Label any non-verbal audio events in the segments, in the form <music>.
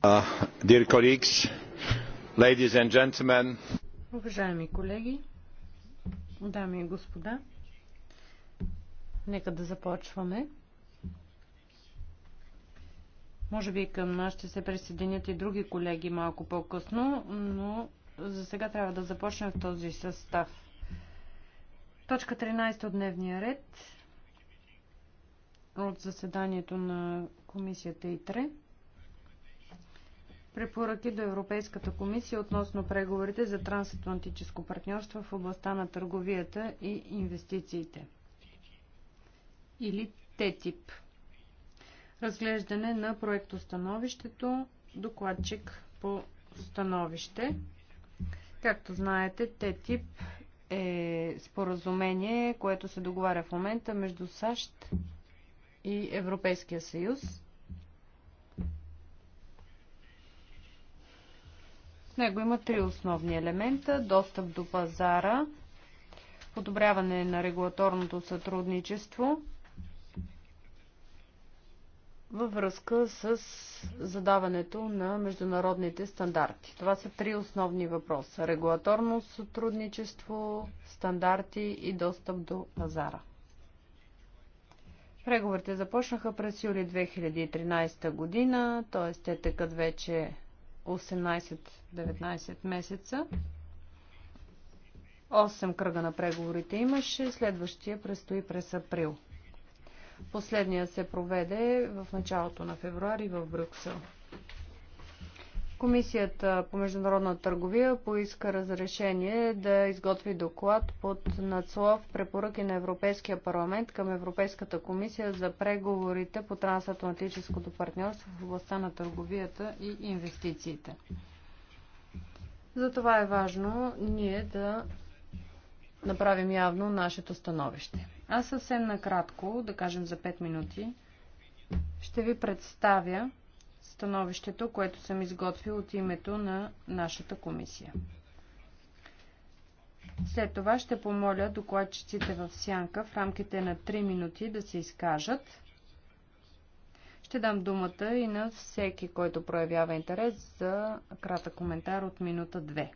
Uh, Уважаеми колеги, дами и господа, нека да започваме. Може би към нас ще се присъединят и други колеги малко по-късно, но за сега трябва да започнем в този състав. Точка 13 от дневния ред от заседанието на комисията ИТРЕ. Препоръки до Европейската комисия относно преговорите за трансатлантическо партньорство в областта на търговията и инвестициите. Или ТЕТИП. Разглеждане на проектостановището. Докладчик по становище. Както знаете, ТЕТИП е споразумение, което се договаря в момента между САЩ и Европейския съюз. него има три основни елемента. Достъп до пазара, подобряване на регулаторното сътрудничество във връзка с задаването на международните стандарти. Това са три основни въпроса. Регулаторно сътрудничество, стандарти и достъп до пазара. Преговорите започнаха през юли 2013 година, т.е. те тъкат вече 18-19 месеца. 8 кръга на преговорите имаше, следващия предстои през април. Последния се проведе в началото на февруари в Брюксел. Комисията по международна търговия поиска разрешение да изготви доклад под надслов препоръки на Европейския парламент към Европейската комисия за преговорите по трансатлантическото партньорство в областта на търговията и инвестициите. Затова е важно ние да направим явно нашето становище. Аз съвсем накратко, да кажем за 5 минути, ще ви представя становището, което съм изготвил от името на нашата комисия. След това ще помоля докладчиците в сянка в рамките на 3 минути да се изкажат. Ще дам думата и на всеки, който проявява интерес за кратък коментар от минута 2.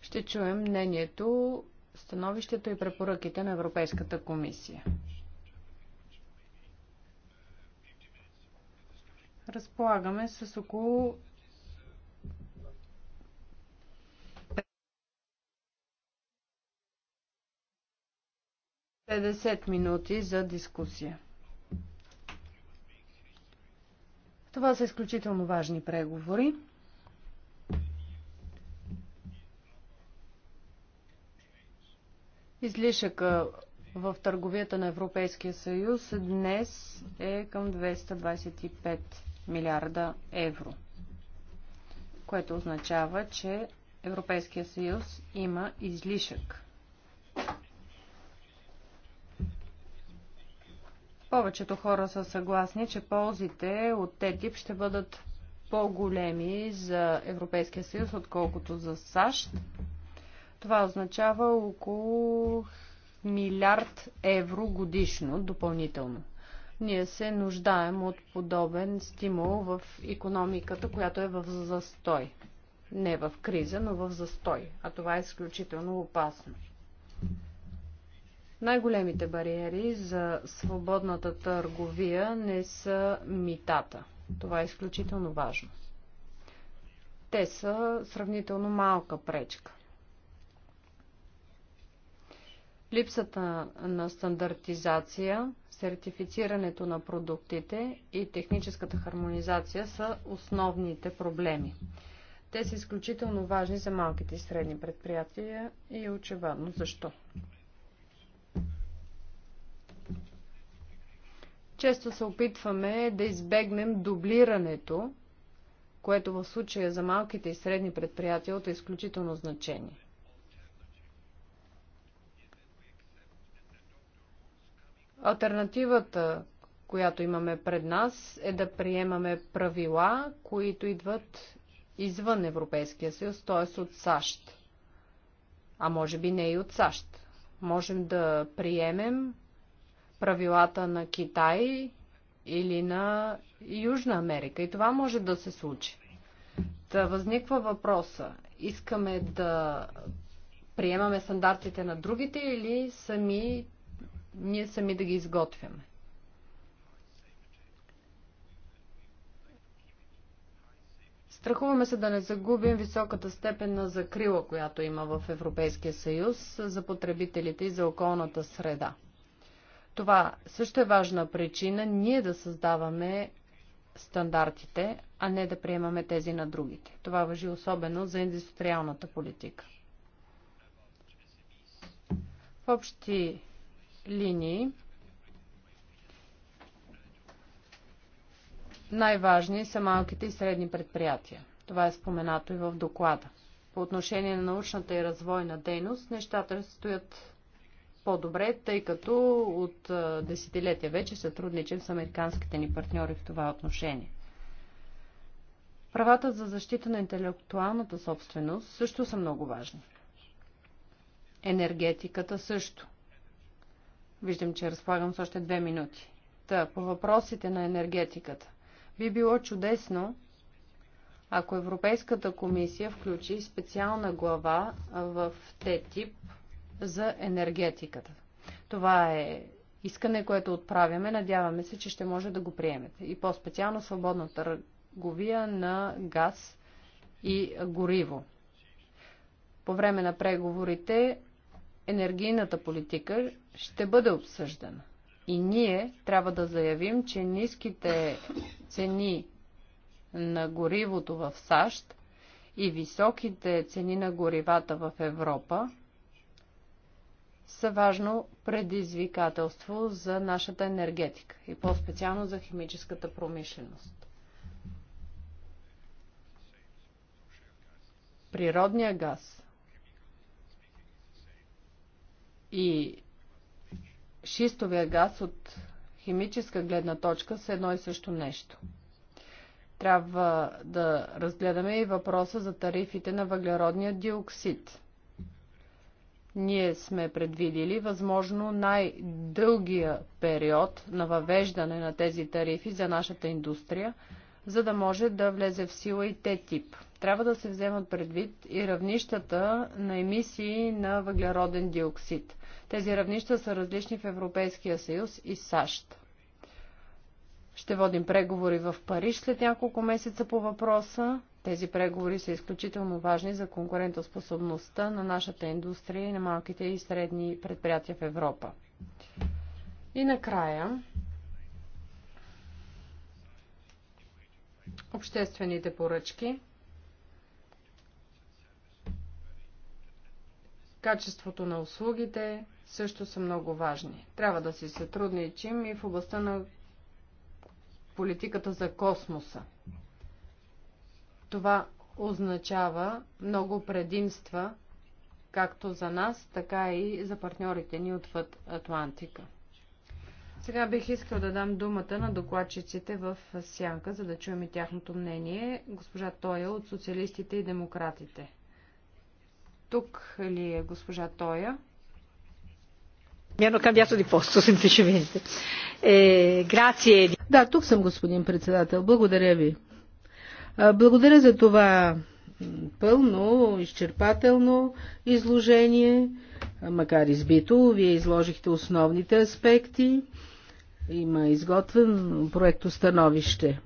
Ще чуем мнението становището и препоръките на Европейската комисия. Разполагаме с около 50 минути за дискусия. Това са изключително важни преговори. Излишъка в търговията на Европейския съюз днес е към 225 милиарда евро, което означава, че Европейския съюз има излишък. Повечето хора са съгласни, че ползите от ТТИП ще бъдат по-големи за Европейския съюз, отколкото за САЩ, това означава около милиард евро годишно допълнително. Ние се нуждаем от подобен стимул в економиката, която е в застой. Не в криза, но в застой. А това е изключително опасно. Най-големите бариери за свободната търговия не са митата. Това е изключително важно. Те са сравнително малка пречка. Липсата на стандартизация, сертифицирането на продуктите и техническата хармонизация са основните проблеми. Те са изключително важни за малките и средни предприятия и очевидно защо. Често се опитваме да избегнем дублирането, което в случая за малките и средни предприятия е от е изключително значение. Альтернативата, която имаме пред нас, е да приемаме правила, които идват извън Европейския съюз, т.е. от САЩ. А може би не и от САЩ. Можем да приемем правилата на Китай или на Южна Америка. И това може да се случи. Та възниква въпроса. Искаме да приемаме стандартите на другите или сами ние сами да ги изготвяме. Страхуваме се да не загубим високата степен на закрила, която има в Европейския съюз за потребителите и за околната среда. Това също е важна причина ние да създаваме стандартите, а не да приемаме тези на другите. Това въжи особено за индустриалната политика. В общи линии, най-важни са малките и средни предприятия. Това е споменато и в доклада. По отношение на научната и развойна дейност, нещата стоят по-добре, тъй като от десетилетия вече сътрудничим с американските ни партньори в това отношение. Правата за защита на интелектуалната собственост също са много важни. Енергетиката също – Виждам, че разполагам с още две минути. Та, по въпросите на енергетиката. Би било чудесно, ако Европейската комисия включи специална глава в ТЕТИП за енергетиката. Това е искане, което отправяме. Надяваме се, че ще може да го приемете. И по-специално свободна търговия на газ и гориво. По време на преговорите енергийната политика ще бъде обсъждана. И ние трябва да заявим, че ниските цени на горивото в САЩ и високите цени на горивата в Европа са важно предизвикателство за нашата енергетика и по-специално за химическата промишленост. Природния газ и шистовия газ от химическа гледна точка са едно и също нещо. Трябва да разгледаме и въпроса за тарифите на въглеродния диоксид. Ние сме предвидили възможно най-дългия период на въвеждане на тези тарифи за нашата индустрия – за да може да влезе в сила и те тип. Трябва да се вземат предвид и равнищата на емисии на въглероден диоксид. Тези равнища са различни в Европейския съюз и САЩ. Ще водим преговори в Париж след няколко месеца по въпроса. Тези преговори са изключително важни за конкурентоспособността на нашата индустрия и на малките и средни предприятия в Европа. И накрая, обществените поръчки, качеството на услугите също са много важни. Трябва да си сътрудничим и в областта на политиката за космоса. Това означава много предимства, както за нас, така и за партньорите ни отвъд Атлантика. Сега бих искал да дам думата на докладчиците в сянка, за да чуем и тяхното мнение. Госпожа Тоя от Социалистите и Демократите. Тук ли е госпожа Тоя? Mi hanno cambiato di posto <laughs> semplicemente. Eh, да, тук съм, господин председател. Благодаря ви. Благодаря за това пълно, изчерпателно изложение, макар избито. Вие изложихте основните аспекти има изготвен проекто становище.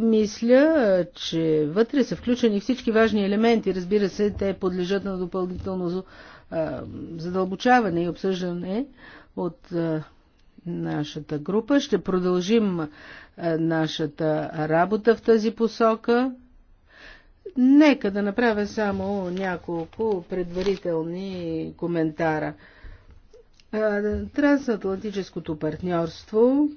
Мисля, че вътре са включени всички важни елементи. Разбира се, те подлежат на допълнително задълбочаване и обсъждане от нашата група. Ще продължим нашата работа в тази посока. Нека да направя само няколко предварителни коментара. Трансатлантическото партньорство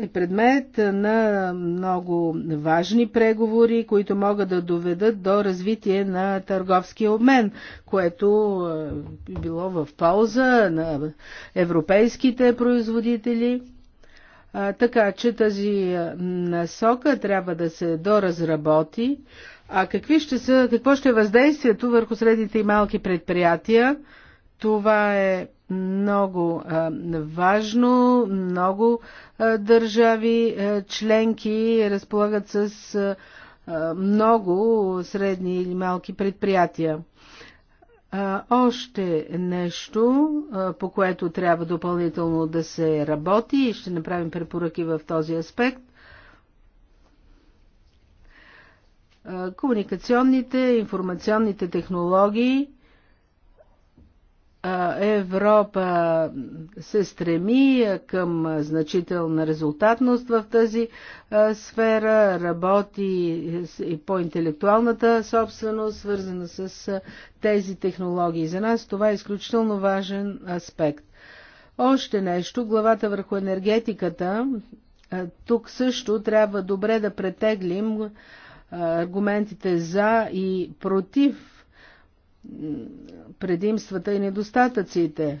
е предмет на много важни преговори, които могат да доведат до развитие на търговския обмен, което е било в полза на европейските производители. Така че тази насока трябва да се доразработи. А какви ще са, какво ще е въздействието върху средните и малки предприятия? Това е много а, важно. Много а, държави а, членки разполагат с а, много средни или малки предприятия. А, още нещо, а, по което трябва допълнително да се работи и ще направим препоръки в този аспект. комуникационните, информационните технологии Европа се стреми към значителна резултатност в тази сфера, работи и по интелектуалната собственост, свързана с тези технологии. За нас това е изключително важен аспект. Още нещо, главата върху енергетиката. Тук също трябва добре да претеглим аргументите за и против предимствата и недостатъците.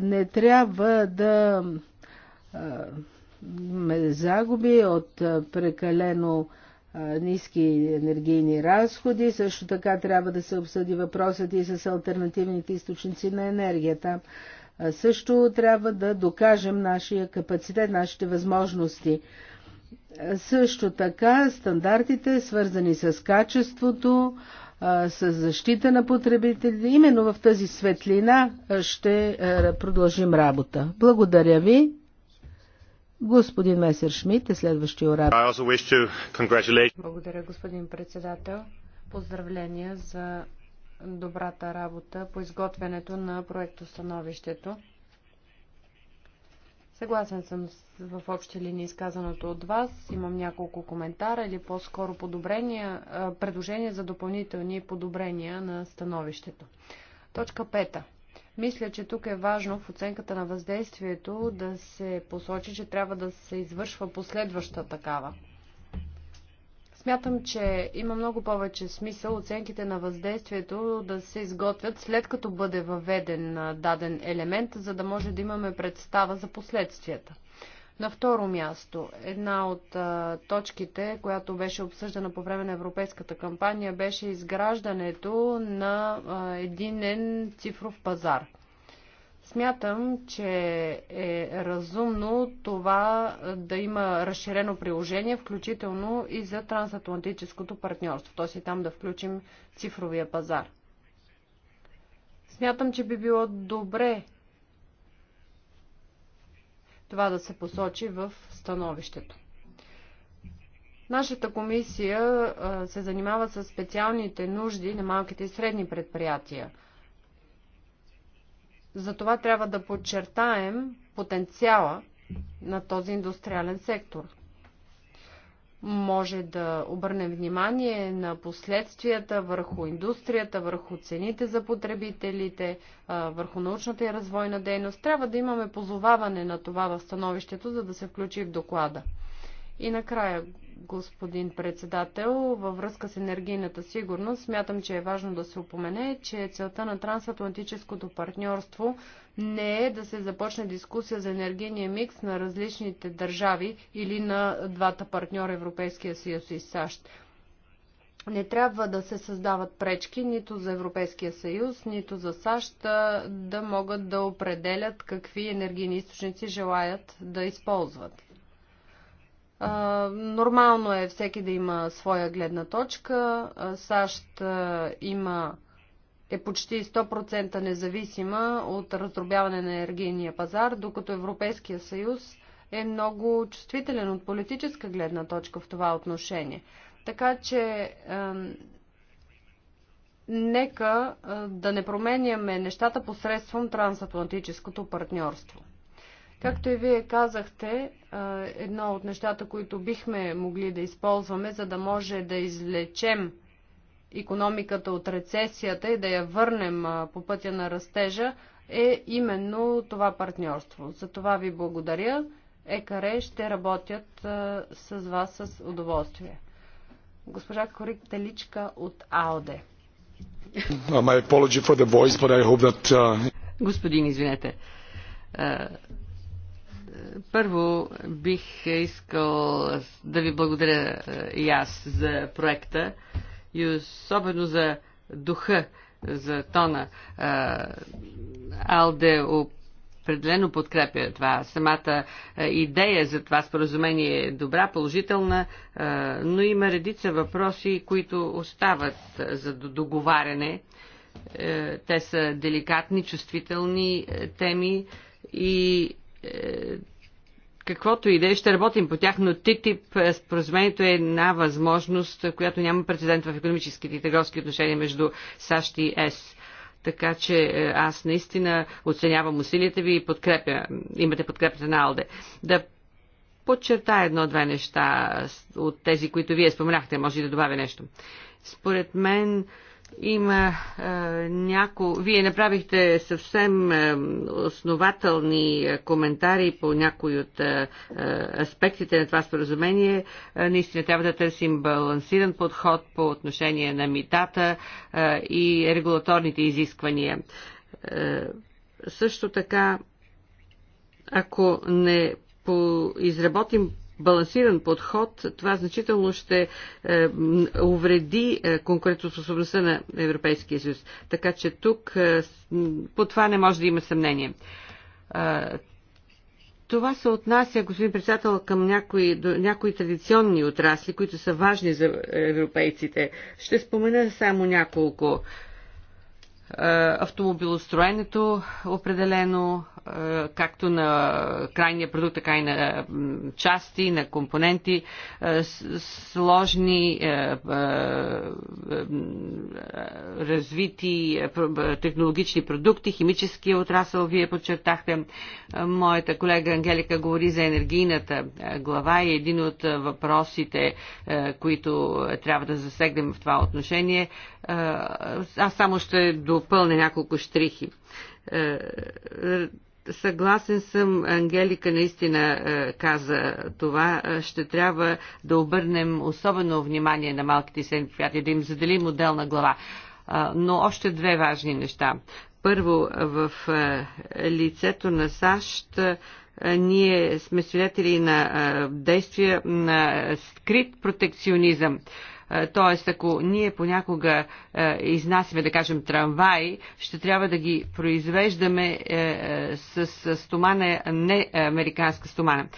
Не трябва да имаме загуби от прекалено ниски енергийни разходи. Също така трябва да се обсъди въпросът и с альтернативните източници на енергията. Също трябва да докажем нашия капацитет, нашите възможности. Също така стандартите, свързани с качеството, с защита на потребителите. Именно в тази светлина ще продължим работа. Благодаря ви. Господин Месер Шмидт е следващия оратор. Благодаря, господин председател. Поздравления за добрата работа по изготвянето на проектостановището. Съгласен съм в общи линии изказаното от вас. Имам няколко коментара или по-скоро подобрения, предложения за допълнителни подобрения на становището. Точка 5. Мисля, че тук е важно в оценката на въздействието да се посочи, че трябва да се извършва последваща такава. Смятам, че има много повече смисъл оценките на въздействието да се изготвят след като бъде въведен даден елемент, за да може да имаме представа за последствията. На второ място, една от а, точките, която беше обсъждана по време на европейската кампания, беше изграждането на а, единен цифров пазар. Смятам, че е разумно това да има разширено приложение, включително и за трансатлантическото партньорство, т.е. и там да включим цифровия пазар. Смятам, че би било добре това да се посочи в становището. Нашата комисия се занимава с специалните нужди на малките и средни предприятия – затова трябва да подчертаем потенциала на този индустриален сектор. Може да обърнем внимание на последствията върху индустрията, върху цените за потребителите, върху научната и развойна дейност. Трябва да имаме позоваване на това в становището, за да се включи в доклада. И накрая, господин председател. Във връзка с енергийната сигурност смятам, че е важно да се упомене, че целта на трансатлантическото партньорство не е да се започне дискусия за енергийния микс на различните държави или на двата партньора Европейския съюз и САЩ. Не трябва да се създават пречки нито за Европейския съюз, нито за САЩ да, да могат да определят какви енергийни източници желаят да използват. Нормално е всеки да има своя гледна точка. САЩ има е почти 100% независима от раздробяване на енергийния пазар, докато Европейския съюз е много чувствителен от политическа гледна точка в това отношение. Така че е, нека е, да не променяме нещата посредством трансатлантическото партньорство. Както и вие казахте, едно от нещата, които бихме могли да използваме, за да може да излечем економиката от рецесията и да я върнем по пътя на растежа, е именно това партньорство. За това ви благодаря. Екаре ще работят с вас с удоволствие. Госпожа Корик Теличка от АОДЕ. Uh, uh, Господин, извинете първо бих искал да ви благодаря е, и аз за проекта и особено за духа, за тона. Е, Алде определено подкрепя това. Самата е, идея за това споразумение е добра, положителна, но има редица въпроси, които остават за договаряне. Те са деликатни, чувствителни теми и каквото и да е, ще работим по тях, но ТТИП е, споразумението е една възможност, която няма прецедент в економическите и търговски отношения между САЩ и ЕС. Така че е, аз наистина оценявам усилията ви и подкрепя, имате подкрепата на Алде. Да подчертая едно-две неща от тези, които вие споменахте, може да добавя нещо. Според мен има е, няко... Вие направихте съвсем е, основателни коментари по някои от е, аспектите на това споразумение. Е, наистина трябва да търсим балансиран подход по отношение на митата е, и регулаторните изисквания. Е, също така, ако не по... изработим балансиран подход, това значително ще е, увреди е, конкурентоспособността на Европейския съюз. Така че тук е, по това не може да има съмнение. Това се отнася, господин председател, към някои, до, някои традиционни отрасли, които са важни за европейците. Ще спомена само няколко. Автомобилостроенето определено е, както на крайния продукт, така и на части, на компоненти, е, сложни, е, развити технологични продукти, химически отрасъл, вие подчертахте. Моята колега Ангелика говори за енергийната глава и един от въпросите, които трябва да засегнем в това отношение. Аз само ще допълня няколко штрихи Съгласен съм, Ангелика наистина е, каза това. Е, ще трябва да обърнем особено внимание на малките и средни предприятия, да им заделим отделна глава. Е, но още две важни неща. Първо, в лицето на САЩ ние сме свидетели на действия на скрит протекционизъм. Тоест, ако ние понякога изнасяме, да кажем, трамваи, ще трябва да ги произвеждаме е, е, с стомана, не американска стомана.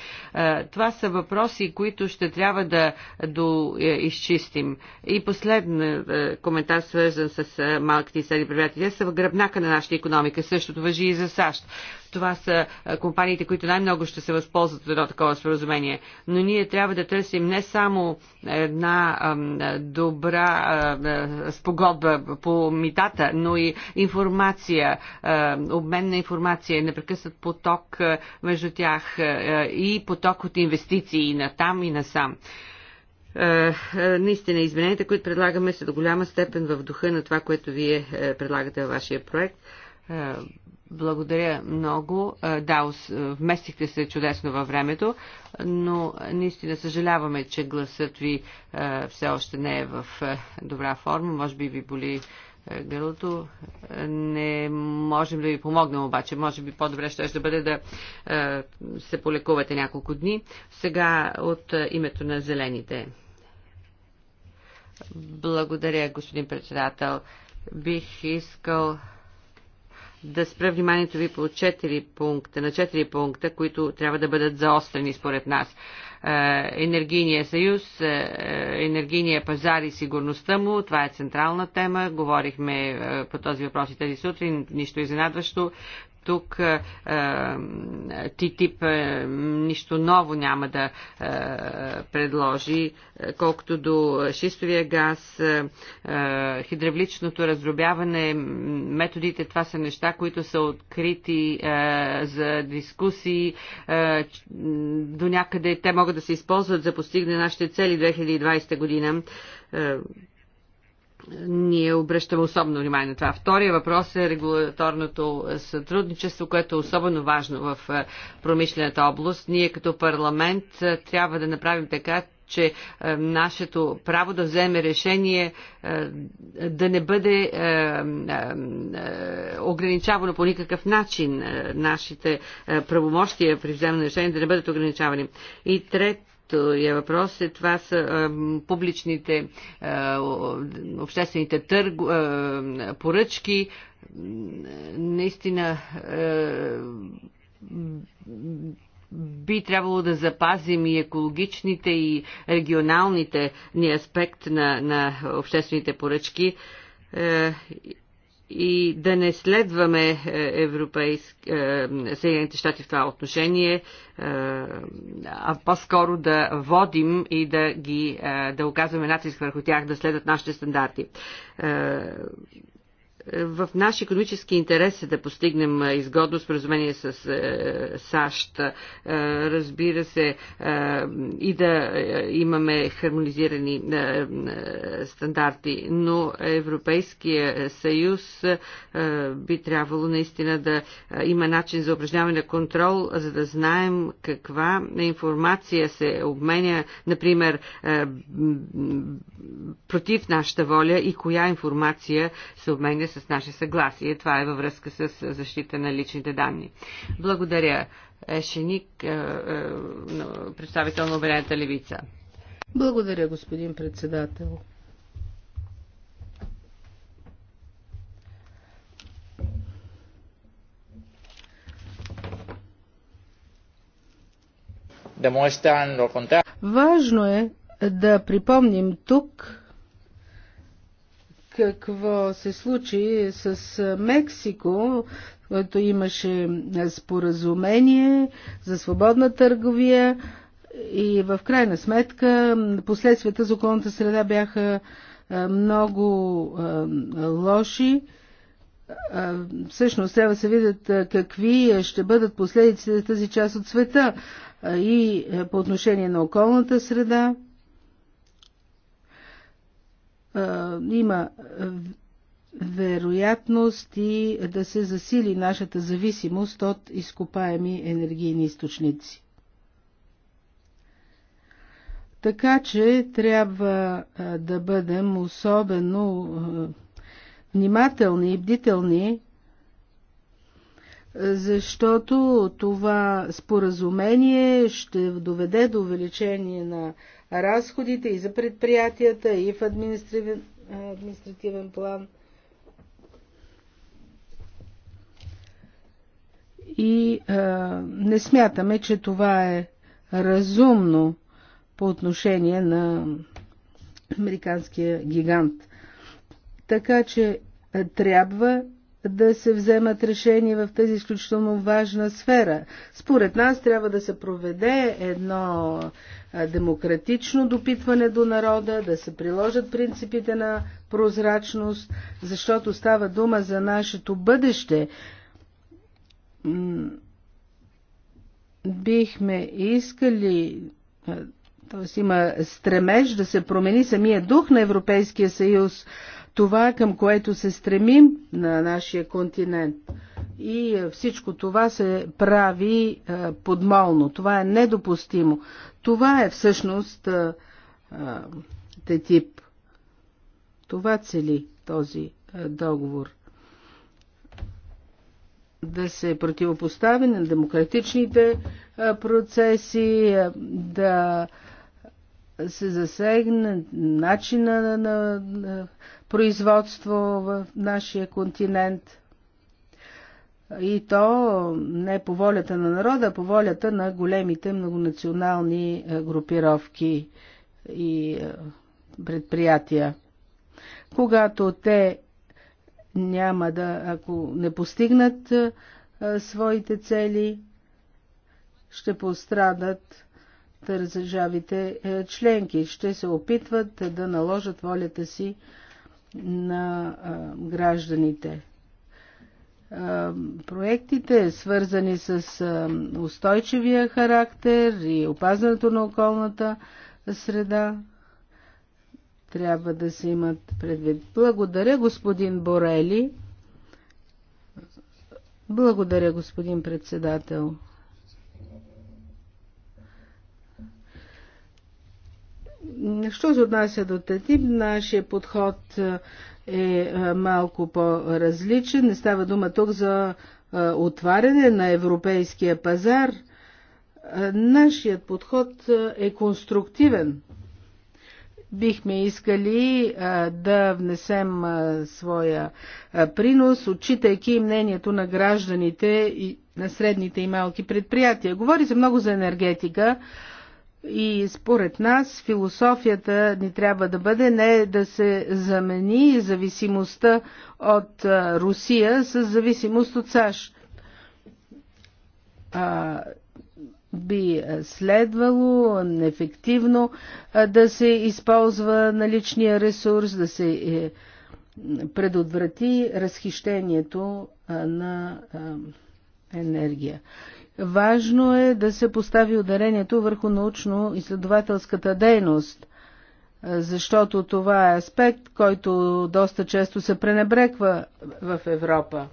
Това са въпроси, които ще трябва да доизчистим. Е, и последен коментар, свързан с малките и средни предприятия. Те са в гръбнака на нашата економика. Същото въжи и за САЩ. Това са компаниите, които най-много ще се възползват от едно такова споразумение. Но ние трябва да търсим не само една добра спогодба по митата, но и информация, обмен на информация, непрекъснат поток между тях и поток от инвестиции и на там и на сам наистина измененията, които предлагаме са до голяма степен в духа на това, което вие е, предлагате във вашия проект. Благодаря много. Е, да, е, вместихте се чудесно във времето, но наистина съжаляваме, че гласът ви е, все още не е в добра форма. Може би ви боли гърлото. Не можем да ви помогнем обаче. Може би по-добре ще ще бъде да се полекувате няколко дни. Сега от името на зелените. Благодаря, господин председател. Бих искал да спра вниманието ви по 4 пункта, на 4 пункта, които трябва да бъдат заострени според нас. Е, енергийния съюз, е, е, енергийния пазар и сигурността му, това е централна тема. Говорихме по този въпрос и тези сутрин, нищо изненадващо. Тук ТТИП нищо ново няма да предложи. Колкото до шистовия газ, хидравличното разробяване, методите, това са неща, които са открити за дискусии. До някъде те могат да се използват за постигне нашите цели 2020 година ние обръщаме особено внимание на това. Втория въпрос е регуляторното сътрудничество, което е особено важно в е, промишлената област. Ние като парламент е, трябва да направим така, че е, нашето право да вземе решение да не бъде ограничавано по никакъв начин, нашите правомощия при вземане на решение да не бъдат ограничавани. И трет, е въпрос е това са а, публичните а, обществените търг, а, поръчки. Наистина би трябвало да запазим и екологичните и регионалните ни аспект на, на обществените поръчки и да не следваме е, европейск... Е, Съединените щати в това отношение, е, а по-скоро да водим и да, ги, да оказваме натиск върху тях, да следват нашите стандарти в наш економически интерес е да постигнем изгодно споразумение с САЩ, разбира се, и да имаме хармонизирани стандарти, но Европейския съюз би трябвало наистина да има начин за упражняване на контрол, за да знаем каква информация се обменя, например, против нашата воля и коя информация се обменя с с наше съгласие. Това е във връзка с защита на личните данни. Благодаря. Е, Шеник, е, е, представител на Обединената левица. Благодаря, господин председател. Важно е да припомним тук, какво се случи с Мексико, което имаше споразумение за свободна търговия и в крайна сметка последствията за околната среда бяха много лоши. Всъщност трябва да се видят какви ще бъдат последиците за тази част от света и по отношение на околната среда, има вероятност и да се засили нашата зависимост от изкопаеми енергийни източници. Така че трябва да бъдем особено внимателни и бдителни, защото това споразумение ще доведе до увеличение на разходите и за предприятията, и в административен, административен план. И а, не смятаме, че това е разумно по отношение на американския гигант. Така че трябва да се вземат решения в тази изключително важна сфера. Според нас трябва да се проведе едно демократично допитване до народа, да се приложат принципите на прозрачност, защото става дума за нашето бъдеще. Бихме искали т.е. има стремеж да се промени самия дух на Европейския съюз това, към което се стремим на нашия континент. И е, всичко това се прави е, подмолно. Това е недопустимо. Това е всъщност е, тетип. Това цели този договор. Да се противопостави на демократичните процеси, да се засегне начина на, на, на производство в нашия континент. И то не по волята на народа, а по волята на големите многонационални е, групировки и е, предприятия. Когато те няма да, ако не постигнат е, своите цели, ще пострадат държавите членки, ще се опитват да наложат волята си на гражданите. Проектите, свързани с устойчивия характер и опазването на околната среда, трябва да се имат предвид. Благодаря, господин Борели. Благодаря, господин председател. Що се отнася до ТТИП, нашия подход е, е малко по-различен. Не става дума тук за е, отваряне на европейския пазар. Е, нашият подход е конструктивен. Бихме искали да внесем своя принос, отчитайки мнението на гражданите и на средните и малки предприятия. Говори се много за енергетика, и според нас философията ни трябва да бъде не да се замени зависимостта от Русия с зависимост от САЩ. А, би следвало ефективно да се използва наличния ресурс, да се е, предотврати разхищението на енергия. Важно е да се постави ударението върху научно-изследователската дейност, защото това е аспект, който доста често се пренебреква в Европа.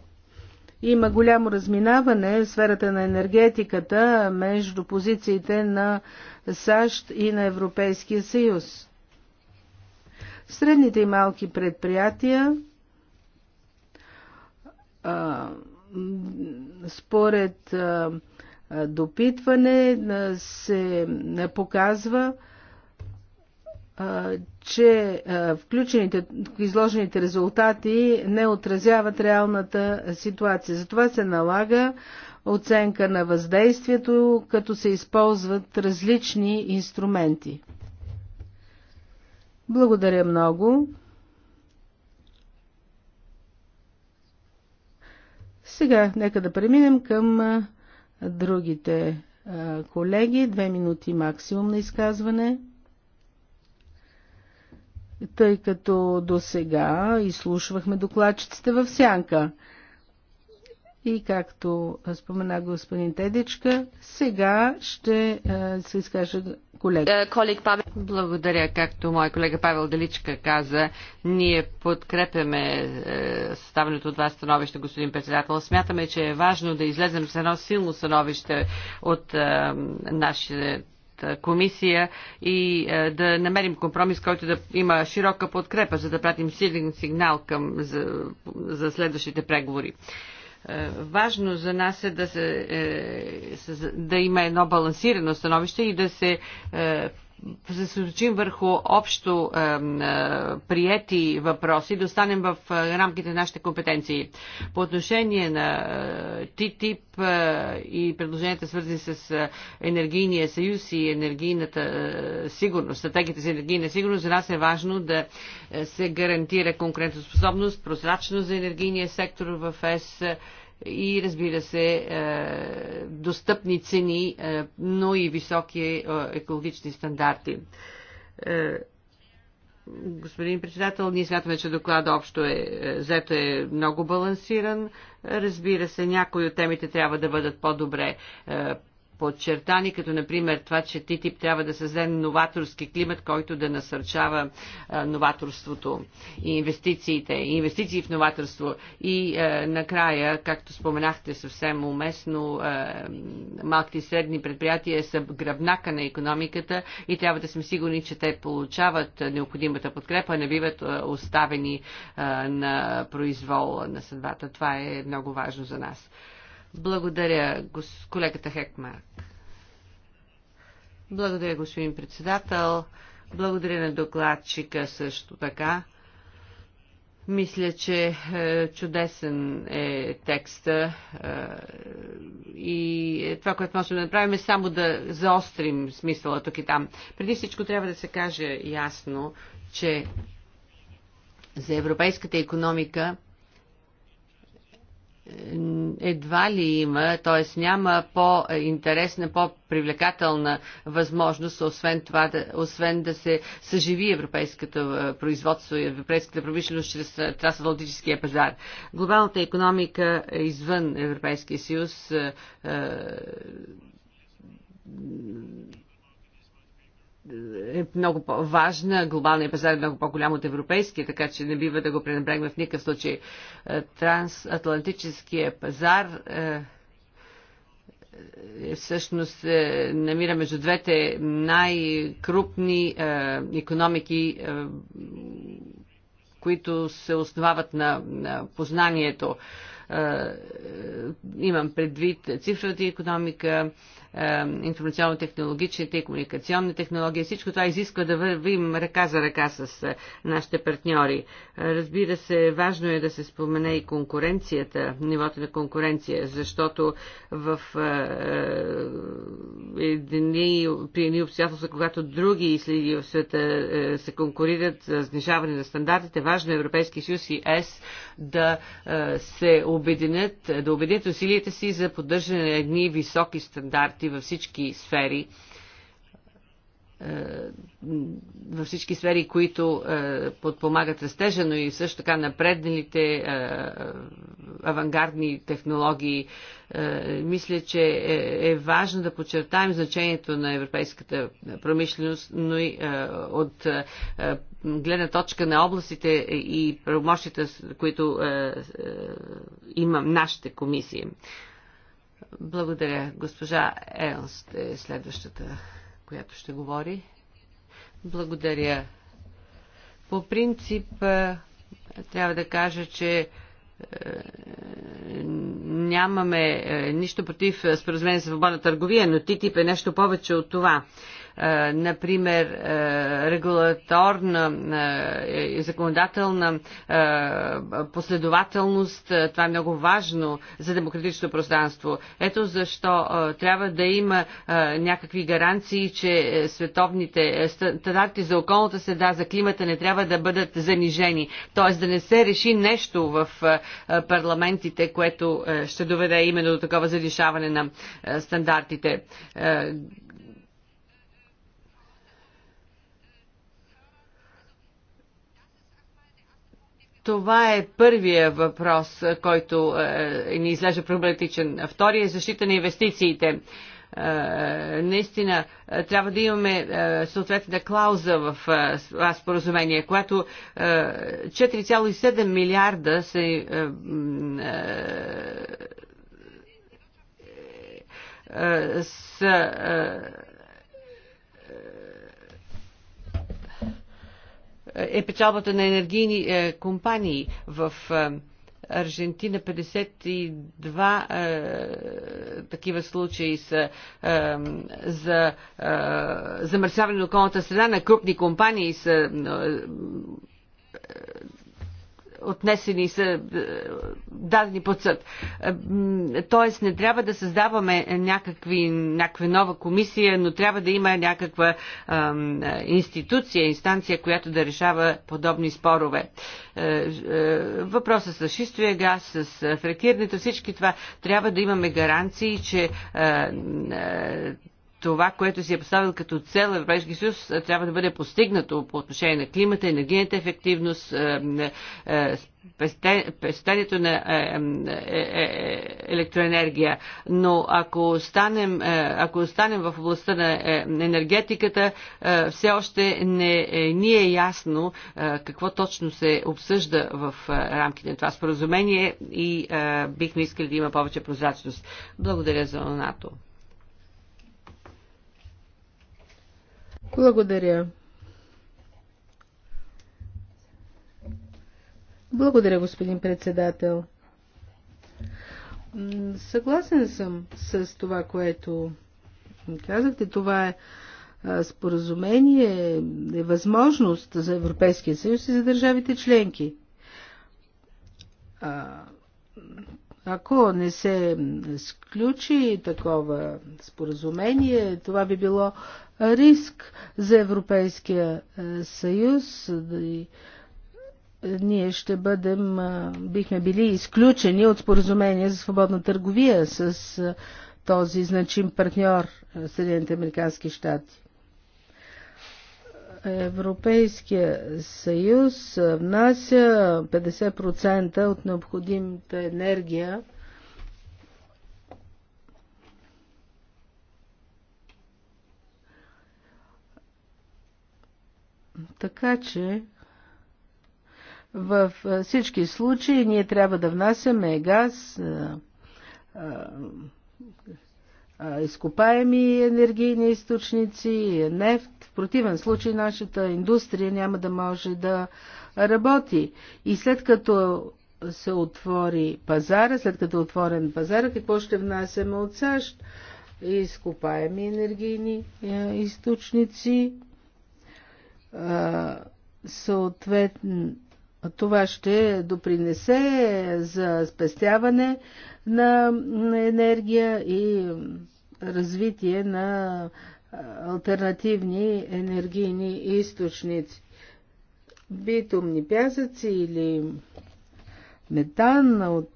Има голямо разминаване в сферата на енергетиката между позициите на САЩ и на Европейския съюз. Средните и малки предприятия според допитване се показва, че включените, изложените резултати не отразяват реалната ситуация. Затова се налага оценка на въздействието, като се използват различни инструменти. Благодаря много. Сега нека да преминем към другите колеги. Две минути максимум на изказване. Тъй като до сега изслушвахме докладчиците в сянка. И както спомена господин Тедичка, сега ще се изкаже колега. Е, Благодаря, както мой колега Павел Даличка каза, ние подкрепяме е, съставеното от вас становище, господин председател. Смятаме, че е важно да излезем с едно силно становище от е, нашите комисия и да намерим компромис, който да има широка подкрепа, за да пратим силен сигнал към, за, за следващите преговори. Е, важно за нас е да, се, е, да има едно балансирано становище и да се е, се съсредоточим върху общо е, е, приети въпроси, да останем в е, рамките на нашите компетенции. По отношение на е, ТИТИП е, и предложенията свързани с е, енергийния съюз и енергийната е, сигурност, стратегията за енергийна сигурност, за нас е важно да е, се гарантира конкурентоспособност, прозрачност за енергийния сектор в ЕС. Е, и разбира се е, достъпни цени, е, но и високи е, екологични стандарти. Господин председател, ние смятаме, че доклада общо е, взето е много балансиран. Разбира се, някои от темите трябва да бъдат по-добре подчертани, като например това, че ТТИП трябва да създаде новаторски климат, който да насърчава а, новаторството и инвестициите, инвестиции в новаторство. И а, накрая, както споменахте съвсем уместно, а, малките и средни предприятия са гръбнака на економиката и трябва да сме сигурни, че те получават необходимата подкрепа, не биват оставени а, на произвол на съдбата. Това е много важно за нас. Благодаря, гос... колегата Хекмарк. Благодаря, господин председател. Благодаря на докладчика също така. Мисля, че е, чудесен е текста е, и е, това, което можем да направим е само да заострим смисъла тук и там. Преди всичко трябва да се каже ясно, че за европейската економика едва ли има, т.е. няма по-интересна, по-привлекателна възможност, освен, това, да, освен да се съживи европейското е, производство и европейската промишленост чрез е, трансатлантическия пазар. Глобалната економика е извън Европейския съюз е, е, е много по-важна, глобалният пазар е много по-голям от европейския, така че не бива да го пренебрегваме в никакъв случай. Е, трансатлантическия пазар е, е, всъщност е, намира между двете най-крупни економики, които се основават на, на познанието. Имам предвид цифровата економика, информационно-технологичните и комуникационни технологии. Всичко това изисква да вървим ръка за ръка с нашите партньори. Разбира се, важно е да се спомене и конкуренцията, нивото на конкуренция, защото в едни, при едни обстоятелства, когато други изследи в света се конкурират за снижаване на стандартите, важно е Европейски съюз и ЕС да се обединят, да обединят усилията си за поддържане на едни високи стандарти дейности във всички сфери, е, във всички сфери, които е, подпомагат растежа, но и също така напредналите е, авангардни технологии. Мисля, че е важно да подчертаем значението на европейската промишленост, но и от гледна точка на областите и правомощите, които имам нашите комисии. Благодаря. Госпожа Ернст е следващата, която ще говори. Благодаря. По принцип, е, трябва да кажа, че е, нямаме е, нищо против споразумение за свободна търговия, но ТТИП е нещо повече от това. Е, например, е, регулаторна е, и законодателна последователност. Това е много важно за демократичното пространство. Ето защо трябва да има някакви гаранции, че световните стандарти за околната среда, за климата не трябва да бъдат занижени. Тоест да не се реши нещо в парламентите, което ще доведе именно до такова задишаване на стандартите. Това е първия въпрос, е, който е, е, ни излежа проблематичен. Втория е защита на инвестициите е, наистина трябва да имаме съответната клауза в това споразумение, което 4,7 милиарда се е, е печалбата на енергийни е, компании в е, Аржентина 52 е, такива случаи са е, за е, замърсяване на околната среда на крупни компании са е, отнесени са е, дадени под съд. Е, тоест не трябва да създаваме някакви, някаква нова комисия, но трябва да има някаква институция, инстанция, която да решава подобни спорове. Е, въпроса с шистовия газ, с фрактирането, всички това трябва да имаме гаранции, че това, което си е поставил като цел Европейски съюз, трябва да бъде постигнато по отношение на климата, енергийната ефективност, пестенето на е, е, електроенергия. Но ако останем, ако останем в областта на е, енергетиката, все още не ни е ясно какво точно се обсъжда в рамките на това споразумение и бихме искали да има повече прозрачност. Благодаря за НАТО. Благодаря. Благодаря, господин председател. Съгласен съм с това, което казахте. Това е споразумение, е възможност за Европейския съюз и за държавите членки. ако не се сключи такова споразумение, това би било риск за Европейския е, съюз. Е, ние ще бъдем, е, бихме били изключени от споразумение за свободна търговия с този значим партньор Съединените Американски щати. Европейския съюз внася 50% от необходимата енергия Така че в всички случаи ние трябва да внасяме газ, изкопаеми енергийни източници, нефт. В противен случай нашата индустрия няма да може да работи. И след като се отвори пазара, след като е отворен пазара, какво ще внасяме от САЩ? Изкопаеми енергийни е, източници, съответно това ще допринесе за спестяване на енергия и развитие на альтернативни енергийни източници. Битумни пясъци или метан от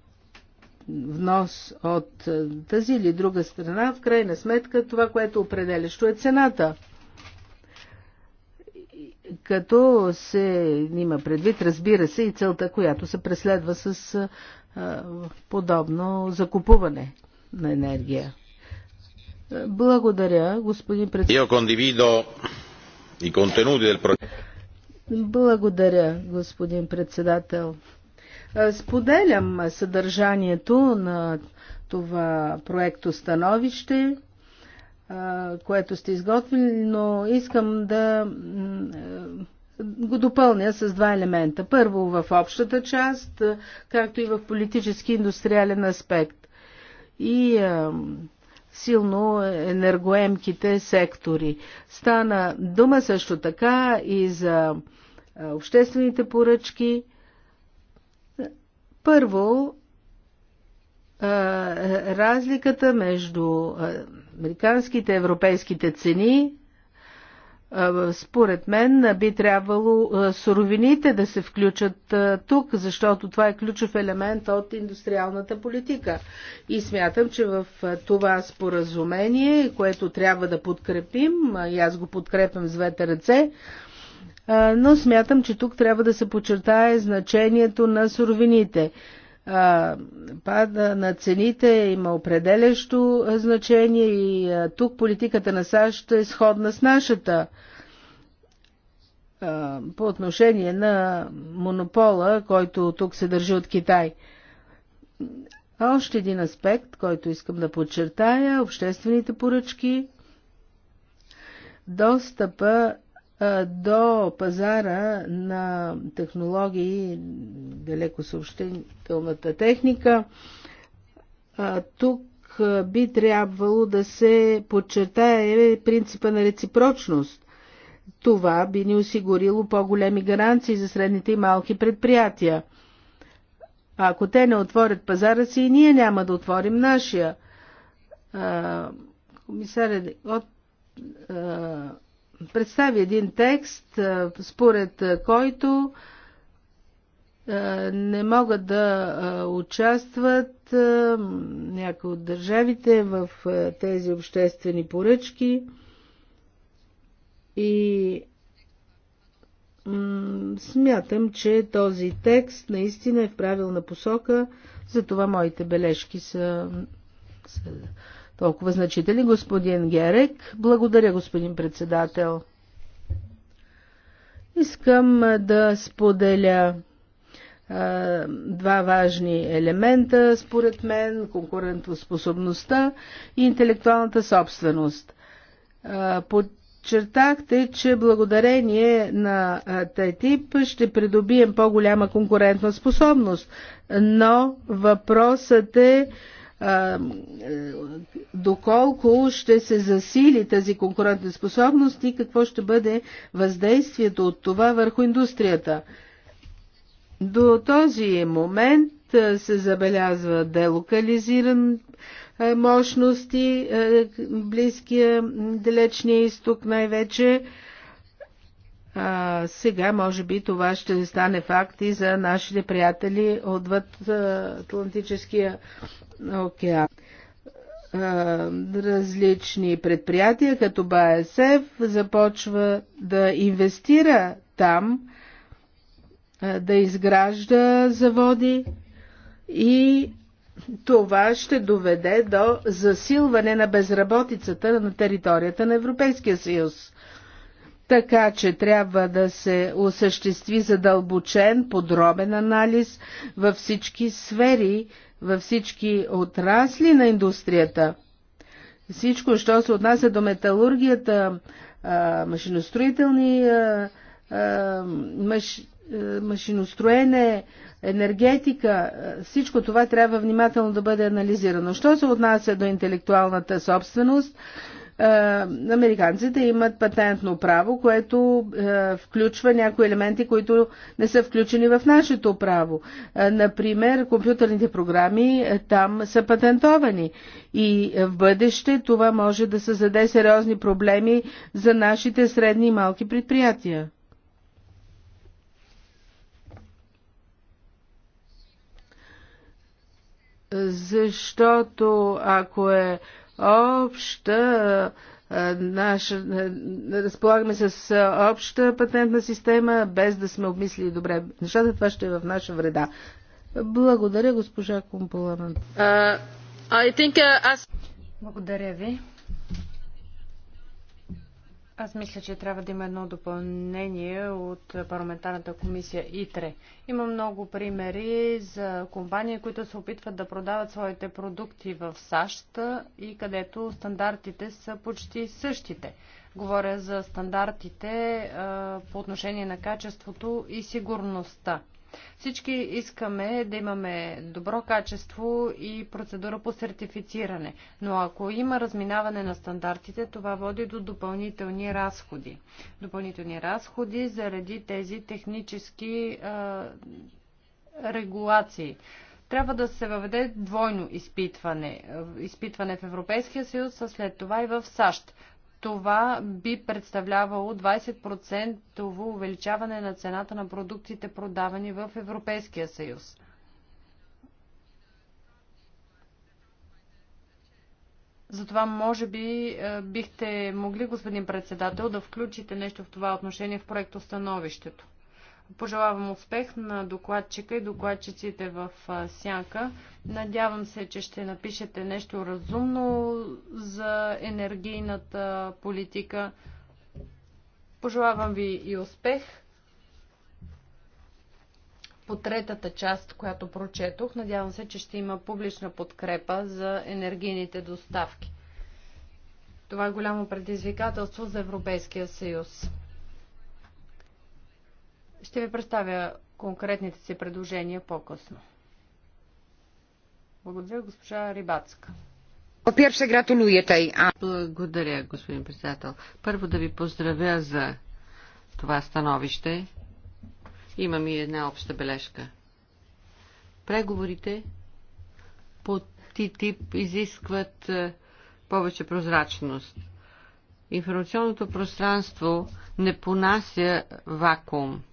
внос от тази или друга страна, в крайна сметка това, което определящо е цената като се има предвид, разбира се, и целта, която се преследва с подобно закупуване на енергия. Благодаря, господин председател. Благодаря, господин председател. Споделям съдържанието на това проекто становище което сте изготвили, но искам да го допълня с два елемента. Първо в общата част, както и в политически индустриален аспект. И силно енергоемките сектори. Стана дума също така и за обществените поръчки. Първо, разликата между американските и европейските цени, според мен би трябвало суровините да се включат тук, защото това е ключов елемент от индустриалната политика. И смятам, че в това споразумение, което трябва да подкрепим, и аз го подкрепям с двете ръце, но смятам, че тук трябва да се подчертае значението на суровините а, пада на цените има определящо значение и а, тук политиката на САЩ е сходна с нашата а, по отношение на монопола, който тук се държи от Китай. А още един аспект, който искам да подчертая, обществените поръчки, достъпа до пазара на технологии, далеко съобщителната техника. Тук би трябвало да се подчертае принципа на реципрочност. Това би ни осигурило по-големи гаранции за средните и малки предприятия. А ако те не отворят пазара си, и ние няма да отворим нашия. комисаря. от представи един текст, според който не могат да участват някои от държавите в тези обществени поръчки и смятам, че този текст наистина е в правилна посока, затова моите бележки са, са толкова значители. Господин Герек, благодаря, господин председател. Искам да споделя два важни елемента, според мен, конкурентоспособността и интелектуалната собственост. Подчертахте, че благодарение на ТТИП ще придобием по-голяма конкурентна способност, но въпросът е доколко ще се засили тази конкурентна способност и какво ще бъде въздействието от това върху индустрията. До този момент се забелязва делокализиран мощности, близкия далечния изток най-вече а, сега, може би, това ще стане факт и за нашите приятели отвъд Атлантическия океан. А, различни предприятия, като БАЕСЕФ, започва да инвестира там, а, да изгражда заводи и това ще доведе до засилване на безработицата на територията на Европейския съюз. Така че трябва да се осъществи задълбочен, подробен анализ във всички сфери, във всички отрасли на индустрията. Всичко, що се отнася до металургията, машиностроителни маш, машиностроене, енергетика, всичко това трябва внимателно да бъде анализирано. Що се отнася до интелектуалната собственост, е, американците имат патентно право, което е, включва някои елементи, които не са включени в нашето право. Е, например, компютърните програми там са патентовани и в бъдеще това може да създаде сериозни проблеми за нашите средни и малки предприятия. Защото ако е обща наша, разполагаме с обща патентна система, без да сме обмислили добре нещата, това ще е в наша вреда. Благодаря, госпожа Компулант. Uh, I think, uh, as... Благодаря ви. Аз мисля, че трябва да има едно допълнение от парламентарната комисия ИТРЕ. Има много примери за компании, които се опитват да продават своите продукти в САЩ и където стандартите са почти същите. Говоря за стандартите по отношение на качеството и сигурността. Всички искаме да имаме добро качество и процедура по сертифициране, но ако има разминаване на стандартите, това води до допълнителни разходи. Допълнителни разходи заради тези технически а, регулации трябва да се въведе двойно изпитване. Изпитване в Европейския съюз, а след това и в САЩ това би представлявало 20% увеличаване на цената на продуктите, продавани в Европейския съюз. Затова, може би, е, бихте могли, господин председател, да включите нещо в това отношение в проекто становището. Пожелавам успех на докладчика и докладчиците в Сянка. Надявам се, че ще напишете нещо разумно за енергийната политика. Пожелавам ви и успех по третата част, която прочетох. Надявам се, че ще има публична подкрепа за енергийните доставки. Това е голямо предизвикателство за Европейския съюз. Ще ви представя конкретните си предложения по-късно. Благодаря, госпожа Рибацка. По pierwsze gratuluję Благодаря, господин председател. Първо да ви поздравя за това становище. Имам и една обща бележка. Преговорите по ТИТИП изискват е, повече прозрачност. Информационното пространство не понася вакуум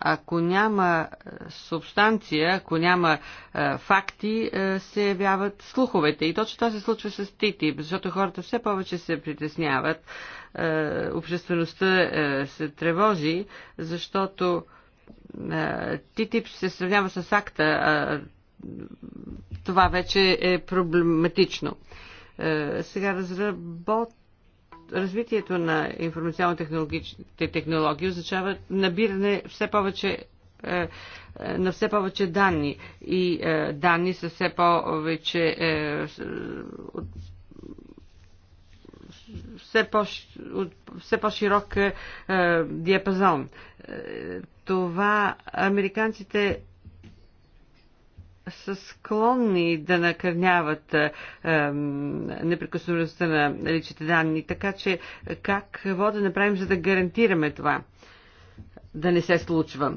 ако няма е, субстанция, ако няма е, факти, е, се явяват слуховете. И точно това се случва с ТТИП, защото хората все повече се притесняват, е, обществеността е, се тревожи, защото е, ТТИП се сравнява с акта. Е, това вече е проблематично. Е, сега разработ развитието на информационно-технологичните технологии означава набиране все повече е, е, на все повече данни и е, данни са все повече все, по, все по-широк диапазон. Това американците са склонни да накърняват е, неприкосновеността на личните данни. Така че как, какво да направим, за да гарантираме това да не се случва?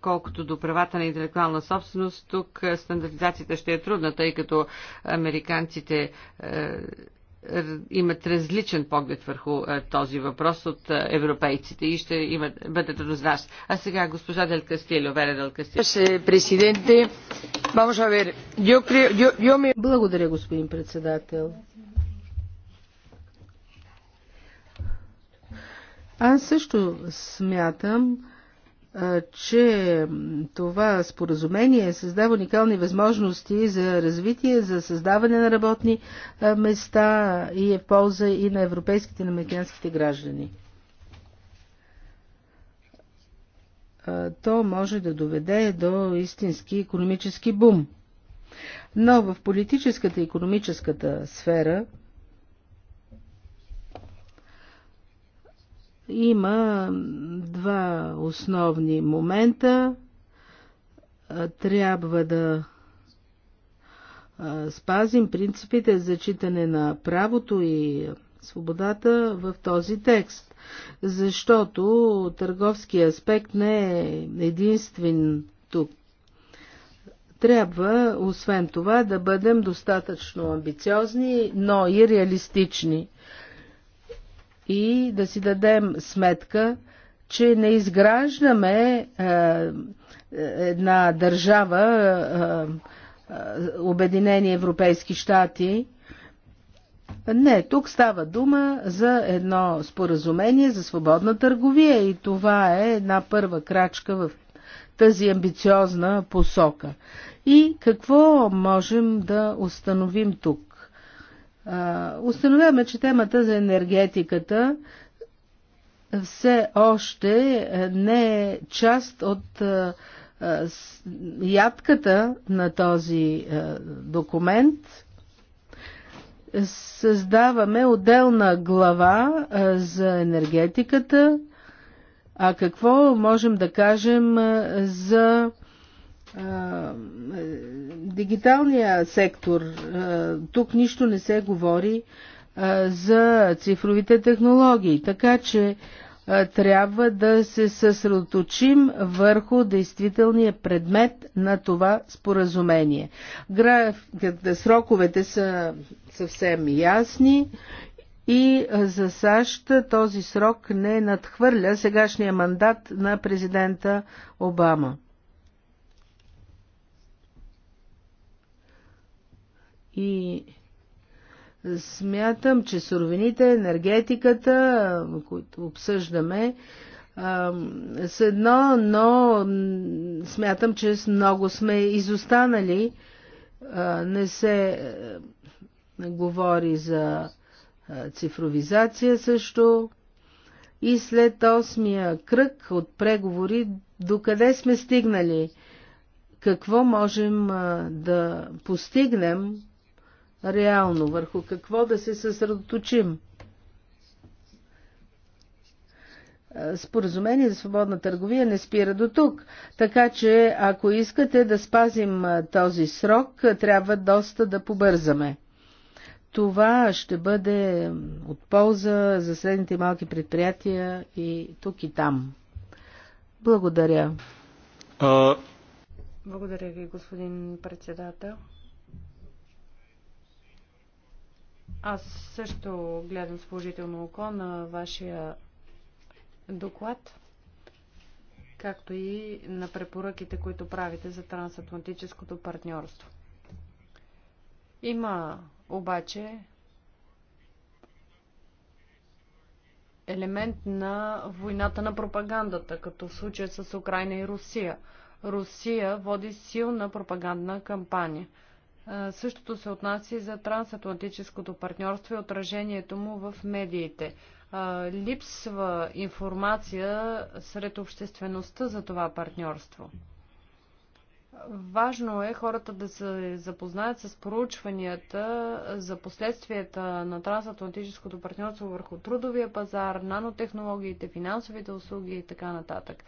колкото до правата на интелектуална собственост, тук стандартизацията ще е трудна, тъй като американците е, имат различен поглед върху този въпрос от европейците и ще имат, бъдат разнаш. А сега госпожа Дел Кастилио, Вера Дел Кастилио. Благодаря, господин председател. Аз също смятам, че това споразумение създава уникални възможности за развитие, за създаване на работни места и е в полза и на европейските и на американските граждани. То може да доведе до истински економически бум. Но в политическата и економическата сфера Има два основни момента. Трябва да спазим принципите за читане на правото и свободата в този текст, защото търговски аспект не е единствен тук. Трябва, освен това, да бъдем достатъчно амбициозни, но и реалистични и да си дадем сметка, че не изграждаме е, е, една държава, е, е, Обединени Европейски щати. Не, тук става дума за едно споразумение за свободна търговия и това е една първа крачка в тази амбициозна посока. И какво можем да установим тук? Установяваме, че темата за енергетиката все още не е част от ядката на този документ. Създаваме отделна глава за енергетиката, а какво можем да кажем за дигиталния сектор. Тук нищо не се говори за цифровите технологии, така че трябва да се съсредоточим върху действителния предмет на това споразумение. сроковете са съвсем ясни и за САЩ този срок не надхвърля сегашния мандат на президента Обама. И смятам, че суровините, енергетиката, които обсъждаме, с едно, но смятам, че много сме изостанали. Не се говори за цифровизация също. И след осмия кръг от преговори, докъде сме стигнали? Какво можем да постигнем реално, върху какво да се съсредоточим. Споразумение за свободна търговия не спира до тук, така че ако искате да спазим този срок, трябва доста да побързаме. Това ще бъде от полза за средните малки предприятия и тук и там. Благодаря. А... Благодаря ви, господин председател. Аз също гледам с положително око на вашия доклад, както и на препоръките, които правите за трансатлантическото партньорство. Има обаче елемент на войната на пропагандата, като в случая с Украина и Русия. Русия води силна пропагандна кампания – Същото се отнася и за трансатлантическото партньорство и отражението му в медиите. Липсва информация сред обществеността за това партньорство. Важно е хората да се запознаят с проучванията за последствията на трансатлантическото партньорство върху трудовия пазар, нанотехнологиите, финансовите услуги и така нататък.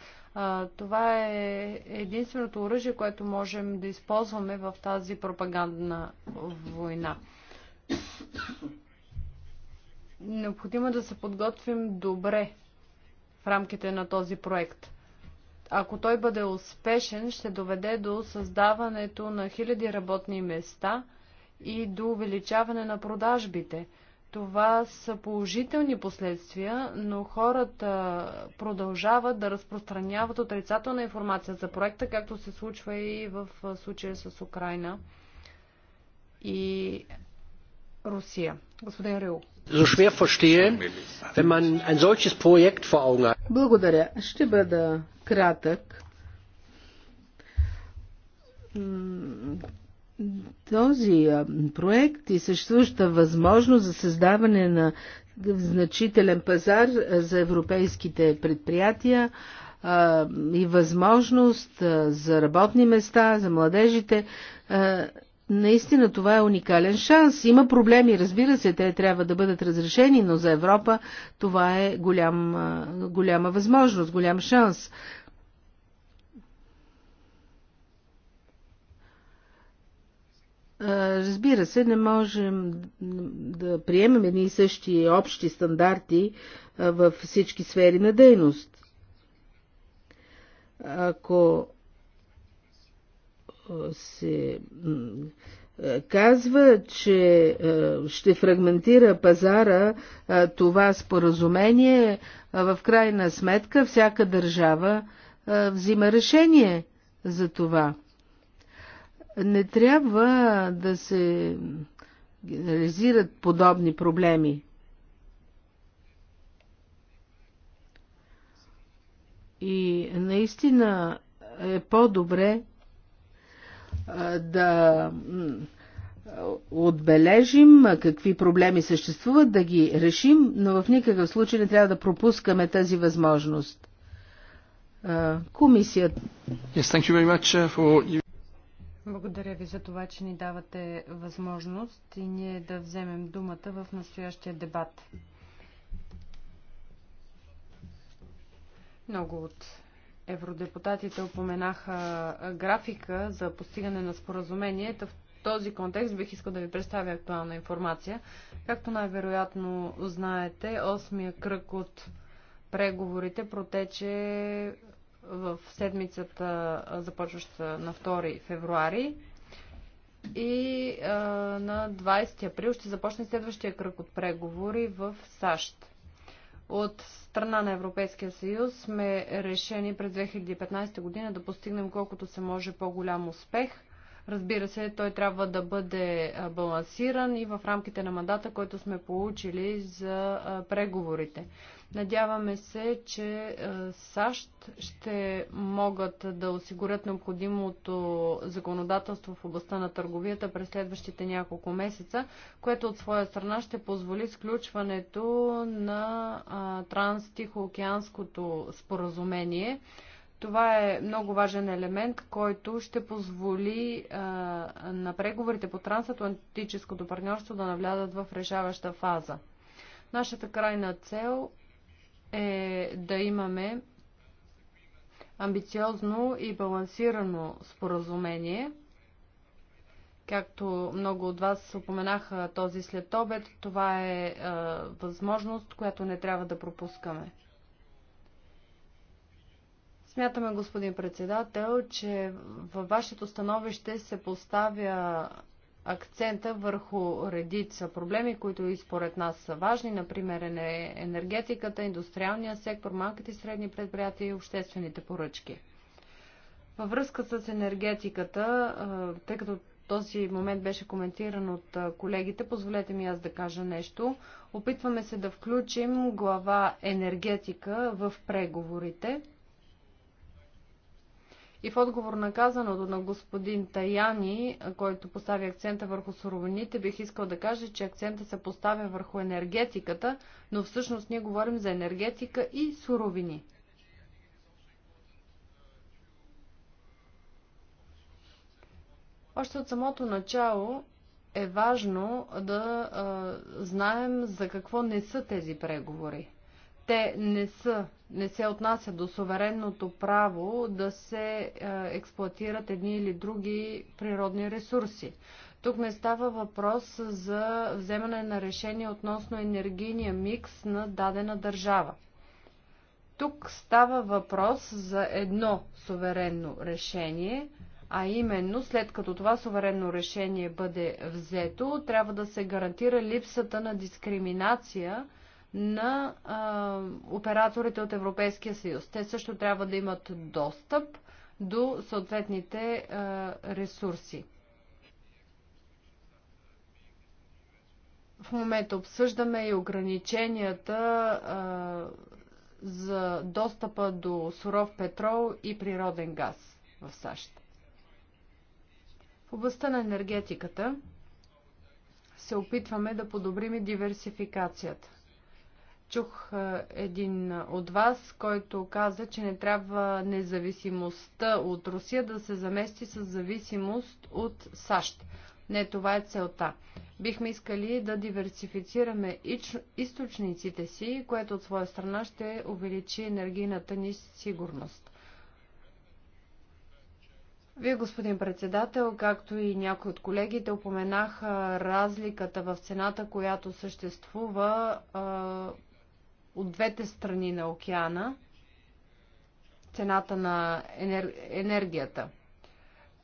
Това е единственото оръжие, което можем да използваме в тази пропагандна война. Необходимо е да се подготвим добре в рамките на този проект – ако той бъде успешен, ще доведе до създаването на хиляди работни места и до увеличаване на продажбите. Това са положителни последствия, но хората продължават да разпространяват отрицателна информация за проекта, както се случва и в случая с Украина и Русия. Господин Рил. Благодаря. Ще бъда кратък. Този проект и съществуваща възможност за създаване на значителен пазар за европейските предприятия и възможност за работни места, за младежите Наистина това е уникален шанс. Има проблеми, разбира се, те трябва да бъдат разрешени, но за Европа това е голям, голяма възможност, голям шанс. Разбира се, не можем да приемем едни и същи общи стандарти във всички сфери на дейност. Ако се казва, че е, ще фрагментира пазара е, това споразумение, е, в крайна сметка всяка държава взима решение за това. Не трябва да се генерализират подобни проблеми. И наистина е по-добре да отбележим какви проблеми съществуват, да ги решим, но в никакъв случай не трябва да пропускаме тази възможност. Комисията. Yes, thank you very much uh, for... Благодаря ви за това, че ни давате възможност и ние да вземем думата в настоящия дебат. Много от евродепутатите упоменаха графика за постигане на споразумение. В този контекст бих искал да ви представя актуална информация. Както най-вероятно знаете, осмия кръг от преговорите протече в седмицата, започваща на 2 февруари. И а, на 20 април ще започне следващия кръг от преговори в САЩ. От страна на Европейския съюз сме решени през 2015 година да постигнем колкото се може по-голям успех. Разбира се, той трябва да бъде балансиран и в рамките на мандата, който сме получили за преговорите. Надяваме се, че е, САЩ ще могат да осигурят необходимото законодателство в областта на търговията през следващите няколко месеца, което от своя страна ще позволи сключването на транс-тихоокеанското споразумение. Това е много важен елемент, който ще позволи а, на преговорите по трансатлантическото партньорство да навлядат в решаваща фаза. Нашата крайна цел е да имаме амбициозно и балансирано споразумение. Както много от вас упоменаха този след обед, това е, е възможност, която не трябва да пропускаме. Смятаме, господин председател, че във вашето становище се поставя акцента върху редица проблеми, които и според нас са важни, например енергетиката, индустриалния сектор, малките и средни предприятия и обществените поръчки. Във връзка с енергетиката, тъй като този момент беше коментиран от колегите, позволете ми аз да кажа нещо. Опитваме се да включим глава енергетика в преговорите. И в отговор на казаното на господин Таяни, който постави акцента върху суровините, бих искал да кажа, че акцента се поставя върху енергетиката, но всъщност ние говорим за енергетика и суровини. Още от самото начало е важно да а, знаем за какво не са тези преговори те не са, не се отнася до суверенното право да се е, експлуатират едни или други природни ресурси. Тук не става въпрос за вземане на решение относно енергийния микс на дадена държава. Тук става въпрос за едно суверенно решение, а именно след като това суверенно решение бъде взето, трябва да се гарантира липсата на дискриминация – на а, операторите от Европейския съюз. Те също трябва да имат достъп до съответните а, ресурси. В момента обсъждаме и ограниченията а, за достъпа до суров петрол и природен газ в САЩ. В областта на енергетиката се опитваме да подобрим и диверсификацията чух е, един от вас, който каза, че не трябва независимостта от Русия да се замести с зависимост от САЩ. Не, това е целта. Бихме искали да диверсифицираме източниците си, което от своя страна ще увеличи енергийната ни сигурност. Вие, господин председател, както и някои от колегите, упоменаха разликата в цената, която съществува от двете страни на океана цената на енер... енергията.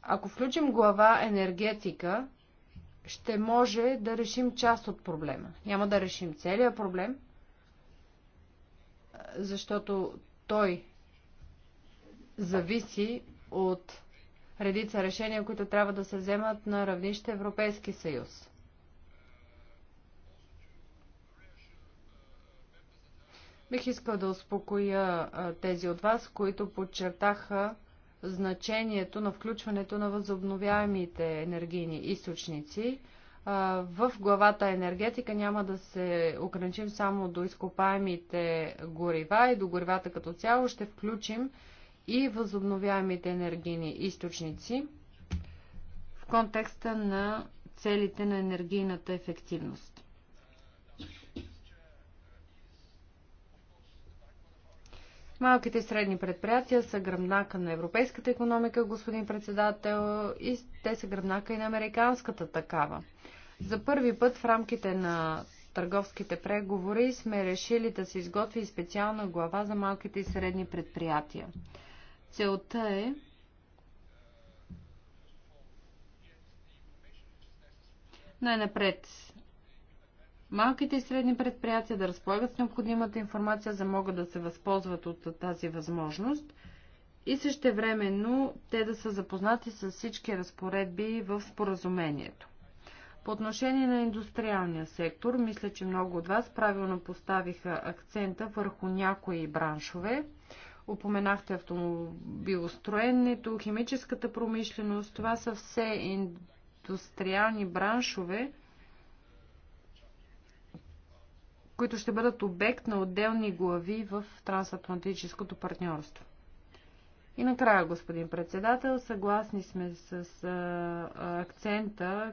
Ако включим глава енергетика, ще може да решим част от проблема. Няма да решим целият проблем, защото той зависи от редица решения, които трябва да се вземат на равнище Европейски съюз. Бих искал да успокоя тези от вас, които подчертаха значението на включването на възобновяемите енергийни източници. В главата енергетика няма да се ограничим само до изкопаемите горива и до горивата като цяло. Ще включим и възобновяемите енергийни източници в контекста на целите на енергийната ефективност. Малките и средни предприятия са гръбнака на европейската економика, господин председател, и те са гръбнака и на американската такава. За първи път в рамките на търговските преговори сме решили да се изготви специална глава за малките и средни предприятия. Целта е най-напред малките и средни предприятия да разполагат с необходимата информация, за да могат да се възползват от тази възможност и също времено те да са запознати с всички разпоредби в споразумението. По отношение на индустриалния сектор, мисля, че много от вас правилно поставиха акцента върху някои браншове. Упоменахте автомобилостроенето, химическата промишленост. Това са все индустриални браншове, които ще бъдат обект на отделни глави в трансатлантическото партньорство. И накрая, господин председател, съгласни сме с а, акцента,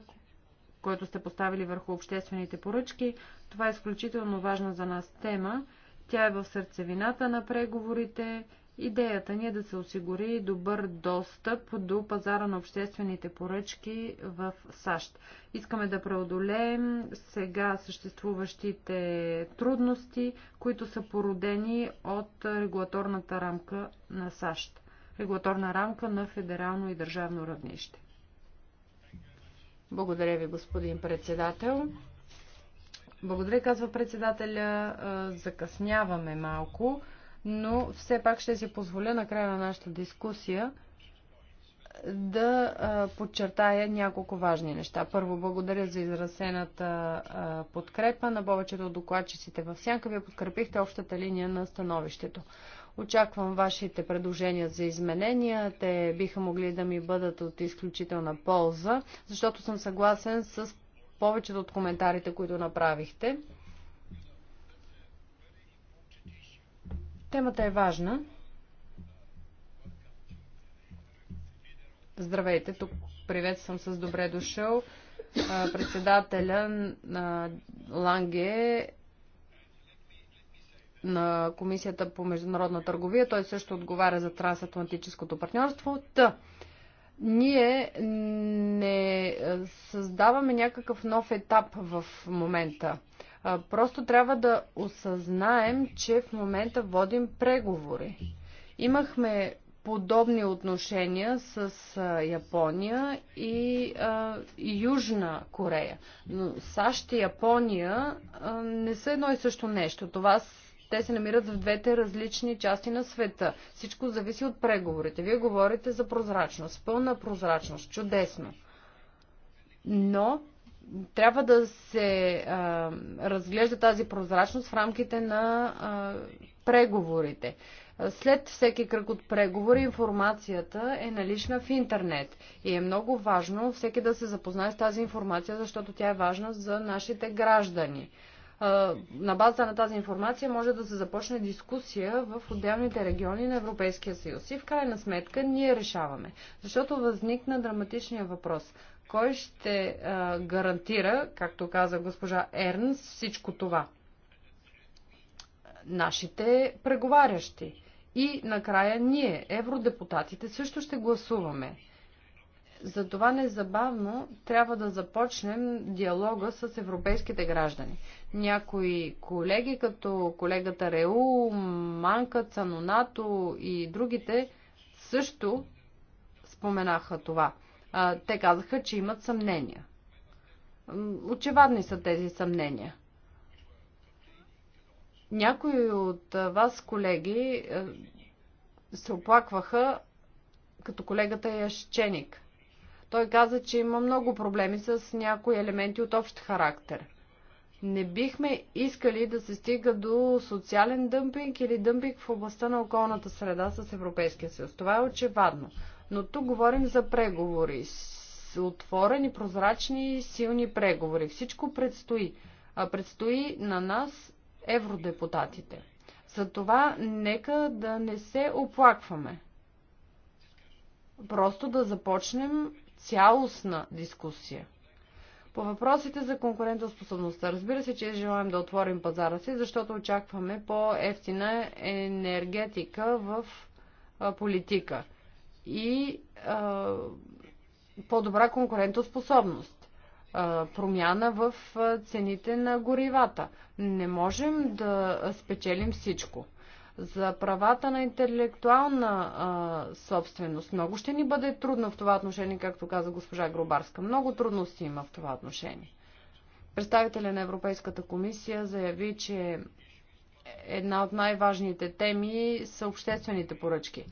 който сте поставили върху обществените поръчки. Това е изключително важна за нас тема. Тя е в сърцевината на преговорите Идеята ни е да се осигури добър достъп до пазара на обществените поръчки в САЩ. Искаме да преодолеем сега съществуващите трудности, които са породени от регулаторната рамка на САЩ. Регулаторна рамка на федерално и държавно равнище. Благодаря ви, господин председател. Благодаря, казва председателя. Закъсняваме малко но все пак ще си позволя на края на нашата дискусия да подчертая няколко важни неща. Първо, благодаря за изразената подкрепа на повечето от докладчиците в Сянка. Вие подкрепихте общата линия на становището. Очаквам вашите предложения за изменения. Те биха могли да ми бъдат от изключителна полза, защото съм съгласен с повечето от коментарите, които направихте. Темата е важна. Здравейте, тук приветствам с добре дошъл председателя на Ланге на Комисията по международна търговия. Той също отговаря за трансатлантическото партньорство. Та, ние не създаваме някакъв нов етап в момента. Просто трябва да осъзнаем, че в момента водим преговори. Имахме подобни отношения с Япония и, а, и Южна Корея. Но САЩ и Япония а, не са едно и също нещо. Това те се намират в двете различни части на света. Всичко зависи от преговорите. Вие говорите за прозрачност. Пълна прозрачност. Чудесно. Но трябва да се а, разглежда тази прозрачност в рамките на а, преговорите. След всеки кръг от преговори информацията е налична в интернет и е много важно всеки да се запознае с тази информация, защото тя е важна за нашите граждани. На базата на тази информация може да се започне дискусия в отделните региони на Европейския съюз. И в крайна сметка ние решаваме. Защото възникна драматичния въпрос. Кой ще а, гарантира, както каза госпожа Ернс, всичко това? Нашите преговарящи. И накрая ние, евродепутатите, също ще гласуваме. Затова незабавно трябва да започнем диалога с европейските граждани. Някои колеги, като колегата Реу, Манка, Цанонато и другите, също споменаха това. А, те казаха, че имат съмнения. Очевадни са тези съмнения. Някои от вас, колеги, се оплакваха като колегата Ященик. Е Той каза, че има много проблеми с някои елементи от общ характер. Не бихме искали да се стига до социален дъмпинг или дъмпинг в областта на околната среда с Европейския съюз. Това е очевадно. Но тук говорим за преговори. С Отворени, прозрачни, силни преговори. Всичко предстои. А предстои на нас, евродепутатите. Затова нека да не се оплакваме. Просто да започнем цялостна дискусия. По въпросите за конкурентоспособността. Разбира се, че желаем да отворим пазара си, защото очакваме по-ефтина енергетика в политика и по-добра конкурентоспособност. Промяна в цените на горивата. Не можем да спечелим всичко за правата на интелектуална а, собственост. Много ще ни бъде трудно в това отношение, както каза госпожа Гробарска. Много трудности има в това отношение. Представителя на Европейската комисия заяви, че една от най-важните теми са обществените поръчки.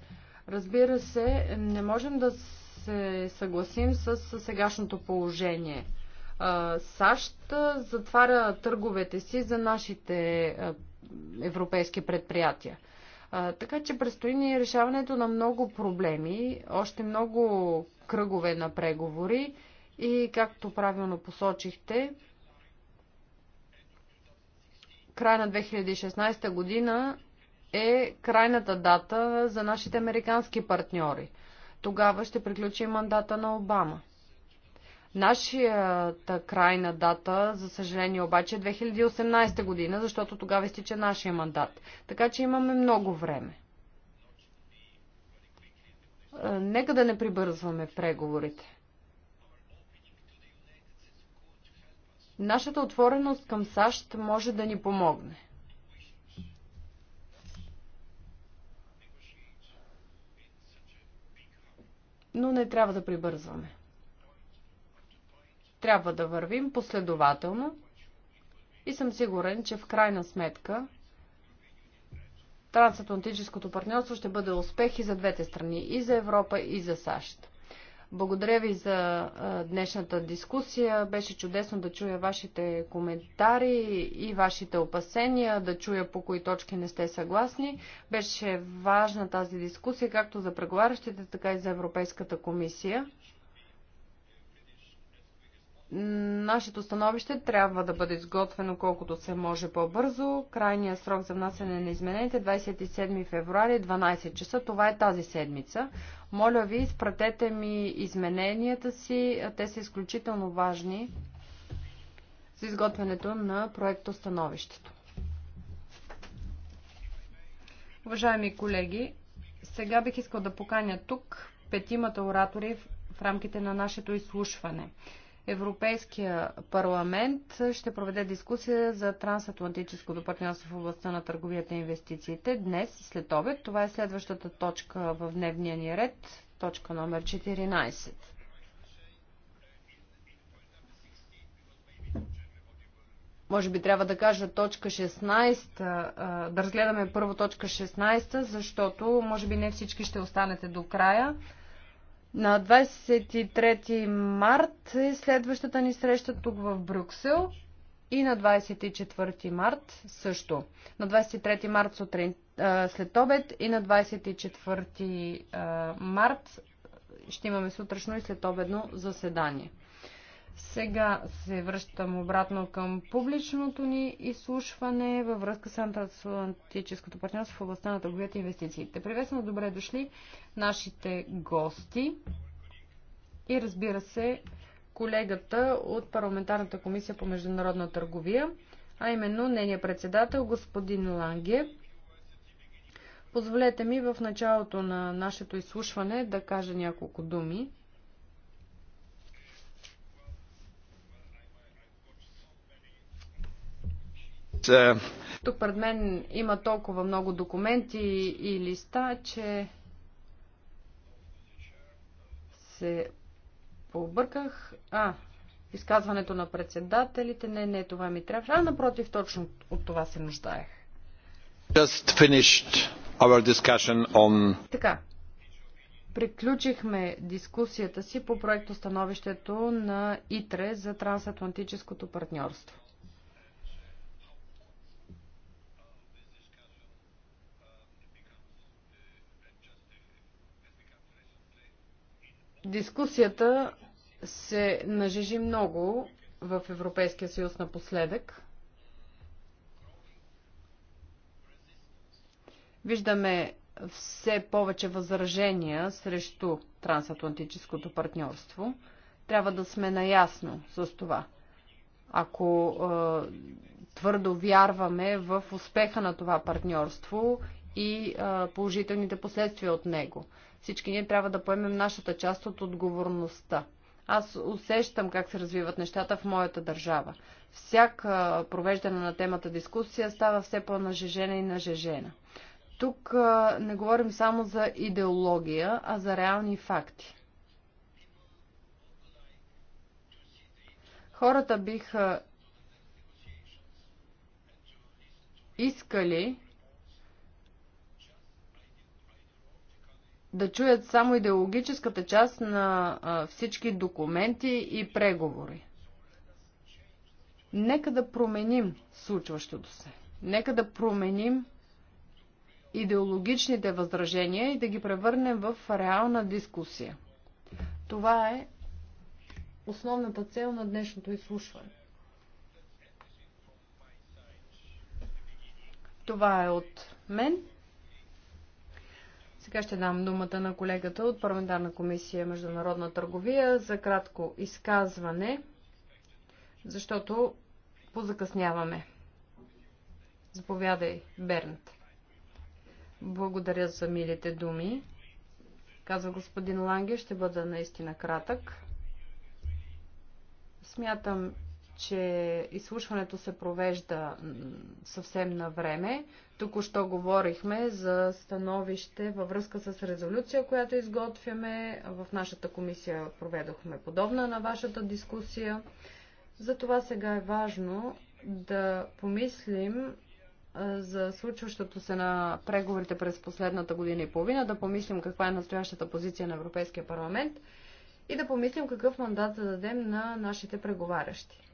Разбира се, не можем да се съгласим с сегашното положение. САЩ затваря търговете си за нашите европейски предприятия. Така че предстои ни решаването на много проблеми, още много кръгове на преговори и, както правилно посочихте, края на 2016 година е крайната дата за нашите американски партньори. Тогава ще приключи мандата на Обама. Нашията крайна дата, за съжаление обаче, е 2018 година, защото тогава изтича нашия мандат. Така че имаме много време. Е, нека да не прибързваме преговорите. Нашата отвореност към САЩ може да ни помогне. но не трябва да прибързваме. Трябва да вървим последователно и съм сигурен, че в крайна сметка трансатлантическото партньорство ще бъде успех и за двете страни, и за Европа, и за САЩ. Благодаря ви за днешната дискусия. Беше чудесно да чуя вашите коментари и вашите опасения, да чуя по кои точки не сте съгласни. Беше важна тази дискусия както за преговарящите, така и за Европейската комисия. Нашето становище трябва да бъде изготвено колкото се може по-бързо. Крайният срок за внасяне на изменените 27 февруари 12 часа. Това е тази седмица. Моля ви, изпратете ми измененията си. Те са изключително важни за изготвянето на проекто становището. Уважаеми колеги, сега бих искал да поканя тук петимата оратори в рамките на нашето изслушване. Европейския парламент ще проведе дискусия за трансатлантическото партньорство в областта на търговията и инвестициите днес и след обед. Това е следващата точка в дневния ни ред, точка номер 14. може би трябва да кажа точка 16, да разгледаме първо точка 16, защото може би не всички ще останете до края. На 23 март е следващата ни среща тук в Брюксел и на 24 март също. На 23 март сутрин, след обед и на 24 март ще имаме сутрешно и следобедно заседание. Сега се връщам обратно към публичното ни изслушване във връзка с Антатлантическото партньорство в областта на търговията и инвестициите. Приветствено добре дошли нашите гости и разбира се колегата от Парламентарната комисия по международна търговия, а именно нейният председател господин Ланге. Позволете ми в началото на нашето изслушване да кажа няколко думи. Uh, Тук пред мен има толкова много документи и листа, че се пообърках. А, изказването на председателите. Не, не, това ми трябва. А, напротив, точно от това се нуждаех. Just finished our discussion on... Така. Приключихме дискусията си по проекто становището на ИТРЕ за трансатлантическото партньорство. Дискусията се нажежи много в Европейския съюз напоследък. Виждаме все повече възражения срещу трансатлантическото партньорство. Трябва да сме наясно с това. Ако е, твърдо вярваме в успеха на това партньорство и положителните последствия от него. Всички ние трябва да поемем нашата част от отговорността. Аз усещам как се развиват нещата в моята държава. Всяка провеждана на темата дискусия става все по-нажежена и нажежена. Тук не говорим само за идеология, а за реални факти. Хората биха искали да чуят само идеологическата част на всички документи и преговори. Нека да променим случващото се. Нека да променим идеологичните възражения и да ги превърнем в реална дискусия. Това е основната цел на днешното изслушване. Това е от мен. Сега ще дам думата на колегата от Парламентарна комисия Международна търговия за кратко изказване, защото позакъсняваме. Заповядай, Бернт. Благодаря за милите думи. Казва господин Ланге, ще бъда наистина кратък. Смятам, че изслушването се провежда съвсем на време. тук що говорихме за становище във връзка с резолюция, която изготвяме. В нашата комисия проведохме подобна на вашата дискусия. Затова сега е важно да помислим за случващото се на преговорите през последната година и половина, да помислим каква е настоящата позиция на Европейския парламент и да помислим какъв мандат да дадем на нашите преговарящи.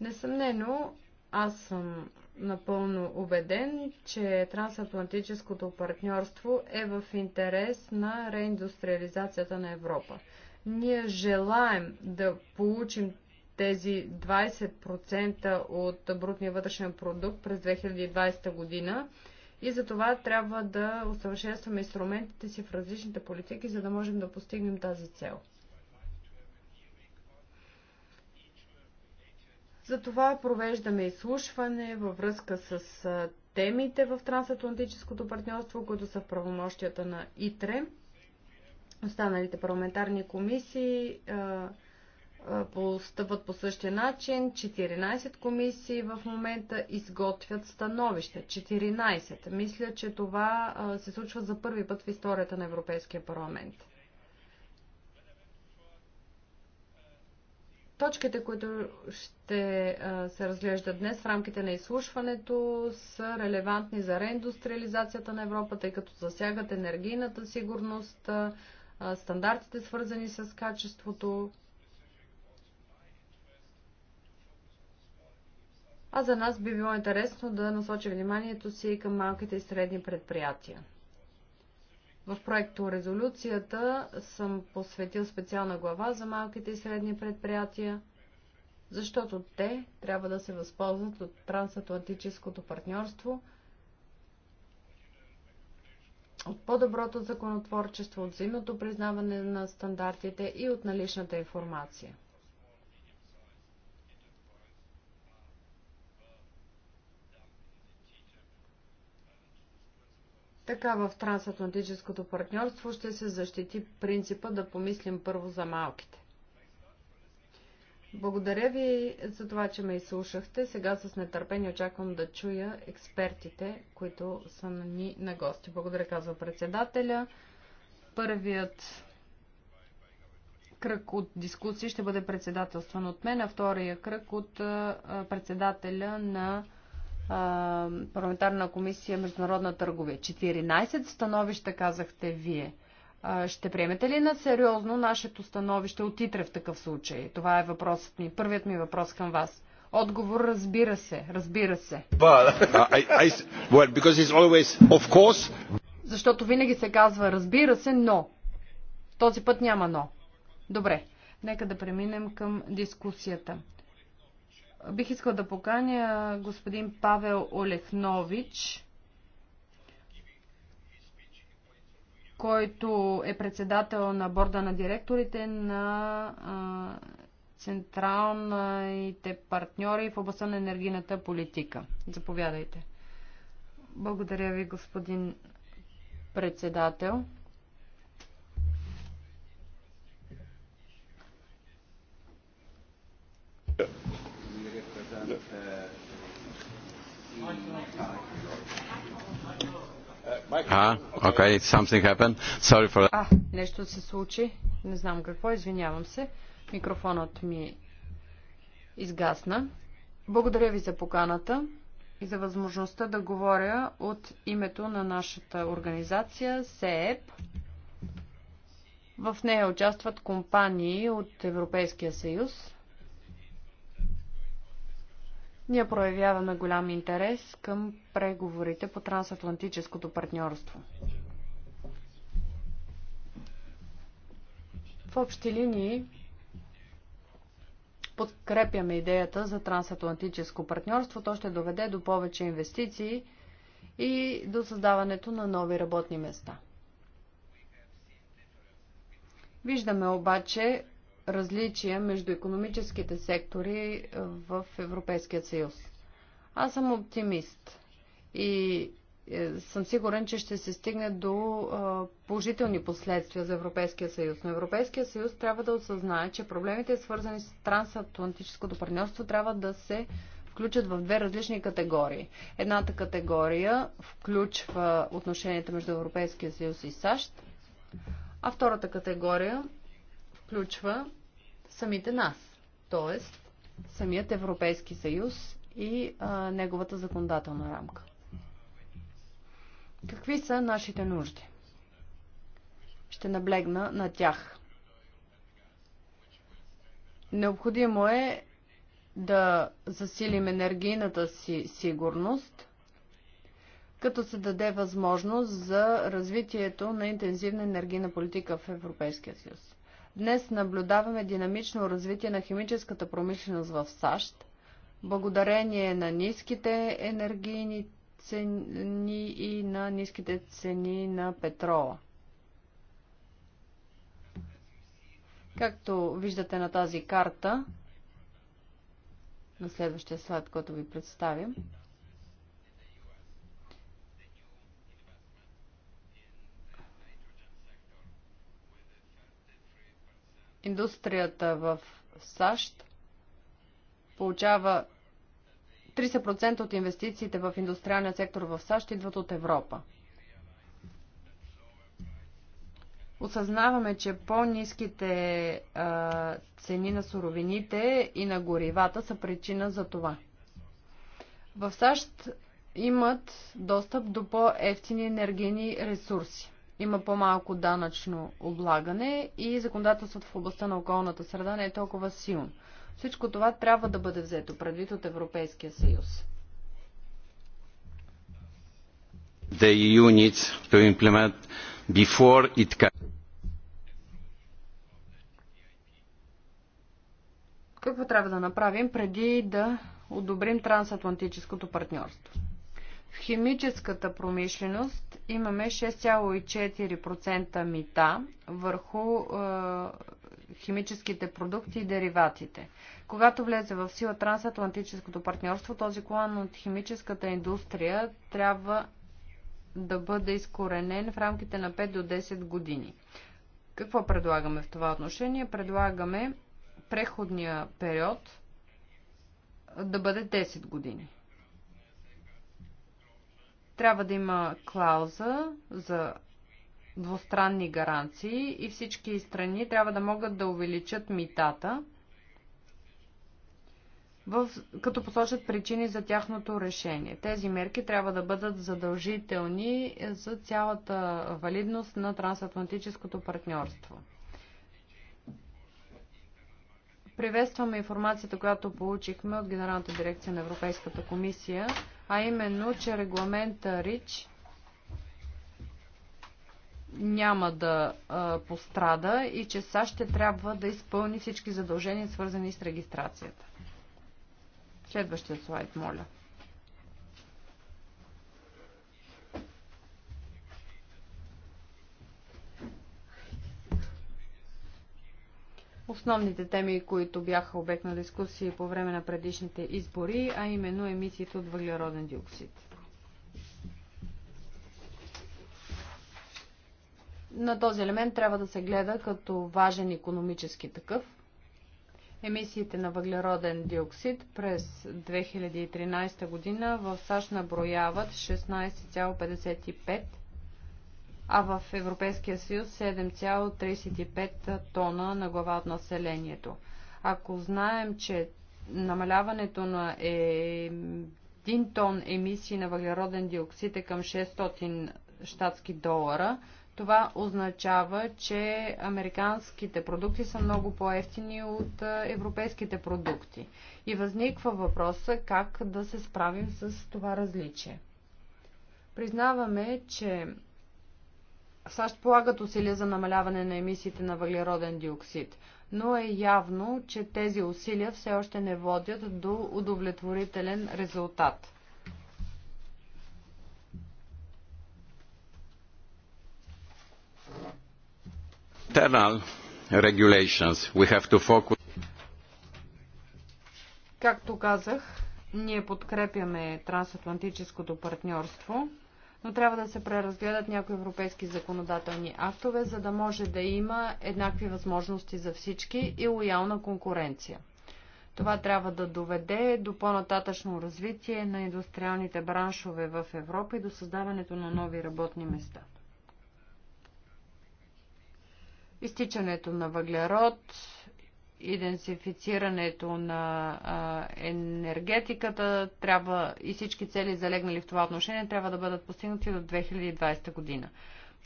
Несъмнено, аз съм напълно убеден, че трансатлантическото партньорство е в интерес на реиндустриализацията на Европа. Ние желаем да получим тези 20% от брутния вътрешен продукт през 2020 година и за това трябва да усъвършенстваме инструментите си в различните политики, за да можем да постигнем тази цел. Затова провеждаме изслушване във връзка с темите в трансатлантическото партньорство, които са в правомощията на ИТРЕ. Останалите парламентарни комисии постъпват по същия начин. 14 комисии в момента изготвят становище. 14. Мисля, че това се случва за първи път в историята на Европейския парламент. Точките, които ще се разглеждат днес в рамките на изслушването, са релевантни за реиндустриализацията на Европа, тъй като засягат енергийната сигурност, стандартите свързани с качеството. А за нас би било интересно да насочи вниманието си към малките и средни предприятия. В проекто резолюцията съм посветил специална глава за малките и средни предприятия, защото те трябва да се възползват от трансатлантическото партньорство, от по-доброто законотворчество, от взаимното признаване на стандартите и от наличната информация. Така в трансатлантическото партньорство ще се защити принципа да помислим първо за малките. Благодаря ви за това, че ме изслушахте. Сега с нетърпение очаквам да чуя експертите, които са на ни на гости. Благодаря, казва председателя. Първият кръг от дискусии ще бъде председателстван от мен, а втория кръг от председателя на парламентарна комисия Международна търговия. 14 становища казахте вие. Ще приемете ли на сериозно нашето становище от ИТРЕ в такъв случай? Това е въпросът ми. Първият ми въпрос към вас. Отговор разбира се, разбира се. Защото винаги се казва разбира се, но. Този път няма но. Добре, нека да преминем към дискусията. Бих искал да поканя господин Павел Олехнович, който е председател на борда на директорите на централните партньори в областта на енергийната политика. Заповядайте. Благодаря ви, господин председател. А, okay, something happened. Sorry for that. А, нещо се случи. Не знам какво, извинявам се. Микрофонът ми изгасна. Благодаря ви за поканата и за възможността да говоря от името на нашата организация СЕЕП. В нея участват компании от Европейския съюз, ние проявяваме голям интерес към преговорите по трансатлантическото партньорство. В общи линии подкрепяме идеята за трансатлантическо партньорство. То ще доведе до повече инвестиции и до създаването на нови работни места. Виждаме обаче различия между економическите сектори в Европейския съюз. Аз съм оптимист и е, съм сигурен, че ще се стигне до е, положителни последствия за Европейския съюз. Но Европейския съюз трябва да осъзнае, че проблемите, свързани с трансатлантическото партньорство, трябва да се включат в две различни категории. Едната категория включва отношенията между Европейския съюз и САЩ, а втората категория включва самите нас, т.е. самият Европейски съюз и а, неговата законодателна рамка. Какви са нашите нужди? Ще наблегна на тях. Необходимо е да засилим енергийната си сигурност, като се даде възможност за развитието на интензивна енергийна политика в Европейския съюз. Днес наблюдаваме динамично развитие на химическата промишленост в САЩ, благодарение на ниските енергийни цени и на ниските цени на петрола. Както виждате на тази карта, на следващия слайд, който ви представим, индустрията в САЩ получава 30% от инвестициите в индустриалния сектор в САЩ идват от Европа. Осъзнаваме, че по-низките цени на суровините и на горивата са причина за това. В САЩ имат достъп до по-ефтини енергийни ресурси има по-малко данъчно облагане и законодателството в областта на околната среда не е толкова силно. Всичко това трябва да бъде взето предвид от Европейския съюз. The e to implement before it can. Какво трябва да направим преди да одобрим трансатлантическото партньорство? В химическата промишленост имаме 6,4% мита върху е, химическите продукти и дериватите. Когато влезе в сила трансатлантическото партньорство, този клан от химическата индустрия трябва да бъде изкоренен в рамките на 5 до 10 години. Какво предлагаме в това отношение? Предлагаме преходния период да бъде 10 години. Трябва да има клауза за двустранни гаранции и всички страни трябва да могат да увеличат митата, в, като посочат причини за тяхното решение. Тези мерки трябва да бъдат задължителни за цялата валидност на трансатлантическото партньорство. Приветстваме информацията, която получихме от Генералната дирекция на Европейската комисия а именно, че регламента РИЧ няма да а, пострада и че САЩ ще трябва да изпълни всички задължения, свързани с регистрацията. Следващия слайд, моля. основните теми, които бяха обект на дискусии по време на предишните избори, а именно емисиите от въглероден диоксид. На този елемент трябва да се гледа като важен економически такъв. Емисиите на въглероден диоксид през 2013 година в САЩ наброяват 16,55 а в Европейския съюз 7,35 тона на глава от населението. Ако знаем, че намаляването на е, 1 тон емисии на въглероден диоксид е към 600 щатски долара, това означава, че американските продукти са много по-ефтини от европейските продукти. И възниква въпроса как да се справим с това различие. Признаваме, че САЩ полагат усилия за намаляване на емисиите на въглероден диоксид, но е явно, че тези усилия все още не водят до удовлетворителен резултат. regulations. We have to focus. Както казах, ние подкрепяме трансатлантическото партньорство но трябва да се преразгледат някои европейски законодателни актове, за да може да има еднакви възможности за всички и лоялна конкуренция. Това трябва да доведе до по-нататъчно развитие на индустриалните браншове в Европа и до създаването на нови работни места. Изтичането на въглерод, идентифицирането на а, енергетиката трябва и всички цели залегнали в това отношение трябва да бъдат постигнати до 2020 година.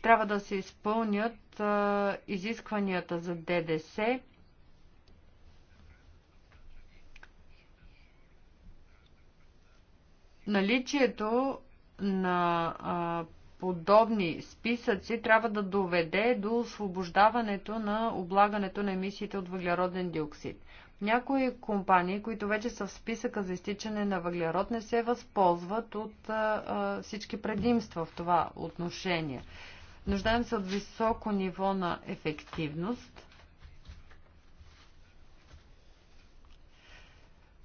Трябва да се изпълнят а, изискванията за ДДС. Наличието на а, подобни списъци трябва да доведе до освобождаването на облагането на емисиите от въглероден диоксид. Някои компании, които вече са в списъка за изтичане на въглерод, не се възползват от а, а, всички предимства в това отношение. Нуждаем се от високо ниво на ефективност,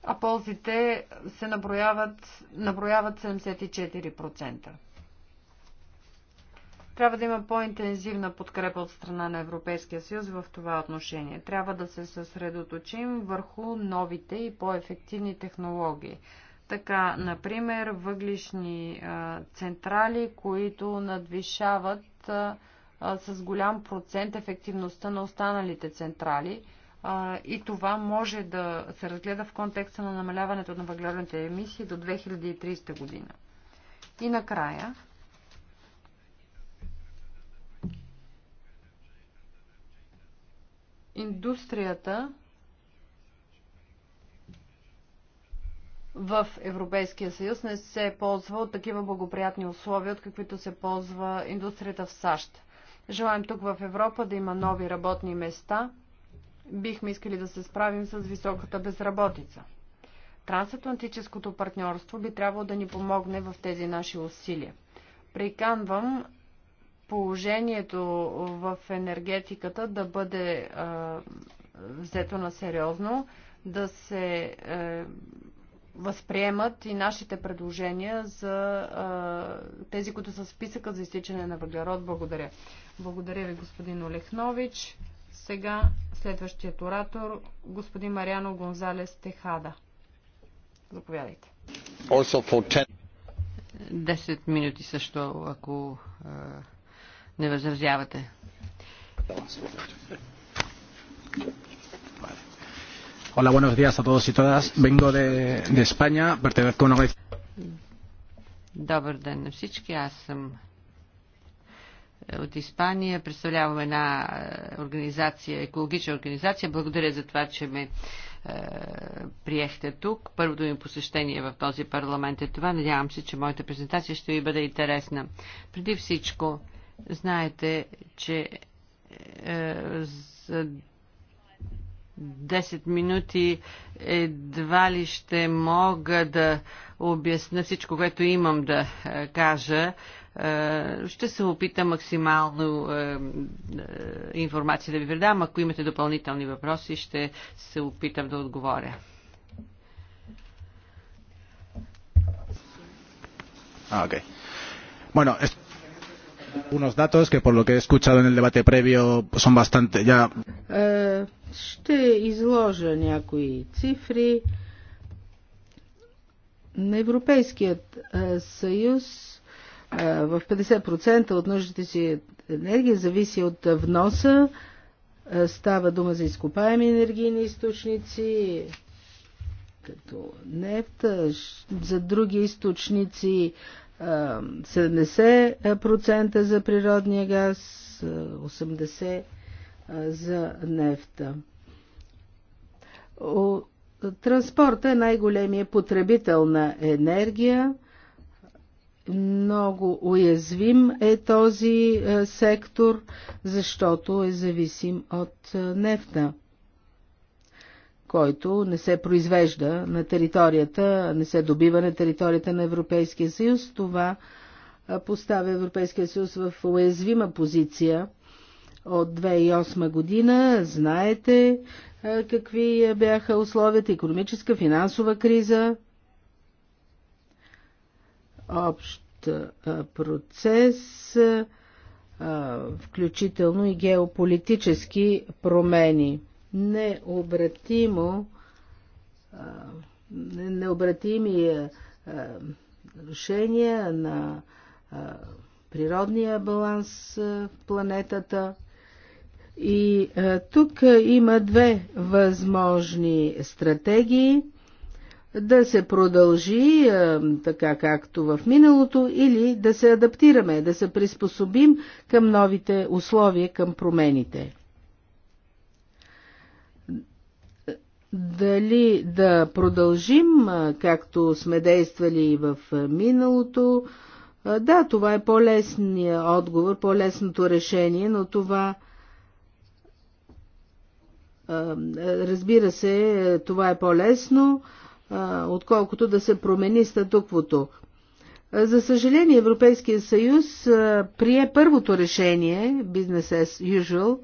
а ползите се наброяват, наброяват 74%. Трябва да има по-интензивна подкрепа от страна на Европейския съюз в това отношение. Трябва да се съсредоточим върху новите и по-ефективни технологии. Така, например, въглишни централи, които надвишават с голям процент ефективността на останалите централи. и това може да се разгледа в контекста на намаляването на въглеродните емисии до 2030 година. И накрая, индустрията в Европейския съюз не се ползва от такива благоприятни условия, от каквито се ползва индустрията в САЩ. Желаем тук в Европа да има нови работни места. Бихме искали да се справим с високата безработица. Трансатлантическото партньорство би трябвало да ни помогне в тези наши усилия. Приканвам положението в енергетиката да бъде а, взето на сериозно, да се а, е, възприемат и нашите предложения за а, тези, които са списъка за изтичане на въглерод. Благодаря. Благодаря ви, господин Олехнович. Сега следващият оратор, господин Мариано Гонзалес Техада. Заповядайте. 10 минути също, ако е, не възразявате. Hola, buenos días a todos y todas. Vengo de, de España, pertenezco a una Добър ден на всички. Аз съм е, от Испания. Представлявам една е, организация, екологична организация. Благодаря за това, че ме е, приехте тук. Първото ми посещение в този парламент е това. Надявам се, че моята презентация ще ви бъде интересна. Преди всичко, Знаете, че е, за 10 минути едва ли ще мога да обясна всичко, което имам да е, кажа. Е, ще се опита максимално информация да ви предам. Ако имате допълнителни въпроси, ще се опитам да отговоря. Okay. Bueno, es unos datos que por lo que he escuchado en el debate previo son bastante ya. Е, ще изложа някои цифри. На Европейският е, съюз е, в 50% от нуждите си енергия зависи от вноса. Става дума за изкопаеми енергийни източници, като нефт, за други източници 70% за природния газ, 80% за нефта. Транспорта е най-големия потребител на енергия. Много уязвим е този е, сектор, защото е зависим от е, нефта който не се произвежда на територията, не се добива на територията на Европейския съюз. Това поставя Европейския съюз в уязвима позиция от 2008 година. Знаете какви бяха условията, економическа, финансова криза, общ процес, включително и геополитически промени необратимо необратими решения на природния баланс в планетата. И тук има две възможни стратегии да се продължи така както в миналото или да се адаптираме, да се приспособим към новите условия, към промените. дали да продължим, както сме действали и в миналото. Да, това е по-лесният отговор, по-лесното решение, но това. Разбира се, това е по-лесно, отколкото да се промени статуквото. За съжаление, Европейския съюз прие първото решение, Business as usual,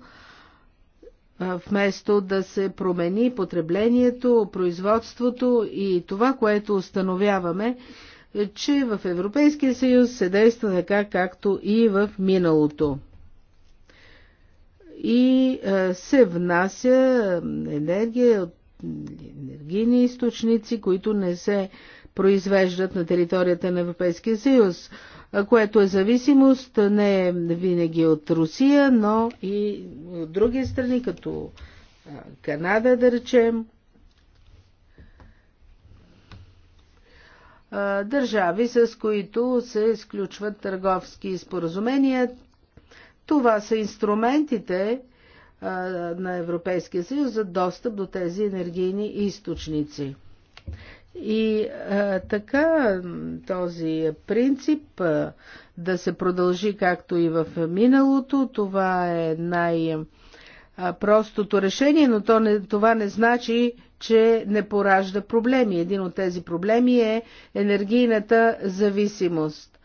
вместо да се промени потреблението, производството и това, което установяваме, е, че в Европейския съюз се действа така, както и в миналото. И се внася енергия от енергийни източници, които не се произвеждат на територията на Европейския съюз, което е зависимост не е винаги от Русия, но и от други страни, като Канада, да речем. Държави, с които се изключват търговски споразумения. Това са инструментите, на Европейския съюз за достъп до тези енергийни източници. И а, така този принцип а, да се продължи както и в миналото, това е най-простото решение, но то не, това не значи, че не поражда проблеми. Един от тези проблеми е енергийната зависимост.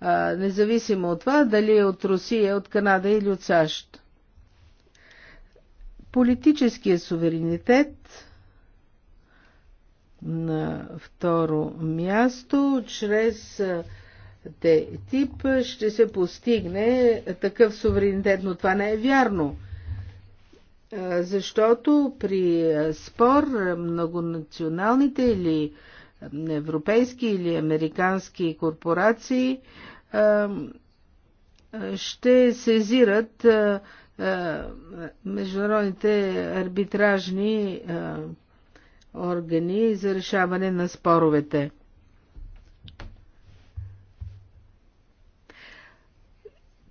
А, независимо от това дали е от Русия, от Канада или от САЩ. Политическия суверенитет на второ място, чрез те тип ще се постигне такъв суверенитет, но това не е вярно. Защото при спор многонационалните или европейски или американски корпорации ще сезират международните арбитражни органи за решаване на споровете.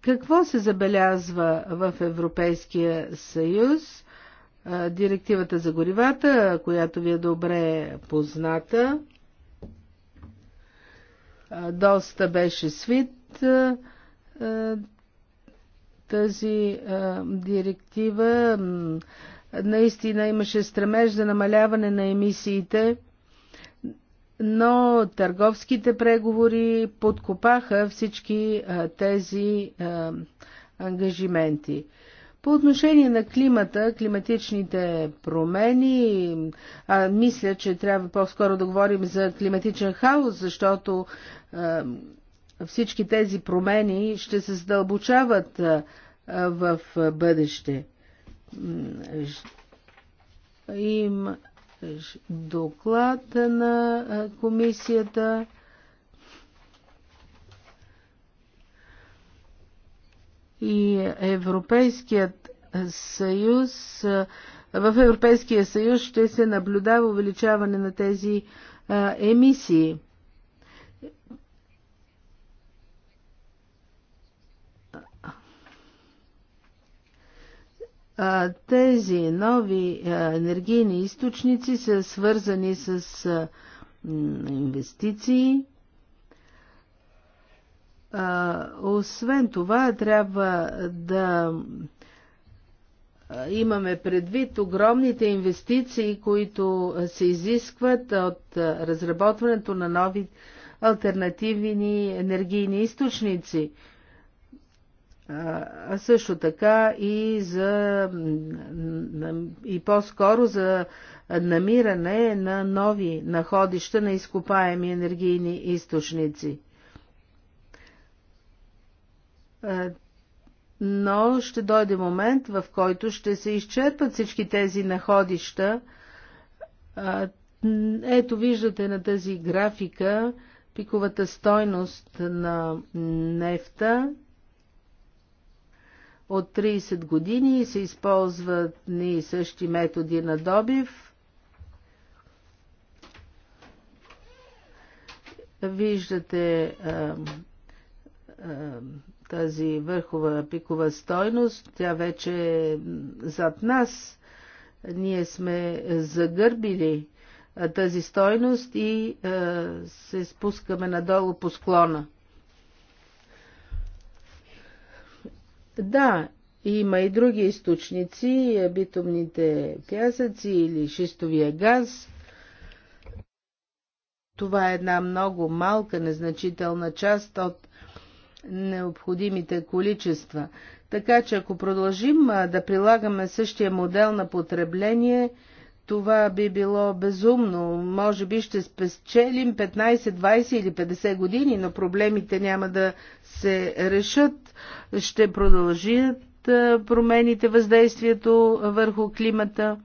Какво се забелязва в Европейския съюз? Директивата за горивата, която ви е добре позната, доста беше свит тази директива Наистина имаше стремеж за намаляване на емисиите, но търговските преговори подкопаха всички тези ангажименти. По отношение на климата, климатичните промени, а, мисля, че трябва по-скоро да говорим за климатичен хаос, защото а, всички тези промени ще се задълбочават а, в бъдеще им доклад на комисията. И Европейският съюз, в Европейския съюз ще се наблюдава увеличаване на тези емисии. Тези нови енергийни източници са свързани с инвестиции. Освен това, трябва да имаме предвид огромните инвестиции, които се изискват от разработването на нови альтернативни енергийни източници а също така и за и по-скоро за намиране на нови находища на изкопаеми енергийни източници. Но ще дойде момент, в който ще се изчерпат всички тези находища. Ето виждате на тази графика пиковата стойност на нефта от 30 години се използват ни същи методи на добив. Виждате а, а, тази върхова пикова стойност, тя вече е зад нас. Ние сме загърбили тази стойност и а, се спускаме надолу по склона. Да, има и други източници, битумните пясъци или шистовия газ. Това е една много малка, незначителна част от необходимите количества. Така че ако продължим да прилагаме същия модел на потребление, това би било безумно. Може би ще спечелим 15, 20 или 50 години, но проблемите няма да се решат ще продължат промените, въздействието върху климата.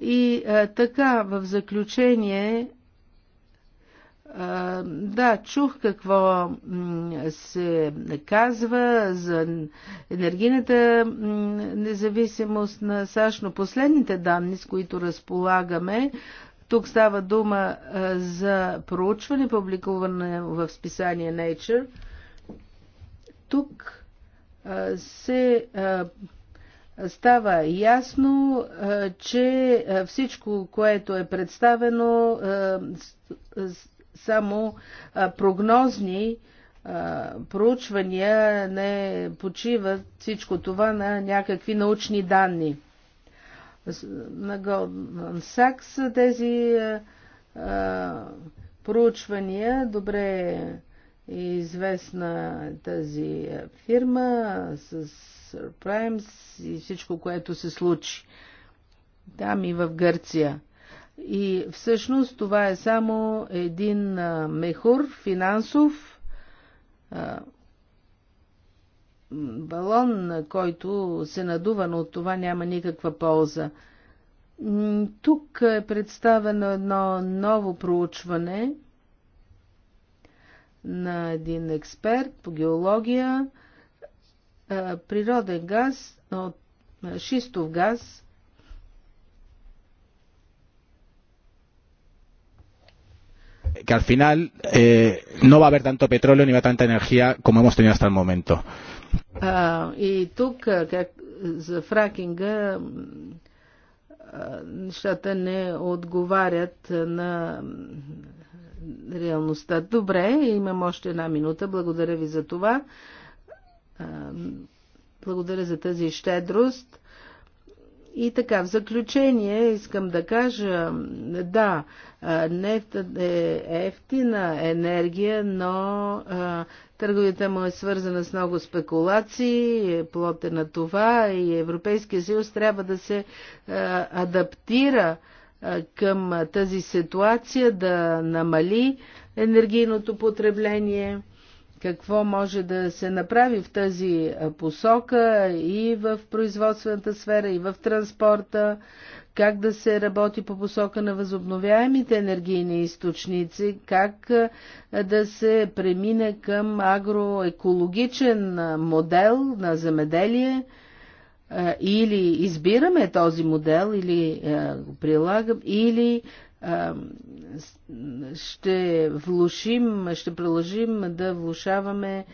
И а, така, в заключение, а, да, чух какво се казва за енергийната независимост на САЩ, но последните данни, с които разполагаме, тук става дума а, за проучване, публикуване в списание Nature – тук се става ясно, че всичко, което е представено, само прогнозни проучвания не почиват всичко това на някакви научни данни. На Goldman Sachs тези проучвания добре известна е тази фирма с Primes и всичко, което се случи там и в Гърция. И всъщност това е само един мехур финансов балон, който се надува, но от това няма никаква полза. Тук е представено едно ново проучване – на един експерт по геология, природен газ, от шистов газ. que al final eh, no va a haber tanto petróleo ni va a tanta energía como hemos tenido hasta el momento. Uh, y и тук как, за фракинга нещата не отговарят на реалността. Добре, имам още една минута. Благодаря ви за това. Благодаря за тази щедрост. И така, в заключение искам да кажа, да, нефта е ефтина енергия, но търговията му е свързана с много спекулации, е плоте на това и Европейския съюз трябва да се адаптира към тази ситуация, да намали енергийното потребление, какво може да се направи в тази посока и в производствената сфера, и в транспорта, как да се работи по посока на възобновяемите енергийни източници, как да се премине към агроекологичен модел на земеделие, или избираме този модел, или го прилагаме, или ще влушим, ще продължим да влушаваме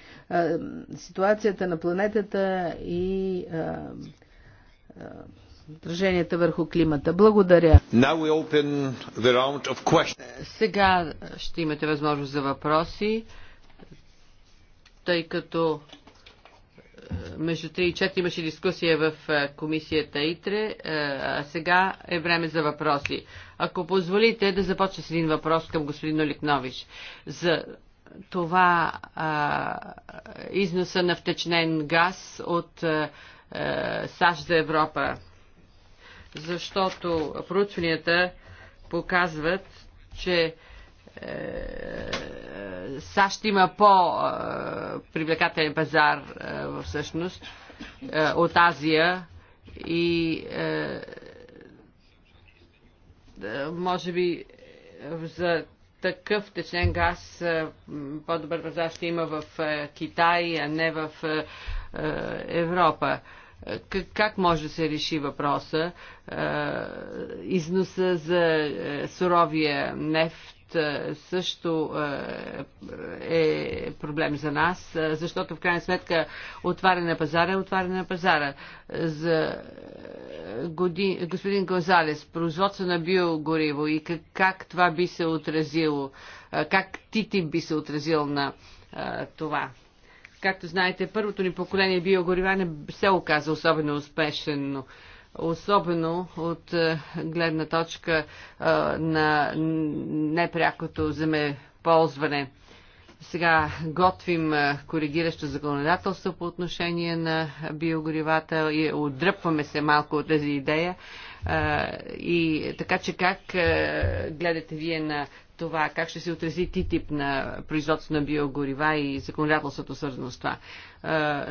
ситуацията на планетата и отраженията върху климата. Благодаря. Е, сега ще имате възможност за въпроси, тъй като между 3 и 4 имаше дискусия в комисията ИТРЕ, а сега е време за въпроси. Ако позволите да започна с един въпрос към господин Оликнович за това а, износа на втечнен газ от а, САЩ за Европа. Защото проучванията показват, че САЩ има по-привлекателен пазар е, всъщност е, от Азия и е, може би за такъв течен газ по-добър пазар ще има в Китай, а не в Европа. Как може да се реши въпроса? Износа за суровия нефт също е проблем за нас, защото в крайна сметка отваряне на пазара е отваряне на пазара. За годин, господин Гонзалес, производство на биогориво и как, как това би се отразило, как ТИТИП би се отразил на това? Както знаете, първото ни поколение биогорива не се оказа особено успешно особено от е, гледна точка е, на непрякото земеползване. Сега готвим е, коригиращо законодателство по отношение на биогоривата и отдръпваме се малко от тази идея. И така че как гледате вие на това, как ще се отрази ТИТИП на производство на биогорива и законодателството свързано с това.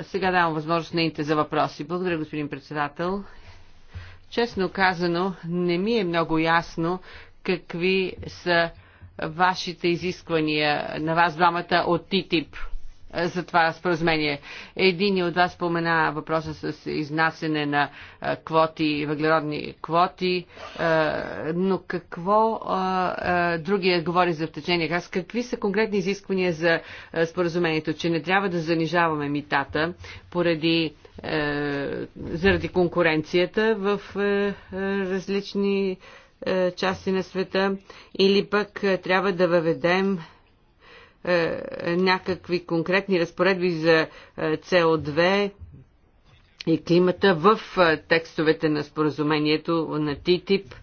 Сега давам възможност на за въпроси. Благодаря, господин председател. Честно казано, не ми е много ясно какви са вашите изисквания на вас двамата от ТИТИП за това споразумение. Един от вас спомена въпроса с изнасене на квоти, въглеродни квоти, но какво другия говори за втечение газ? Какви са конкретни изисквания за споразумението, че не трябва да занижаваме митата поради заради конкуренцията в различни части на света или пък трябва да въведем е, някакви конкретни разпоредби за CO2 е, и климата в е, текстовете на споразумението на ТИТИП,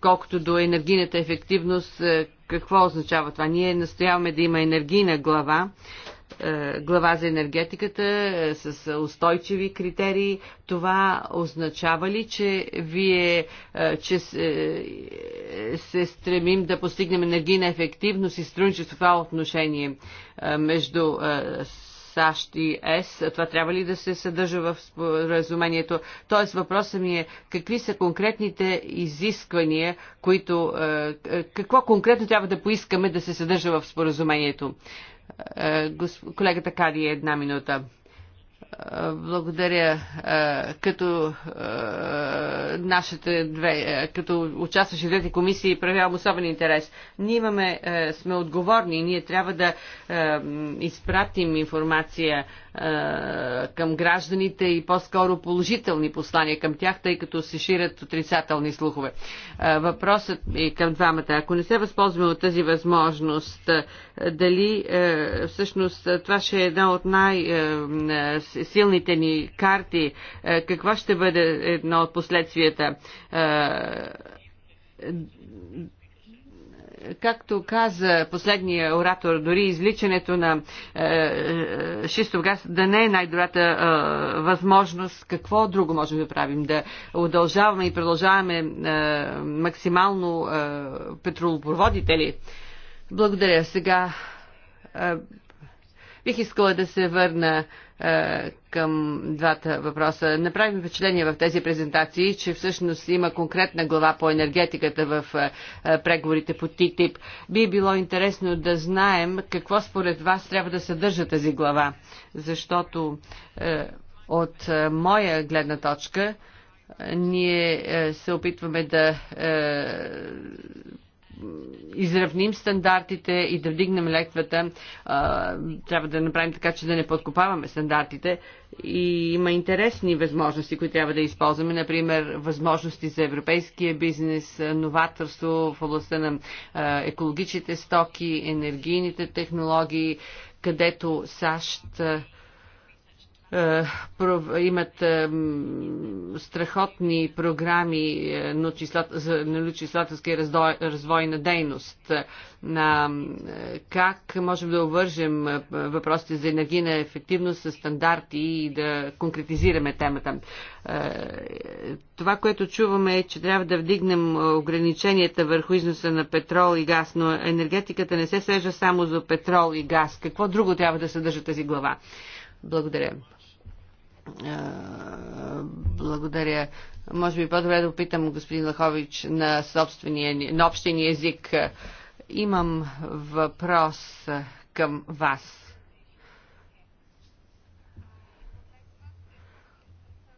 колкото до енергийната ефективност, какво означава това? Ние настояваме да има енергийна глава, е, глава за енергетиката е, с устойчиви критерии. Това означава ли, че вие, е, че се стремим да постигнем енергийна ефективност и струнчество в това отношение между САЩ и ЕС. Това трябва ли да се съдържа в споразумението? Тоест въпросът ми е какви са конкретните изисквания, които, какво конкретно трябва да поискаме да се съдържа в споразумението? Е, колегата Кади една минута. Благодаря. Като нашите две, като участващи в двете комисии, проявявам особен интерес. Ние имаме, сме отговорни, ние трябва да изпратим информация към гражданите и по-скоро положителни послания към тях, тъй като се ширят отрицателни слухове. Въпросът е към двамата. Ако не се възползваме от тази възможност, дали всъщност това ще е една от най- силните ни карти, е, каква ще бъде едно от последствията? Е, както каза последния оратор, дори изличането на е, е, шистов газ да не е най-добрата е, възможност, какво друго можем да правим? Да удължаваме и продължаваме е, максимално е, петролопроводите ли? Благодаря. Сега е, бих искала да се върна е, към двата въпроса. Направим впечатление в тези презентации, че всъщност има конкретна глава по енергетиката в е, е, преговорите по ТИТИП. Би било интересно да знаем какво според вас трябва да съдържа тази глава, защото от моя гледна точка ние се опитваме да изравним стандартите и да вдигнем летвата. Трябва да направим така, че да не подкопаваме стандартите. И има интересни възможности, които трябва да използваме. Например, възможности за европейския бизнес, новаторство в областта на екологичните стоки, енергийните технологии, където САЩ е, имат е, страхотни програми е, за научно-изследователска развой на дейност. На как можем да обвържем въпросите за енергийна ефективност с стандарти и да конкретизираме темата. Това, което чуваме е, че трябва да вдигнем ограниченията върху износа на петрол и газ, но енергетиката не се свежда само за петрол и газ. Какво друго трябва да съдържа тази глава? Благодаря. Благодаря. Може би по-добре да опитам господин Лахович на собствения, на общия език. Имам въпрос към вас.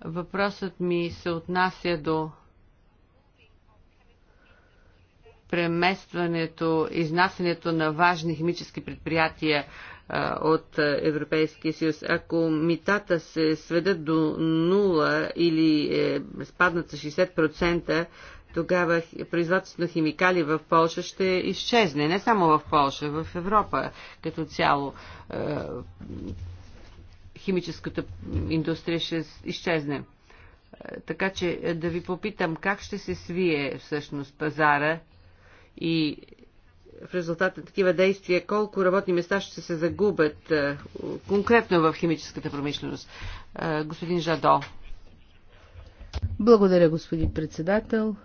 Въпросът ми се отнася до преместването, изнасянето на важни химически предприятия от Европейския съюз. Ако митата се сведат до нула или е, спаднат с 60%, тогава производството на химикали в Польша ще изчезне. Не само в Польша, в Европа като цяло е, химическата индустрия ще изчезне. Е, така че да ви попитам как ще се свие всъщност пазара и в резултат на такива действия, колко работни места ще се загубят е, конкретно в химическата промишленост. Е, господин Жадо. Благодаря, господин председател.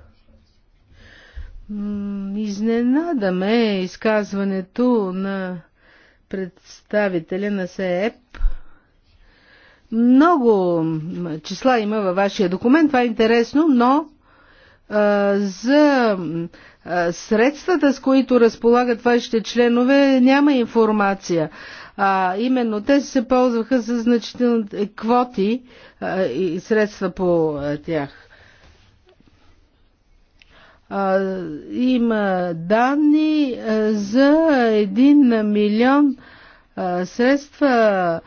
Изненадаме изказването на представителя на СЕЕП. Много числа има във вашия документ, това е интересно, но а, е, за средствата, с които разполагат вашите членове, няма информация. А, именно те се ползваха за значителни квоти а, и средства по а, тях. А, има данни а, за 1 милион а, средства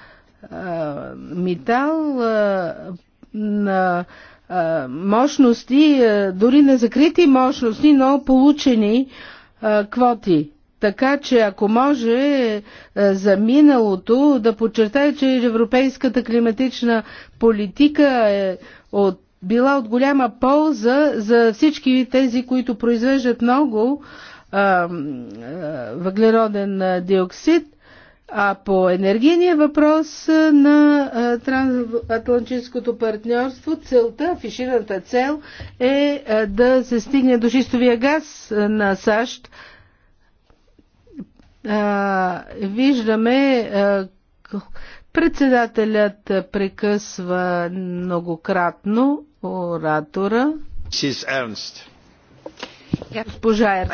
а, метал а, на а, мощности, дори закрити мощности, но получени квоти. Така че ако може за миналото да подчертая, че европейската климатична политика е от, била от голяма полза за всички тези, които произвеждат много въглероден диоксид, а по енергийния въпрос на трансатлантическото партньорство, целта, афишираната цел е да се стигне до шистовия газ на САЩ. Виждаме председателят прекъсва многократно оратора. Госпожа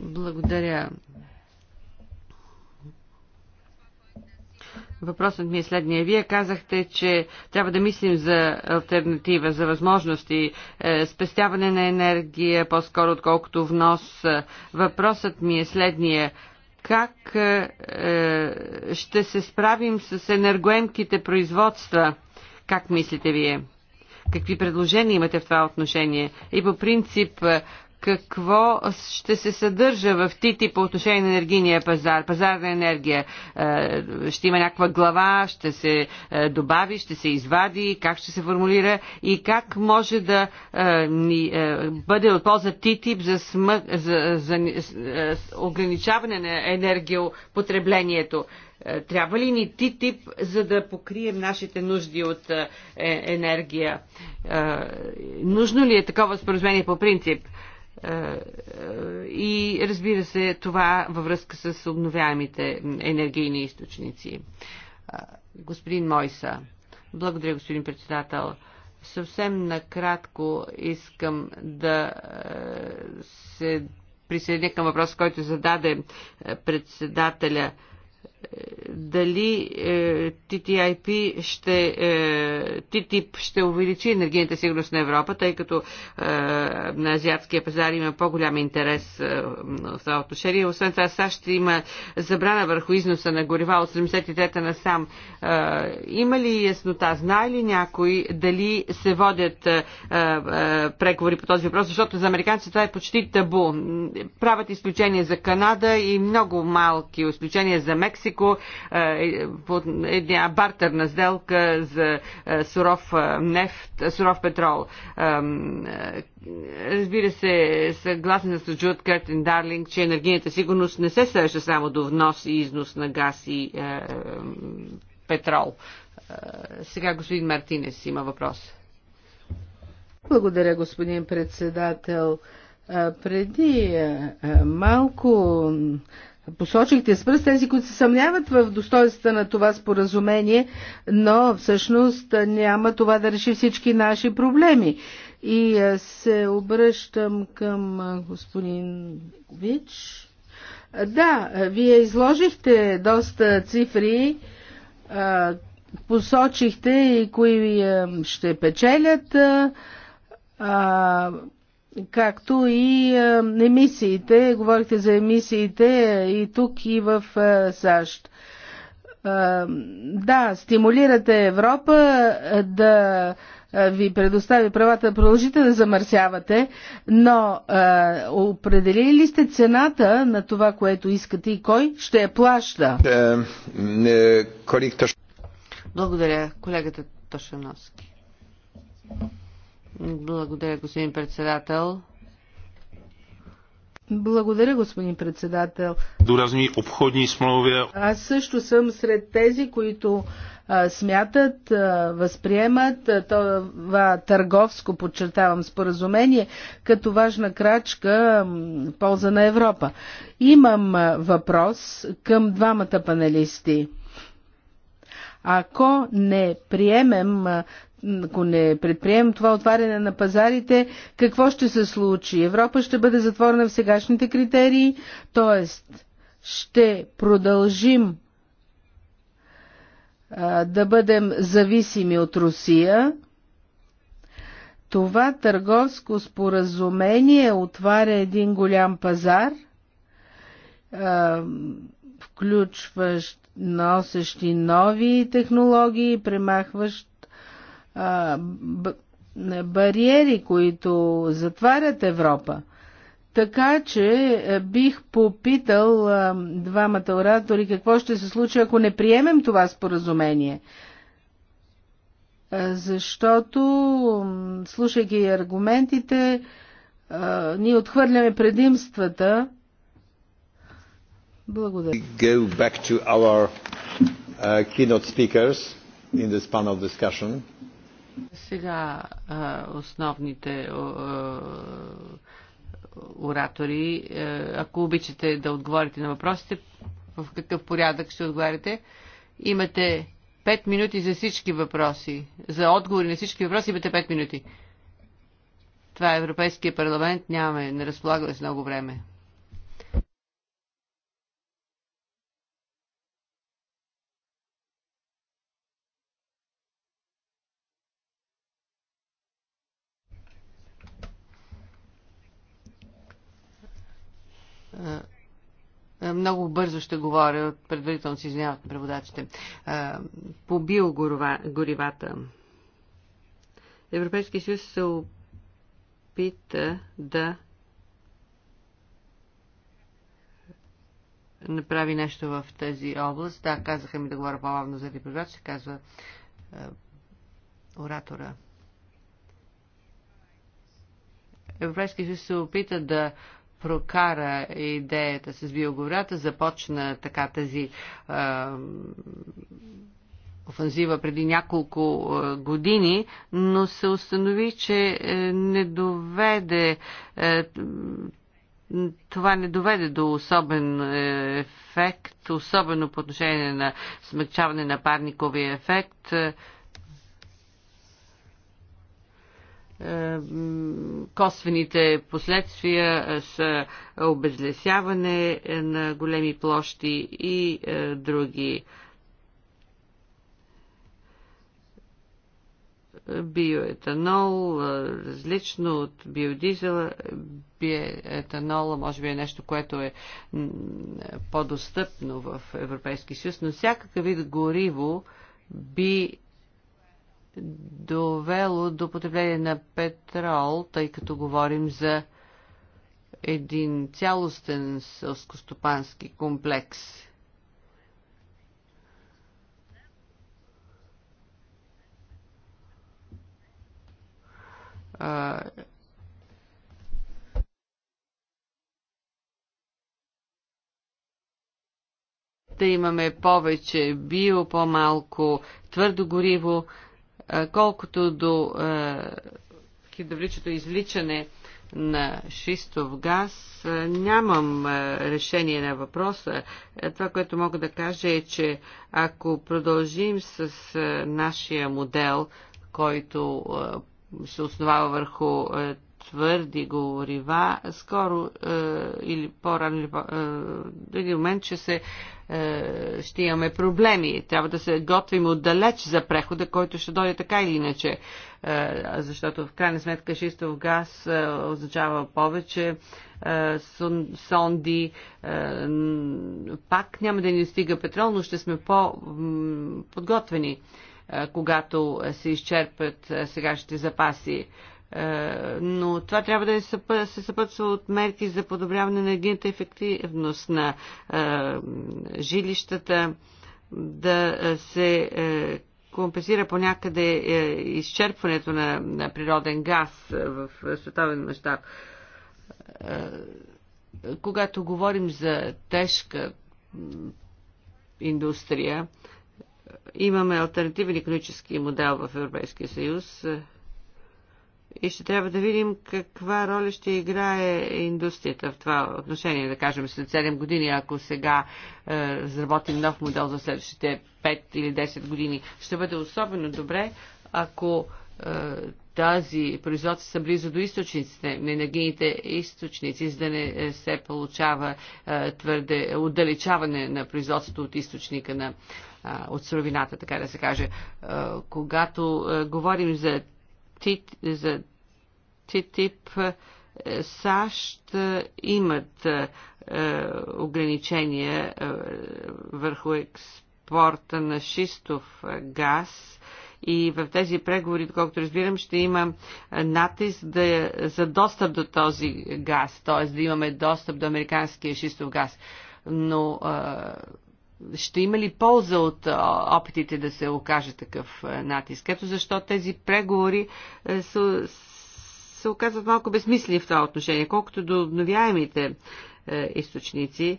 Благодаря. Въпросът ми е следния. Вие казахте, че трябва да мислим за альтернатива, за възможности, е, спестяване на енергия, по-скоро отколкото внос. Въпросът ми е следния. Как е, е ще се справим с енергоемките производства? Как мислите вие? Какви предложения имате в това отношение? И по принцип, какво ще се съдържа в ТИТИ по отношение на енергийния пазар, пазар на енергия. Е, ще има някаква глава, ще се е, добави, ще се извади, как ще се формулира и как може да е, бъде от полза ТИТИП за, смъ... за, за, за ограничаване на енергиопотреблението. Трябва ли ни ТИТИП, за да покрием нашите нужди от енергия? Нужно ли е такова споразумение по принцип? Е, е, и разбира се, това във връзка с обновяемите енергийни източници. Е, господин Мойса. Благодаря, господин председател. Съвсем накратко искам да се присъединя към въпрос, който зададе председателя дали е, TTIP ще, е, TTIP ще увеличи енергийната сигурност на Европа, тъй като е, на азиатския пазар има по-голям интерес е, в това отношение. Освен това, САЩ има забрана върху износа на горива от 73-та насам. Е, има ли яснота? Знае ли някой дали се водят е, е, преговори по този въпрос? Защото за американците това е почти табу. Правят изключения за Канада и много малки изключения за Мексика Мексико е, е, по една бартерна сделка за е, суров нефт, суров петрол. Разбира се, съгласен с Джуд Къртен Дарлинг, че енергийната сигурност не се свежда само до внос и износ на газ и е, петрол. Сега господин Мартинес има въпрос. Благодаря, господин председател. Преди малко посочихте с пръст тези, които се съмняват в достоинствата на това споразумение, но всъщност няма това да реши всички наши проблеми. И се обръщам към господин Вич. Да, вие изложихте доста цифри, посочихте и кои ще печелят както и е, емисиите. Говорихте за емисиите е, и тук, и в е, САЩ. Да, стимулирате Европа да ви предостави правата да продължите да замърсявате, но определили ли сте цената на това, което искате и кой ще я плаща? Благодаря, колегата Тошановски. Благодаря, господин председател. Благодаря, господин председател. До разни обходни смолове. Аз също съм сред тези, които а, смятат, а, възприемат а, това търговско, подчертавам, споразумение като важна крачка а, полза на Европа. Имам а, въпрос към двамата панелисти. Ако не приемем ако не предприемем това отваряне на пазарите, какво ще се случи? Европа ще бъде затворена в сегашните критерии, т.е. ще продължим а, да бъдем зависими от Русия. Това търговско споразумение отваря един голям пазар, включващ носещи нови технологии, премахващ бариери, които затварят Европа. Така че е, бих попитал двамата оратори какво ще се случи, ако не приемем това споразумение. Защото, слушайки аргументите, ние отхвърляме предимствата. Благодаря. Go back to our uh, keynote speakers in this panel discussion. Сега основните оратори, ако обичате да отговорите на въпросите, в какъв порядък ще отговаряте. Имате 5 минути за всички въпроси. За отговори на всички въпроси имате 5 минути. Това е Европейския парламент, нямаме, не разполагаме с много време. много бързо ще говоря, предварително се извиняват преводачите, по биогоривата. Европейския съюз се опита да направи нещо в тази област. Да, казаха ми да говоря по-бавно заради ще казва оратора. Европейския съюз се опита да прокара идеята с биогората, започна така тази а, офанзива преди няколко години, но се установи, че е, не доведе е, това не доведе до особен е, ефект, особено по отношение на смягчаване на парниковия ефект. косвените последствия е, са обезлесяване е, на големи площи и е, други биоетанол, различно от биодизела. Биоетанола може би е нещо, което е по-достъпно в Европейски съюз, но всякакъв вид гориво би довело до потребление на петрол, тъй като говорим за един цялостен селскостопански комплекс. да имаме повече био, по-малко твърдо гориво, Колкото до хидравличното извличане на шистов газ, нямам решение на въпроса. Това, което мога да кажа е, че ако продължим с нашия модел, който се основава върху твърди горива, скоро е, или по-рано или по, е, момент ще се е, ще имаме проблеми. Трябва да се готвим отдалеч за прехода, който ще дойде така или иначе. Е, защото в крайна сметка шистов газ е, означава повече е, сон, сонди. Е, пак няма да ни стига петрол, но ще сме по-подготвени, е, когато се изчерпят е, сегашните запаси е, но това трябва да е се съпътства от мерки за подобряване на енергийната ефективност на е, жилищата, да се компенсира понякъде изчерпването на природен газ в световен мащаб. Когато говорим за тежка индустрия, имаме альтернативен економически модел в Европейския съюз, и ще трябва да видим каква роля ще играе индустрията в това отношение, да кажем след 7 години, ако сега е, разработим нов модел за следващите 5 или 10 години. Ще бъде особено добре, ако е, тази производства са близо до източниците, на енергийните източници, за да не е, се получава е, твърде отдалечаване на производството от източника на от суровината, така да се каже. Е, когато е, говорим за за ТТИП е, САЩ е, имат е, ограничения върху експорта на шистов газ и в тези преговори, доколкото разбирам, ще има натиск да, за достъп до този газ, т.е. да имаме достъп до американския шистов газ. Но ще има ли полза от опитите да се окаже такъв натиск? Ето защо тези преговори са, се оказват малко безсмислени в това отношение. Колкото до обновяемите източници,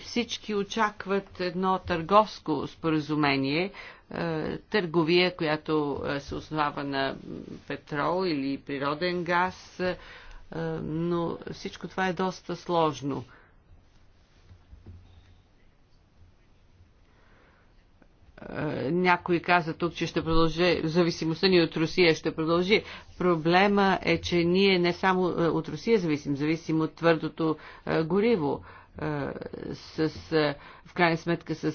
всички очакват едно търговско споразумение, търговия, която се основава на петрол или природен газ, но всичко това е доста сложно – Е, някой каза тук, че ще продължи, зависимостта ни от Русия ще продължи. Проблема е, че ние не само е, от Русия зависим, зависим от твърдото е, гориво. С, в крайна сметка с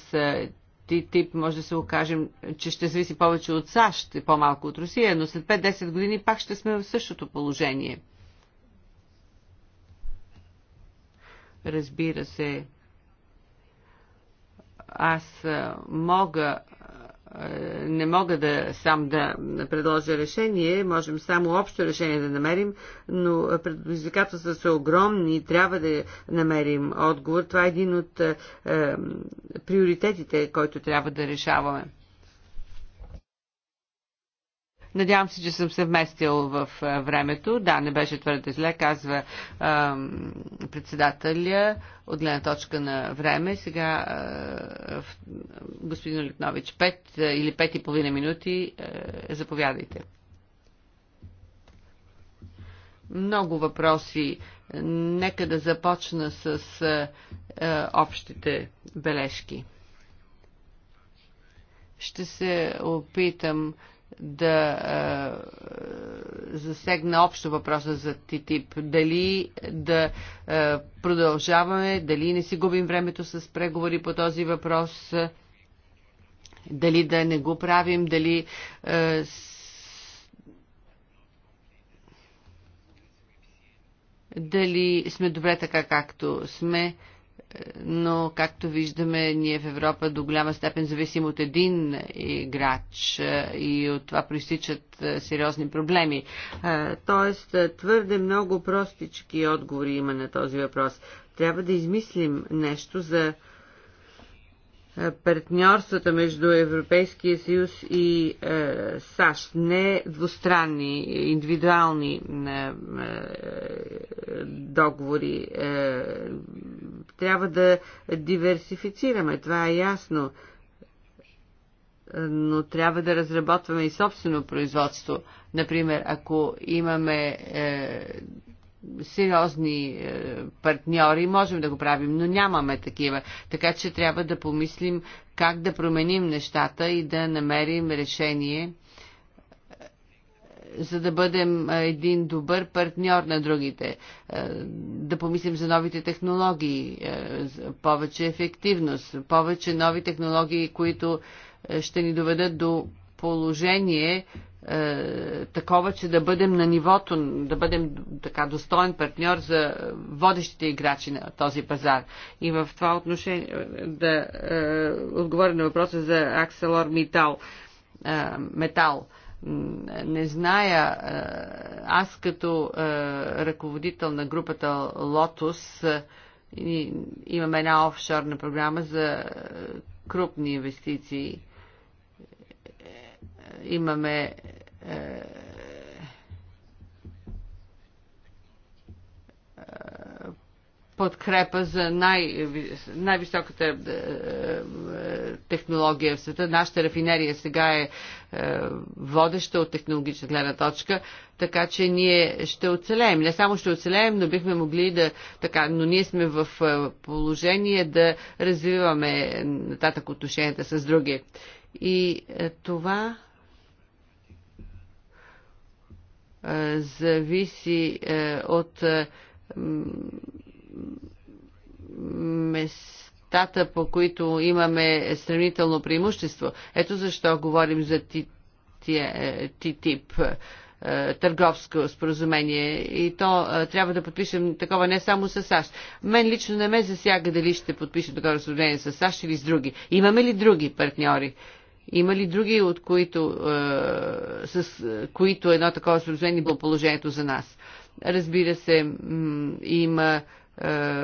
тип може да се окажем, че ще зависи повече от САЩ, по-малко от Русия, но след 5-10 години пак ще сме в същото положение. Разбира се, аз мога не мога да сам да предложа решение, можем само общо решение да намерим, но предизвикателства са огромни и трябва да намерим отговор. Това е един от е, приоритетите, който трябва да решаваме. Надявам се, че съм се вместил в времето. Да, не беше твърде зле, казва председателя от гледна точка на време. Сега а, в, господин Литнович, 5 или 5 и половина минути, а, заповядайте. Много въпроси. Нека да започна с а, а, общите бележки ще се опитам да а, е, засегна общо въпроса за ТТИП. Дали да а, е, продължаваме, дали не си губим времето с преговори по този въпрос, дали да не го правим, дали А, е, дали сме добре така както сме. Е, но както виждаме, ние в Европа до голяма степен зависим от един играч е, и от това проистичат е, сериозни проблеми. Е, тоест, твърде много простички отговори има на този въпрос. Трябва да измислим нещо за е, партньорствата между Европейския съюз и е, САЩ, не двустранни, индивидуални е, е, договори. Е, трябва да диверсифицираме, това е ясно, е, но трябва да разработваме и собствено производство. Например, ако имаме е, сериозни е, партньори, можем да го правим, но нямаме такива. Така че трябва да помислим как да променим нещата и да намерим решение, е, за да бъдем е, един добър партньор на другите. Да помислим за новите технологии, повече ефективност, повече нови технологии, които ще ни доведат до положение е, такова, че да бъдем на нивото, да бъдем така достоен партньор за водещите играчи на този пазар. И в това отношение е, да е, отговоря на въпроса за Акселор Метал. Е, метал. Не зная, е, аз като е, ръководител на групата Лотус е, имаме една офшорна програма за е, крупни инвестиции имаме е, е, подкрепа за най- високата най- е, технология в света. Нашата рафинерия сега е, водеща от технологична гледна точка, така че ние ще оцелеем. Не само ще оцелеем, но бихме могли да така, но ние сме в положение да развиваме нататък отношенията с други. И това зависи от местата, по които имаме сравнително преимущество. Ето защо говорим за ТТИП е, търговско споразумение и то а, трябва да подпишем такова не само с САЩ. Мен лично не ме засяга дали ще подпишем такова споразумение с САЩ или с други. Имаме ли други партньори? А, има ли други, от които, е, с които едно такова споразумение било положението за нас? Разбира се, има е,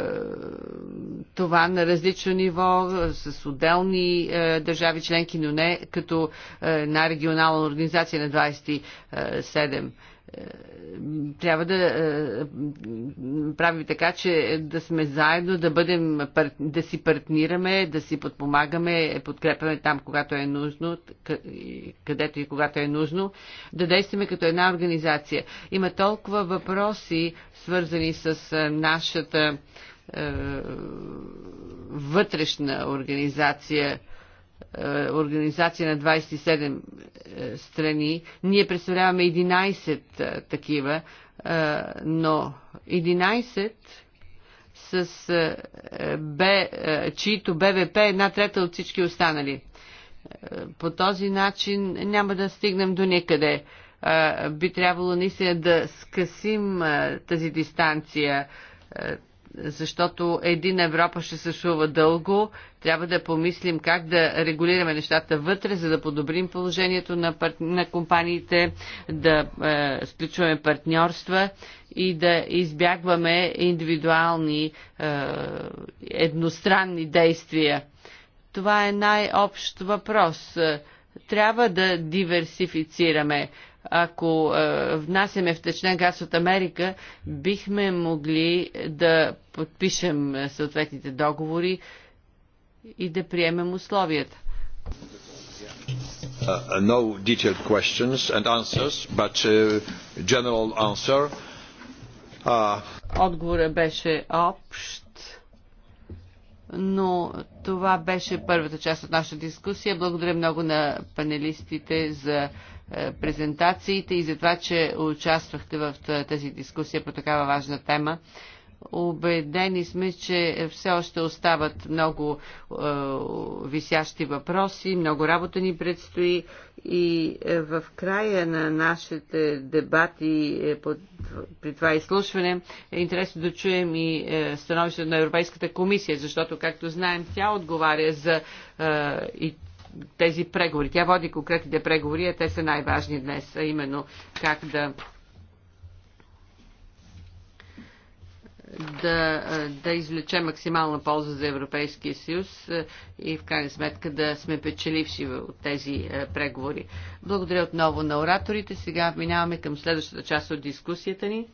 това на различно ниво, с отделни е, държави членки, но не като е, една регионална организация на 27 е, трябва да е, правим така, че да сме заедно, да, бъдем, да си партнираме, да си подпомагаме, подкрепяме там, когато е нужно, където и когато е нужно, да действаме като една организация. Има толкова въпроси, свързани с е, нашата вътрешна организация, е, организация на 27 е, страни. Ние представляваме 11 е, такива, но 11 с Б, чието БВП е една трета от всички останали. По този начин няма да стигнем до никъде. Би трябвало наистина да скъсим тази дистанция защото един Европа ще съществува дълго. Трябва да помислим как да регулираме нещата вътре, за да подобрим положението на, пар... на компаниите, да е, сключваме партньорства и да избягваме индивидуални е, едностранни действия. Това е най-общ въпрос. Трябва да диверсифицираме ако е, внасяме втечнен газ от Америка, бихме могли да подпишем е, съответните договори и да приемем условията. Uh, uh, no detailed questions and answers, but uh, general answer. Uh, Отговорът беше общ, но това беше първата част от нашата дискусия. Благодаря много на панелистите за е, презентациите и за това, че участвахте в тази дискусия по такава важна тема. Обедени сме, че все още остават много е, висящи въпроси, много работа ни предстои и е, в края на нашите дебати е, под, при това изслушване е интересно да чуем и е, становището на Европейската комисия, защото, както знаем, тя отговаря за е, и тези преговори. Тя води конкретните преговори, а те са най-важни днес, а именно как да да, да извлече максимална полза за Европейския съюз и в крайна сметка да сме печеливши от тези преговори. Благодаря отново на ораторите. Сега минаваме към следващата част от дискусията ни.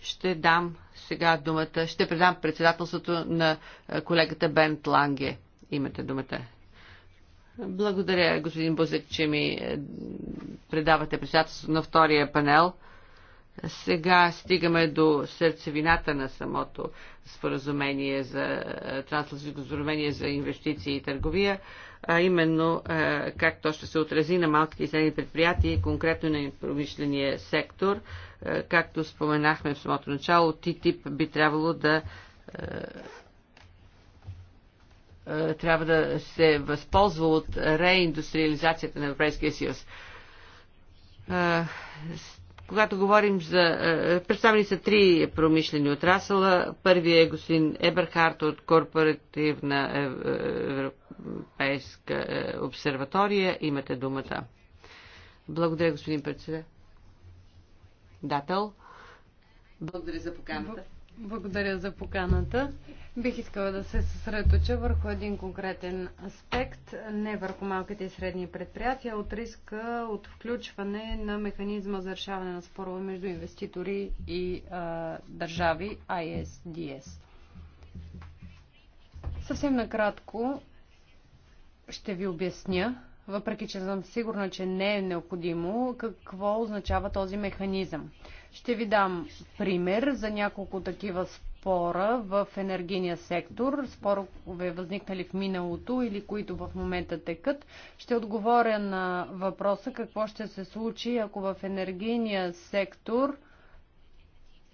Ще дам сега думата, ще предам председателството на колегата Бент Ланге. Имате думата. Благодаря, господин Бузек, че ми е, предавате председателството на втория панел. Сега стигаме до сърцевината на самото споразумение за е, транслатическо споразумение за инвестиции и търговия, а именно е, как то ще се отрази на малките и средни предприятия конкретно на промишления сектор. Както споменахме в самото начало, ТИТИП би трябвало да е, трябва да се възползва от реиндустриализацията на Европейския съюз. Е, когато говорим за... Е, представени са три промишлени отрасъла. Първият е господин Еберхарт от Корпоративна европейска обсерватория. Имате думата. Благодаря, господин председател. Дател. Благодаря за поканата. Благодаря за поканата. Бих искала да се съсредоча върху един конкретен аспект, не върху малките и средни предприятия, от риска от включване на механизма за решаване на спорове между инвеститори и а, държави ISDS. Съвсем накратко ще ви обясня, въпреки че съм сигурна, че не е необходимо, какво означава този механизъм. Ще ви дам пример за няколко такива спора в енергийния сектор, спорове възникнали в миналото или които в момента текат. Ще отговоря на въпроса какво ще се случи, ако в енергийния сектор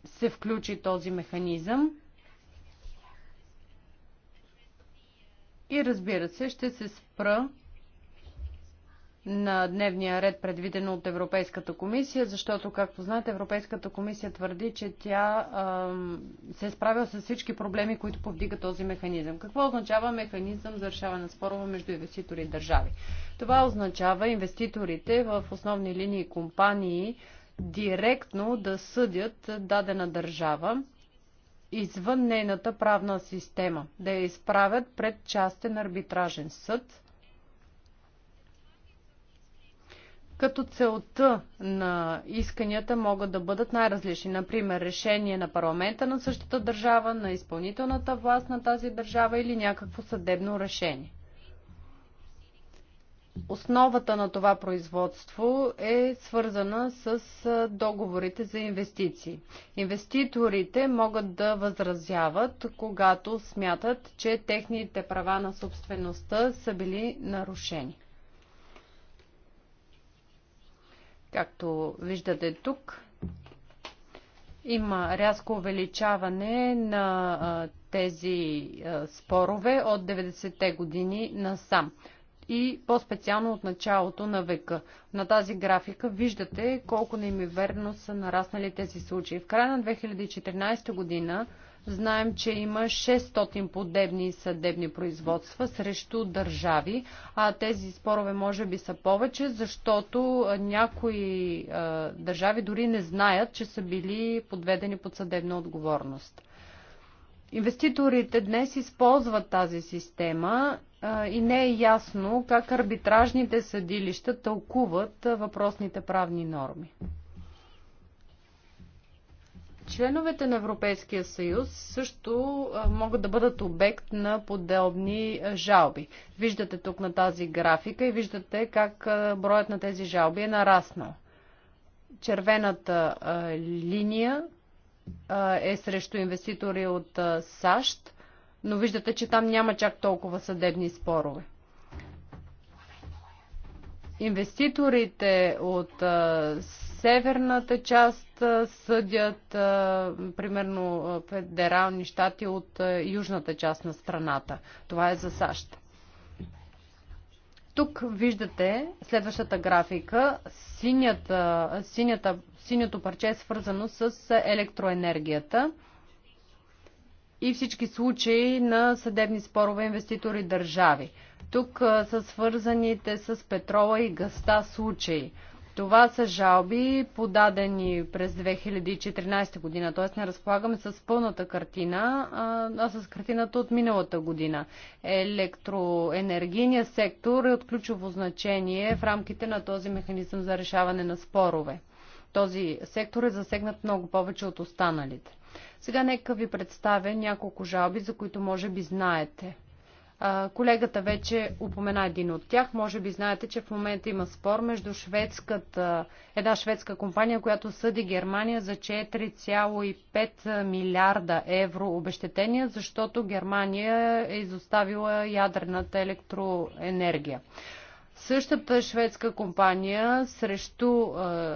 се включи този механизъм. И разбира се, ще се спра на дневния ред, предвидено от Европейската комисия, защото, както знаете, Европейската комисия твърди, че тя а, се е справила с всички проблеми, които повдига този механизъм. Какво означава механизъм за решаване на спорове между инвеститори и държави? Това означава инвеститорите в основни линии компании директно да съдят дадена държава извън нейната правна система, да я изправят пред частен арбитражен съд – като целта на исканията могат да бъдат най-различни. Например, решение на парламента на същата държава, на изпълнителната власт на тази държава или някакво съдебно решение. Основата на това производство е свързана с договорите за инвестиции. Инвеститорите могат да възразяват, когато смятат, че техните права на собствеността са били нарушени. Както виждате тук, има рязко увеличаване на тези спорове от 90-те години насам и по-специално от началото на века. На тази графика виждате колко неимоверно са нараснали тези случаи. В края на 2014 година Знаем, че има 600 подебни съдебни производства срещу държави, а тези спорове може би са повече, защото някои е, държави дори не знаят, че са били подведени под съдебна отговорност. Инвеститорите днес използват тази система е, и не е ясно как арбитражните съдилища тълкуват въпросните правни норми. Членовете на Европейския съюз също могат да бъдат обект на подобни жалби. Виждате тук на тази графика и виждате как броят на тези жалби е нараснал. Червената линия е срещу инвеститори от САЩ, но виждате, че там няма чак толкова съдебни спорове. Инвеститорите от САЩ северната част съдят примерно федерални щати от южната част на страната. Това е за САЩ. Тук виждате следващата графика. Синята, синята, синято парче е свързано с електроенергията и всички случаи на съдебни спорове инвеститори държави. Тук са свързаните с петрола и гъста случаи. Това са жалби, подадени през 2014 година, т.е. не разполагаме с пълната картина, а с картината от миналата година. Електроенергийният сектор е от ключово значение в рамките на този механизъм за решаване на спорове. Този сектор е засегнат много повече от останалите. Сега нека ви представя няколко жалби, за които може би знаете. Колегата вече упомена един от тях. Може би знаете, че в момента има спор между шведската, една шведска компания, която съди Германия за 4,5 милиарда евро обещетения, защото Германия е изоставила ядрената електроенергия. Същата шведска компания срещу е,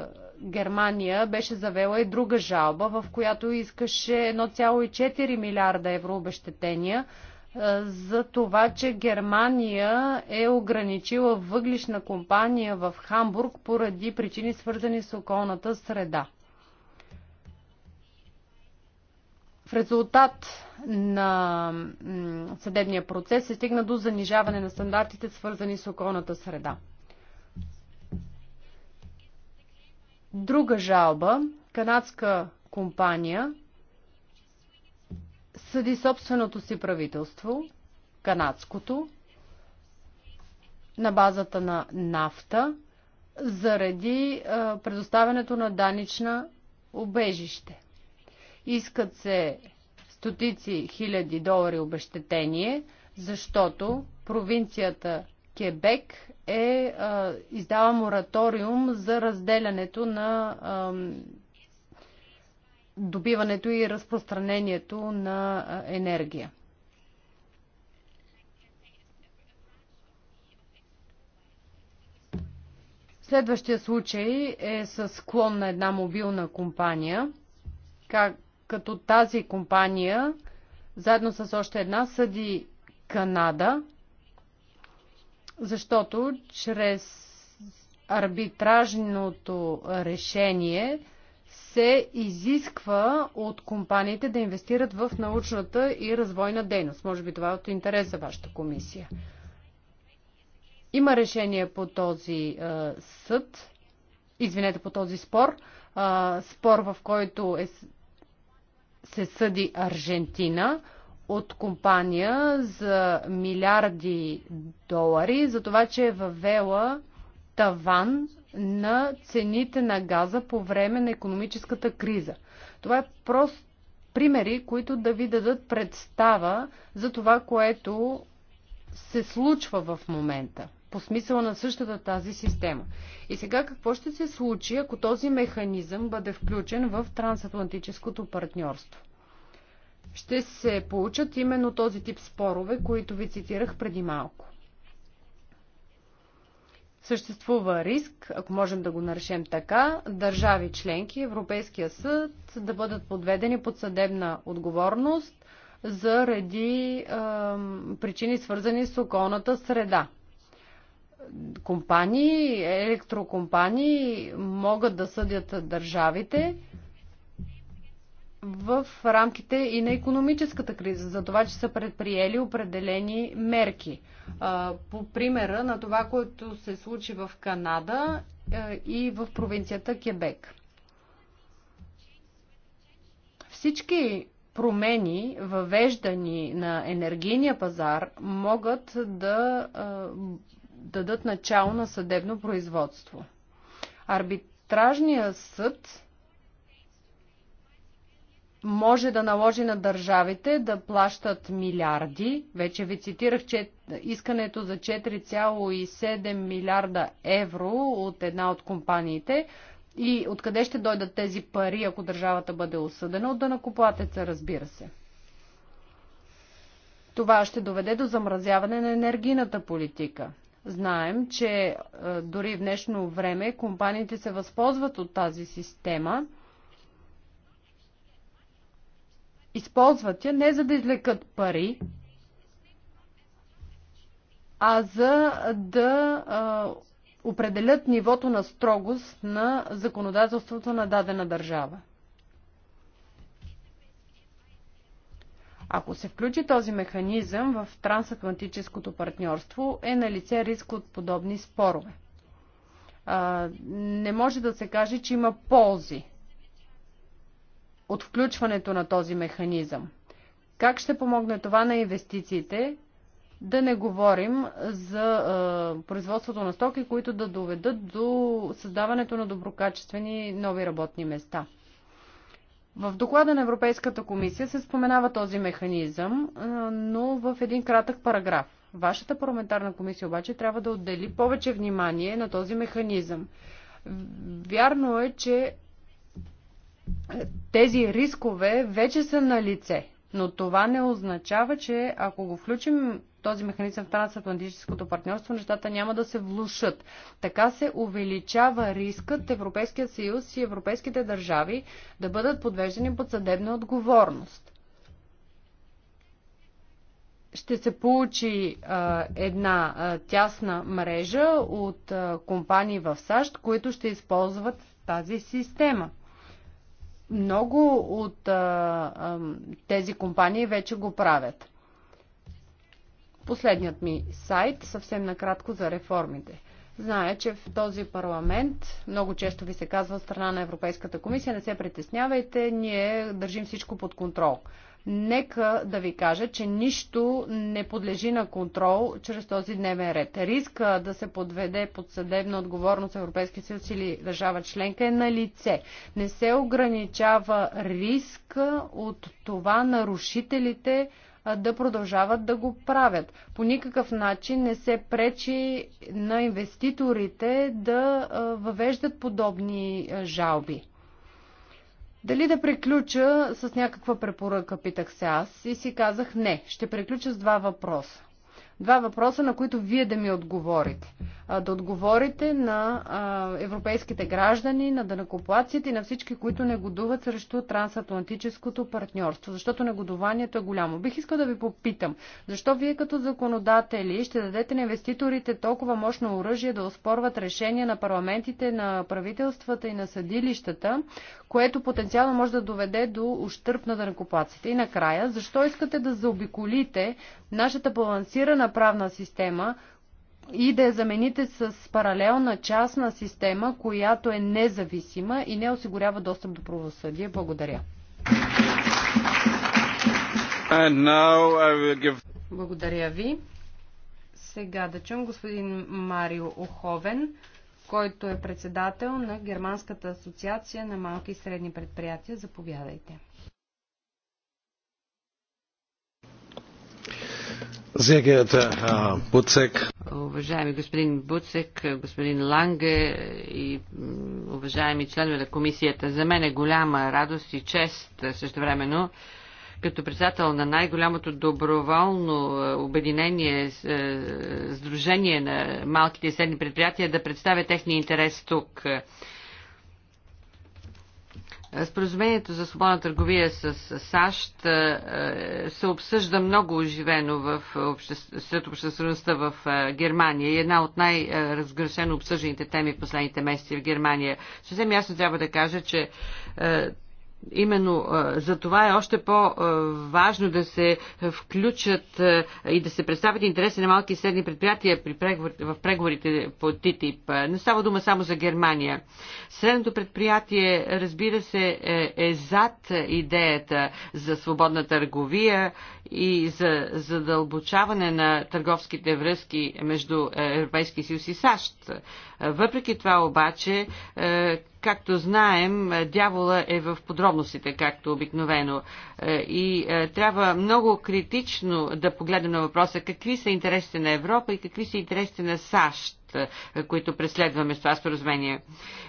Германия беше завела и друга жалба, в която искаше 1,4 милиарда евро обещетения е, за това, че Германия е ограничила въглишна компания в Хамбург поради причини свързани с околната среда. В резултат на съдебния процес се стигна до занижаване на стандартите, свързани с околната среда. Друга жалба, канадска компания, съди собственото си правителство, канадското, на базата на нафта, заради предоставянето на данична обежище. Искат се стотици хиляди долари обещетение, защото провинцията Кебек е а, издава мораториум за разделянето на а, добиването и разпространението на енергия. Следващия случай е с клон на една мобилна компания, как, като тази компания, заедно с още една, съди Канада, защото чрез арбитражното решение се изисква от компаниите да инвестират в научната и развойна дейност. Може би това е от интерес за вашата комисия. Има решение по този съд, извинете, по този спор, спор в който е, се съди Аржентина от компания за милиарди долари за това, че е въвела таван на цените на газа по време на економическата криза. Това е просто примери, които да ви дадат представа за това, което се случва в момента по смисъла на същата тази система. И сега какво ще се случи, ако този механизъм бъде включен в трансатлантическото партньорство? Ще се получат именно този тип спорове, които ви цитирах преди малко. Съществува риск, ако можем да го наречем така, държави членки, Европейския съд да бъдат подведени под съдебна отговорност заради е, причини свързани с околната среда. Компании, електрокомпании могат да съдят държавите в рамките и на економическата криза, за това, че са предприели определени мерки. По примера на това, което се случи в Канада и в провинцията Кебек. Всички промени, въвеждани на енергийния пазар, могат да дадат начало на съдебно производство. Арбитражният съд може да наложи на държавите да плащат милиарди. Вече ви цитирах че искането за 4,7 милиарда евро от една от компаниите. И откъде ще дойдат тези пари, ако държавата бъде осъдена? От данакоплатеца, разбира се. Това ще доведе до замразяване на енергийната политика. Знаем, че дори в днешно време компаниите се възползват от тази система – Използват я не за да извлекат пари, а за да а, определят нивото на строгост на законодателството на дадена държава. Ако се включи този механизъм в трансатлантическото партньорство, е на лице риск от подобни спорове. А, не може да се каже, че има ползи от включването на този механизъм? Как ще помогне това на инвестициите? Да не говорим за а, производството на стоки, които да доведат до създаването на доброкачествени нови работни места. В доклада на Европейската комисия се споменава този механизъм, но в един кратък параграф. Вашата парламентарна комисия обаче трябва да отдели повече внимание на този механизъм. Вярно е, че тези рискове вече са на лице. Но това не означава, че ако го включим този механизъм в трансатлантическото партньорство, нещата няма да се влушат. Така се увеличава рискът Европейският съюз и европейските държави да бъдат подвеждани под съдебна отговорност. Ще се получи а, една а, тясна мрежа от а, компании в САЩ, които ще използват тази система много от а, а, тези компании вече го правят. Последният ми сайт, съвсем накратко за реформите. Зная, че в този парламент много често ви се казва страна на Европейската комисия, не се притеснявайте, ние държим всичко под контрол. Нека да ви кажа, че нищо не подлежи на контрол чрез този дневен ред. Риска да се подведе под съдебна отговорност Европейски съюз или държава членка е на лице. Не се ограничава риска от това нарушителите да продължават да го правят. По никакъв начин не се пречи на инвеститорите да въвеждат подобни жалби. Дали да приключа с някаква препоръка, питах се аз и си казах не, ще приключа с два въпроса. Два въпроса, на които вие да ми отговорите. Да отговорите на европейските граждани, на данакоплаците и на всички, които негодуват срещу трансатлантическото партньорство, защото негодованието е голямо. Бих искал да ви попитам, защо вие като законодатели ще дадете на инвеститорите толкова мощно оръжие да оспорват решения на парламентите, на правителствата и на съдилищата, което потенциално може да доведе до ущърп на данакоплаците? И накрая, защо искате да заобиколите нашата балансирана правна система и да я замените с паралелна частна система, която е независима и не осигурява достъп до правосъдие. Благодаря. Give... Благодаря ви. Сега да чум господин Марио Оховен, който е председател на Германската асоциация на малки и средни предприятия. Заповядайте. Sehr geehrter Herr Butzek. Уважаеми господин Буцек, господин Ланге и уважаеми членове на комисията, за мен е голяма радост и чест също времено като председател на най-голямото доброволно обединение, сдружение на малките и средни предприятия да представя техния интерес тук. Споразумението за свободна търговия с САЩ е, е, се обсъжда много оживено в обществ... сред обществеността в е, Германия и една от най-разгрешено обсъжданите теми в последните месеци в Германия. Съвсем ясно трябва да кажа, че именно за това е още по-важно да се включат и да се представят интереси на малки и средни предприятия при в преговорите по ТИТИП. Не става дума само за Германия. Средното предприятие, разбира се, е, е зад идеята за свободна търговия и за задълбочаване на търговските връзки между е, Европейския съюз и САЩ. Е, въпреки това обаче, е, както знаем, дявола е в подробностите, както обикновено. И трябва много критично да погледнем на въпроса какви са интересите на Европа и какви са интересите на САЩ е, които преследваме с това споразумение.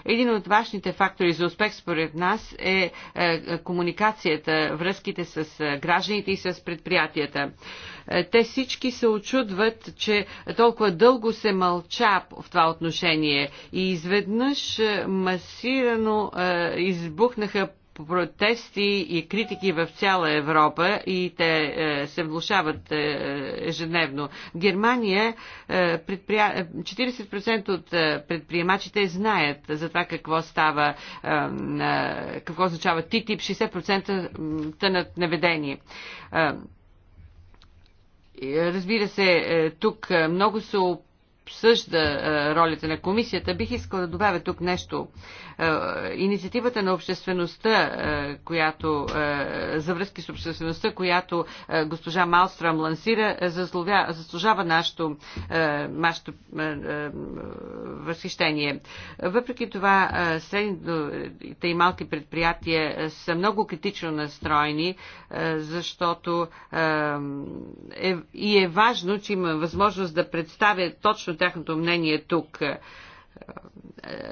Един от важните фактори за успех според нас е, е комуникацията, връзките с е, гражданите и с предприятията. Те всички се очудват, че толкова дълго се мълча в това отношение и изведнъж масирано избухнаха протести и критики в цяла Европа и те е, се влушават е, ежедневно. В Германия е, предприя... 40% е, от е, предприемачите знаят за това какво става, е, какво означава ТТИП, 60% тънат наведение. Е, разбира се, тук много се обсъжда е, ролята на комисията, бих искала да добавя тук нещо. Е, инициативата на обществеността, е, която за връзки с обществеността, която госпожа Малстрам лансира, заслужава нашето, нашето възхищение. Въпреки това, средните и малки предприятия са много критично настроени, защото и е важно, че има възможност да представя точно тяхното мнение тук. Е,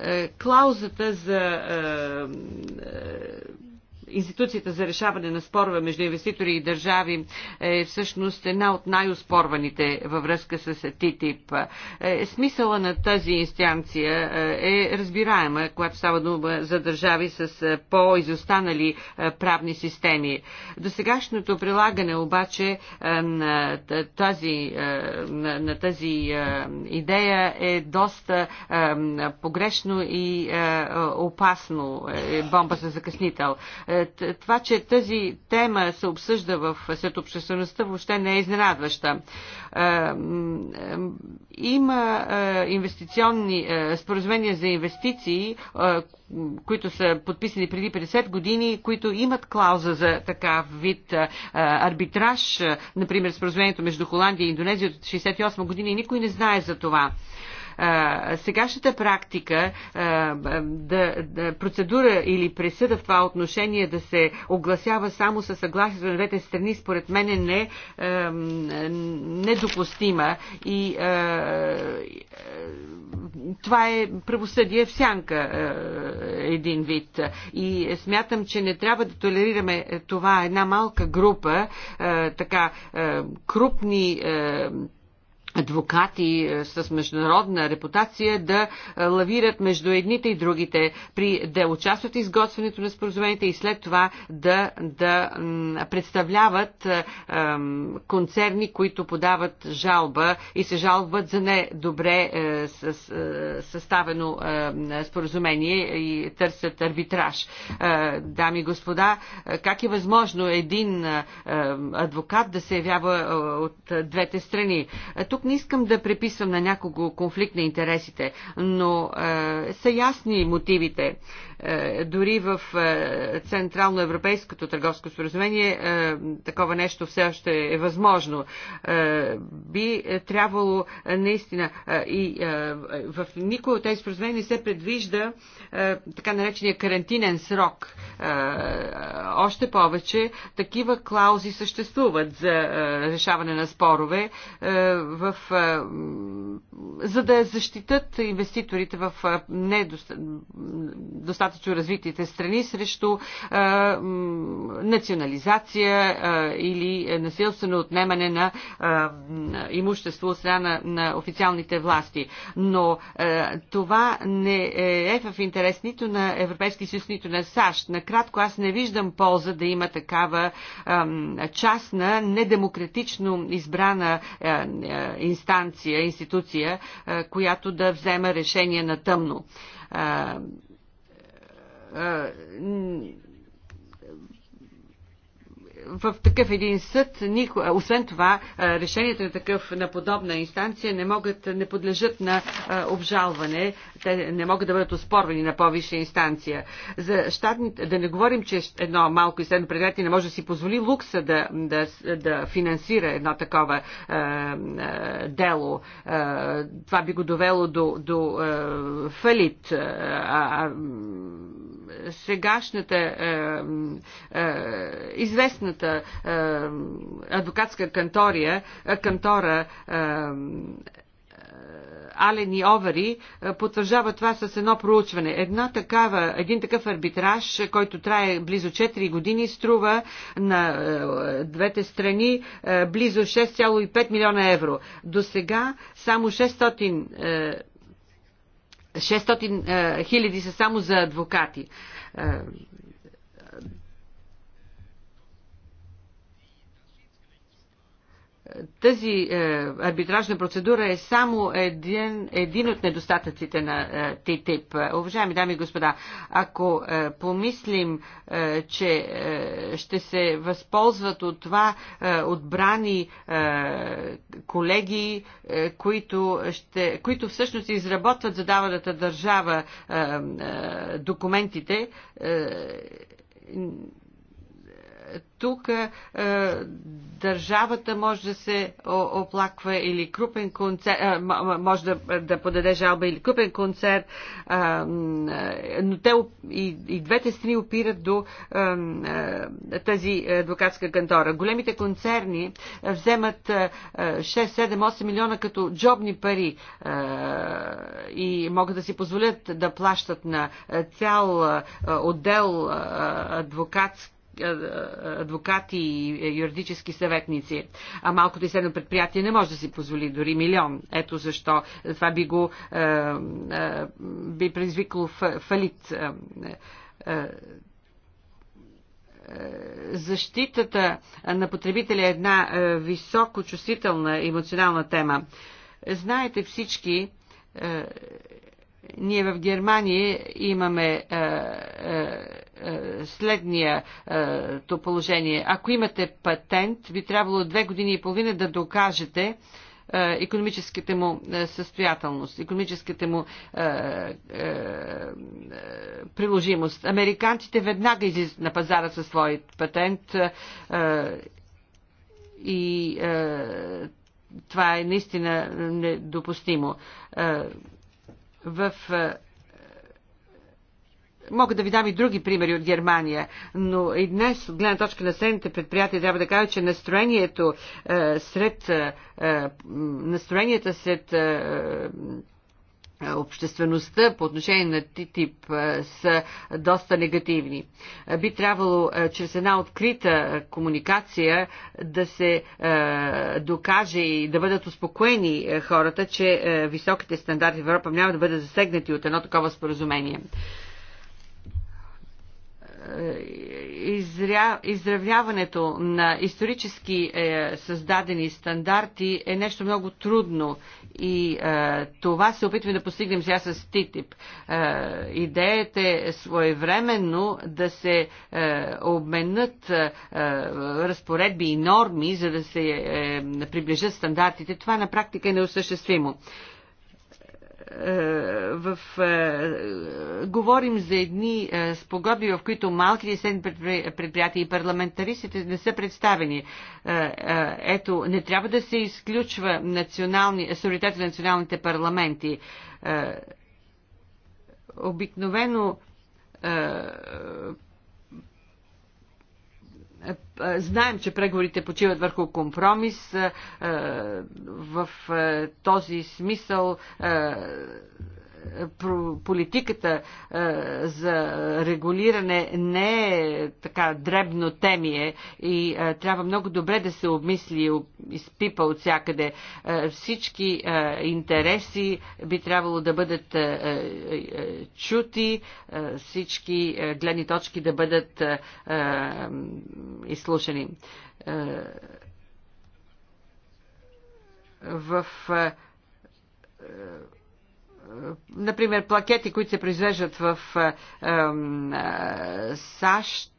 е, клаузата за е, институцията за решаване на спорове между инвеститори и държави е всъщност една от най-оспорваните във връзка с ТИТИП. Е, смисъла на тази инстанция е, е разбираема, когато става дума за държави с е, по-изостанали правни системи. До сегашното прилагане обаче на тази, на тази идея е доста погрешно и опасно. Бомба за закъснител това, че тази тема се обсъжда в сред обществеността, въобще не е изненадваща. Е, има е, инвестиционни е, споразумения за инвестиции, които са подписани преди 50 години, които имат клауза за така вид арбитраж, например споразумението между Холандия и Индонезия от 68 години и никой не знае за това. Сегашната практика да, да, процедура или присъда в това отношение да се огласява само със съгласието на двете страни, според мен е не, недопустима и това е правосъдие в сянка един вид. И смятам, че не трябва да толерираме това една малка група, така крупни адвокати е, с международна репутация да е, лавират между едните и другите, при, да участват в изготвянето на споразумените и след това да, да представляват е, концерни, които подават жалба и се жалват за недобре съставено споразумение и търсят арбитраж. дами и господа, как е възможно един адвокат да се явява от двете страни? Тук не искам да преписвам на някого конфликт на интересите, но е, са ясни мотивите. Е, дори в е, Централноевропейското търговско споразумение е, такова нещо все още е възможно. Би трябвало наистина и в никой от тези споразумения не се предвижда така наречения карантинен срок. Още повече такива клаузи съществуват за решаване на спорове, в, за да защитат инвеститорите в недостатъчно достатъчно развитите страни срещу национализация или насилствено отнемане на имущество от страна на официалните власти. Но това не е, е в интерес нито на Европейския съюз, нито на САЩ. Накратко аз не виждам полза да има такава частна, недемократично избрана инстанция, институция, която да взема решение на тъмно а, в такъв един съд, нико, освен това, решението на, такъв, на подобна инстанция не, могат, не подлежат на обжалване, те не могат да бъдат оспорвани на по-висша инстанция. За щатните, да не говорим, че едно малко и средно предприятие не може да си позволи лукса да, да, да финансира едно такова е, е, дело. Е, това би го довело до, до е, фалит. А, а, сегашната е, е, известна е, адвокатска кантория, е, кантора е, е, Ален и Овари потвърждава това с едно проучване. Една такава, един такъв арбитраж, който трае близо 4 години, струва на двете страни близо 6,5 милиона евро. До сега само 600 600 хиляди са само за адвокати. тази е, арбитражна процедура е само един, един от недостатъците на е, ТТИП. Уважаеми дами и господа, ако е, помислим, че ще се възползват от това отбрани колеги, които, ще, които всъщност изработват за дадената държава документите, тук е, държавата може да се оплаква или крупен концерт, е, може да, да подаде жалба или крупен концерт, е, но те и, и двете страни опират до тази адвокатска кантора. Големите концерни вземат 6, 7, 8 милиона като джобни пари и могат да си позволят да плащат на цял отдел адвокатски адвокати и е, юридически съветници. А малкото и средно предприятие не може да си позволи дори милион. Ето защо това би го би предизвикало фалит защитата на потребителя е една високо чувствителна емоционална тема. Знаете всички, ние в Германия имаме следнието положение. Ако имате патент, би трябвало две години и половина да докажете, е, економическите му е, състоятелност, економическите му е, е, е приложимост. Американците веднага излизат на пазара със своят патент е, и това е наистина недопустимо. В Мога да ви дам и други примери от Германия, но и днес, от гледна точка на средните предприятия, трябва да кажа, че настроението е, сред е, е настроенията сред е, е, обществеността по отношение на ТИТИП е, са доста негативни. Би трябвало чрез една открита комуникация да се докаже и да бъдат успокоени хората, че високите стандарти в Европа няма да бъдат засегнати от едно такова споразумение. Е, изря... изравняването на исторически е, създадени стандарти е нещо много трудно и е, това се опитваме да постигнем сега с ТИТИП. Е, идеята е своевременно да се е, обменят е, разпоредби и норми, за да се е, приближат стандартите. Това на практика е неосъществимо. Е, в, е, говорим за едни е, спогоби, в които малките и средни предприятия и парламентаристите не са представени. Е, е, ето, не трябва да се изключва национални, на националните парламенти. обикновено е, е, знаем, че преговорите почиват върху компромис. Е, в този смисъл политиката е, за регулиране не е така дребно темие и е, трябва много добре да се обмисли, изпипа от всякъде. Е, всички интереси би трябвало да бъдат чути, всички гледни точки да бъдат изслушани. в например, плакети, които се произвеждат в САЩ,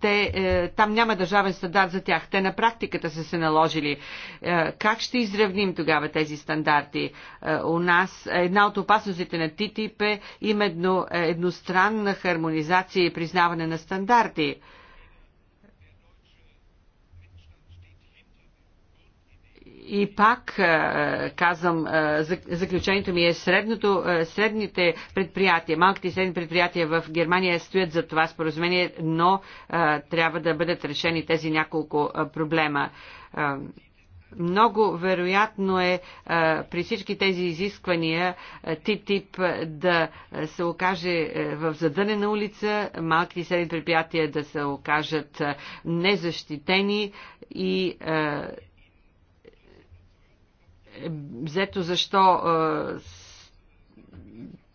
те, е, там няма държавен стандарт за тях. Те на практиката са се наложили. Е, как ще изравним тогава тези стандарти? Е, у нас една от опасностите на ТТИП е именно едностранна хармонизация и признаване на стандарти. И пак е, казвам, е, заключението ми е средното, е, средните предприятия, малките и средни предприятия в Германия стоят за това споразумение, но трябва да бъдат решени тези няколко проблема. Много вероятно е при всички тези изисквания ТИТИП да се окаже в задънена улица, малките и средни предприятия да се окажат незащитени и взето защо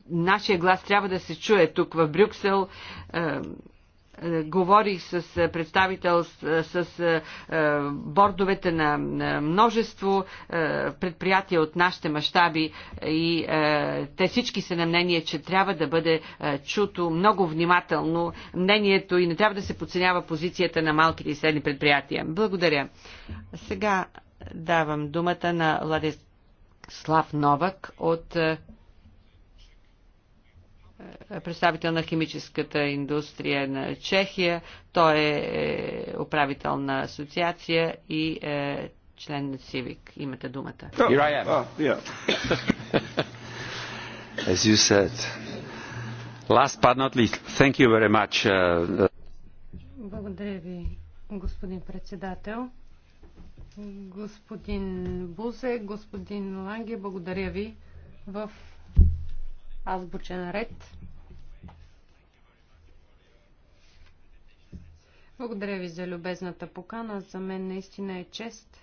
нашия глас трябва да се чуе тук в Брюксел. Говорих с представител с, с бордовете на множество предприятия от нашите мащаби и те всички са на мнение, че трябва да бъде чуто много внимателно мнението и не трябва да се подценява позицията на малките и средни предприятия. Благодаря. Сега давам думата на Владислав Новак от е, е, представител на химическата индустрия на Чехия. Той е, е управител на асоциация и е член на Сивик. Имате думата. Oh, oh, yeah. As you said. Last but not least, thank you very much. Uh, uh, Благодаря ви, господин председател. Господин Бузе, господин Ланге, благодаря ви в азбучен ред. Благодаря ви за любезната покана. За мен наистина е чест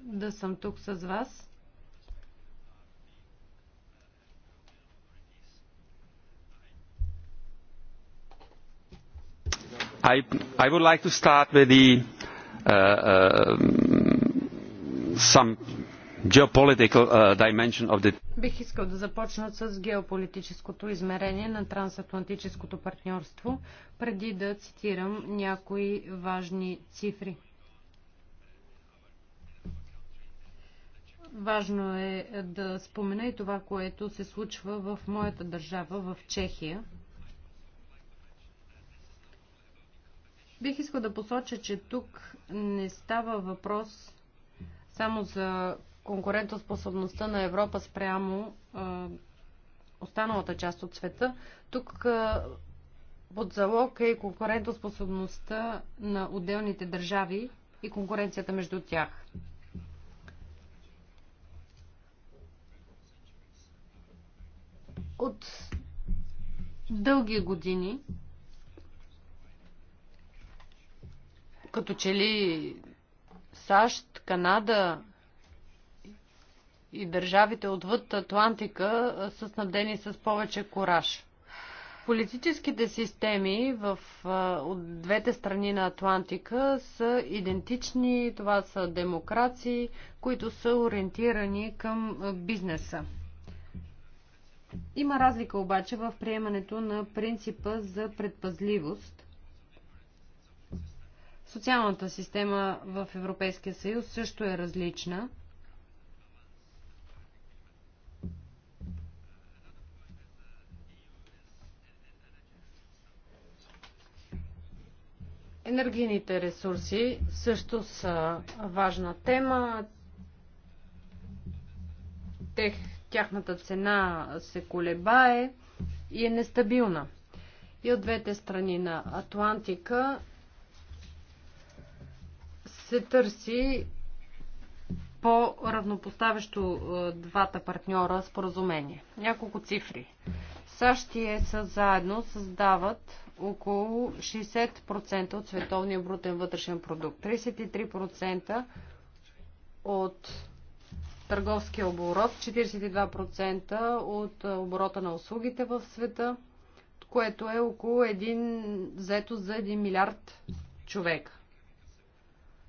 да съм тук с вас. I, I would like to start with the Uh, uh, some geopolitical uh, dimension of the Бих искал да започна с геополитическото измерение на трансатлантическото партньорство, преди да цитирам някои важни цифри. Важно е да спомена и това, което се случва в моята държава, в Чехия, Бих искал да посоча, че тук не става въпрос само за конкурентоспособността на Европа спрямо а, останалата част от света. Тук а, под залог е конкурентоспособността на отделните държави и конкуренцията между тях. От дълги години като че ли САЩ, Канада и държавите отвъд Атлантика са снабдени с повече кораж. Политическите системи в, от двете страни на Атлантика са идентични. Това са демокрации, които са ориентирани към бизнеса. Има разлика обаче в приемането на принципа за предпазливост Социалната система в Европейския съюз също е различна. Енергийните ресурси също са важна тема. Тех, тяхната цена се колебае и е нестабилна. И от двете страни на Атлантика се търси по-равнопоставящо е, двата партньора споразумение. Няколко цифри. САЩ и ЕСА заедно създават около 60% от световния брутен вътрешен продукт, 33% от търговския оборот, 42% от е, оборота на услугите в света, което е около 1 заето за 1 милиард човека.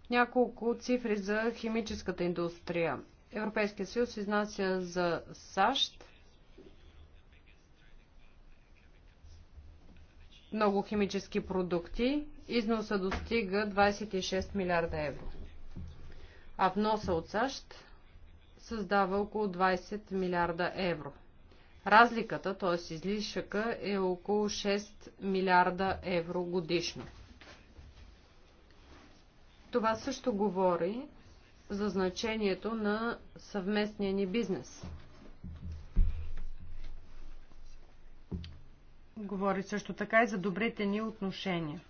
Няколко цифри за химическата индустрия. Европейския съюз изнася за САЩ много химически продукти. Износа достига 26 милиарда евро. А вноса от САЩ създава около 20 милиарда евро. Разликата, т.е. излишъка, е около 6 милиарда евро годишно. Това също говори за значението на съвместния ни бизнес. Говори също така и за добрите ни отношения.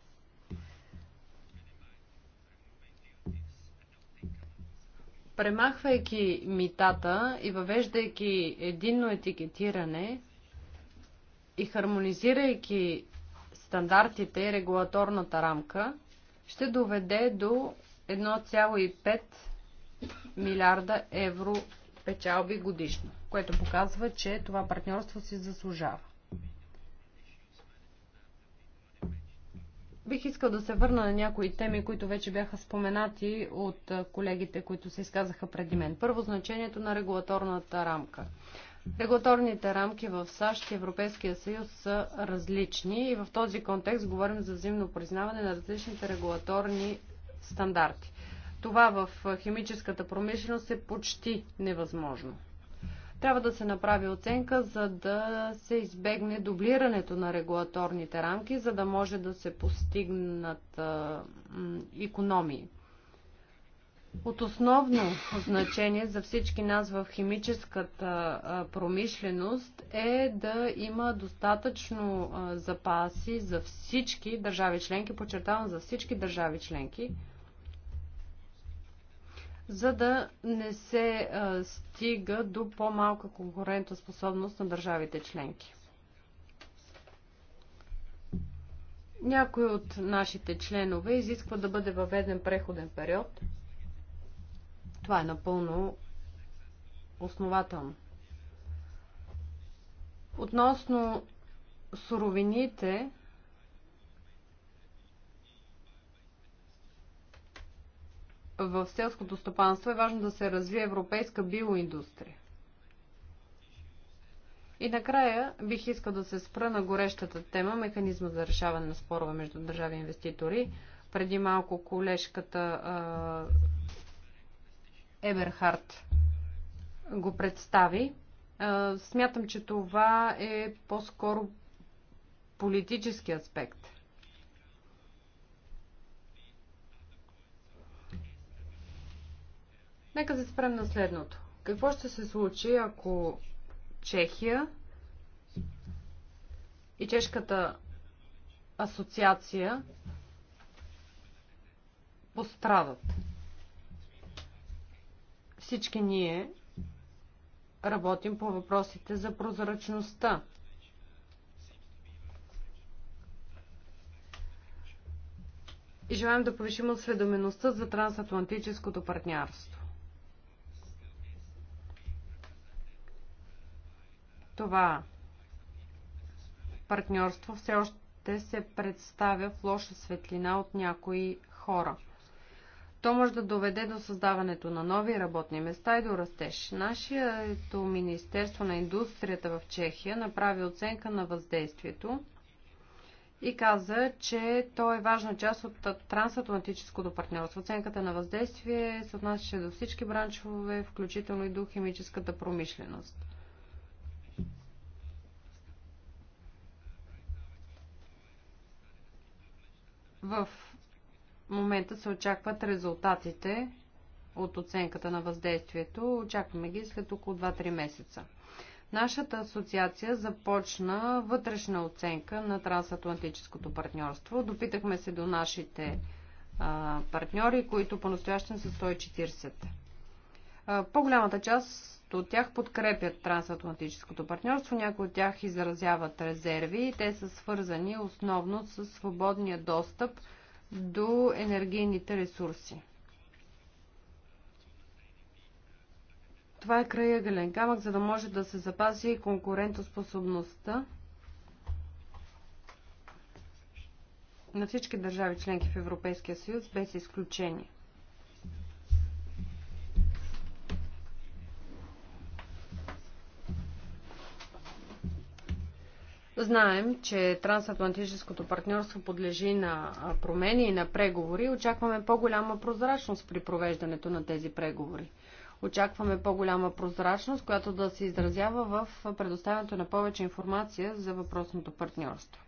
Премахвайки митата и въвеждайки единно етикетиране и хармонизирайки стандартите и регулаторната рамка, ще доведе до 1,5 милиарда евро печалби годишно, което показва, че това партньорство си заслужава. Бих искал да се върна на някои теми, които вече бяха споменати от колегите, които се изказаха преди мен. Първо, значението на регулаторната рамка. Регулаторните рамки в САЩ и Европейския съюз са различни и в този контекст говорим за взаимно признаване на различните регулаторни стандарти. Това в химическата промишленост е почти невъзможно. Трябва да се направи оценка, за да се избегне дублирането на регулаторните рамки, за да може да се постигнат економии от основно значение за всички нас в химическата промишленост е да има достатъчно запаси за всички държави членки, подчертавам за всички държави членки, за да не се стига до по-малка конкурентоспособност на държавите членки. Някои от нашите членове изисква да бъде въведен преходен период – това е напълно основателно. Относно суровините, в селското стопанство е важно да се развие европейска биоиндустрия. И накрая бих искал да се спра на горещата тема механизма за решаване на спорове между държави и инвеститори. Преди малко колежката а, Еберхард го представи. Смятам, че това е по-скоро политически аспект. Нека се спрем на следното. Какво ще се случи, ако Чехия и Чешката асоциация пострадат? Всички ние работим по въпросите за прозрачността. И желаем да повишим осведомеността за трансатлантическото партньорство. Това партньорство все още се представя в лоша светлина от някои хора – то може да доведе до създаването на нови работни места и до растеж. Нашето Министерство на индустрията в Чехия направи оценка на въздействието и каза, че то е важна част от трансатлантическото партньорство. Оценката на въздействие се отнасяше до всички бранчове, включително и до химическата промишленост. В момента се очакват резултатите от оценката на въздействието. Очакваме ги след около 2-3 месеца. Нашата асоциация започна вътрешна оценка на трансатлантическото партньорство. Допитахме се до нашите а, партньори, които по-настоящен са 140. по-голямата част от тях подкрепят трансатлантическото партньорство, някои от тях изразяват резерви и те са свързани основно с свободния достъп до енергийните ресурси. Това е краягален камък, за да може да се запази конкурентоспособността на всички държави членки в Европейския съюз без изключение. Знаем, че трансатлантическото партньорство подлежи на промени и на преговори. Очакваме по-голяма прозрачност при провеждането на тези преговори. Очакваме по-голяма прозрачност, която да се изразява в предоставянето на повече информация за въпросното партньорство.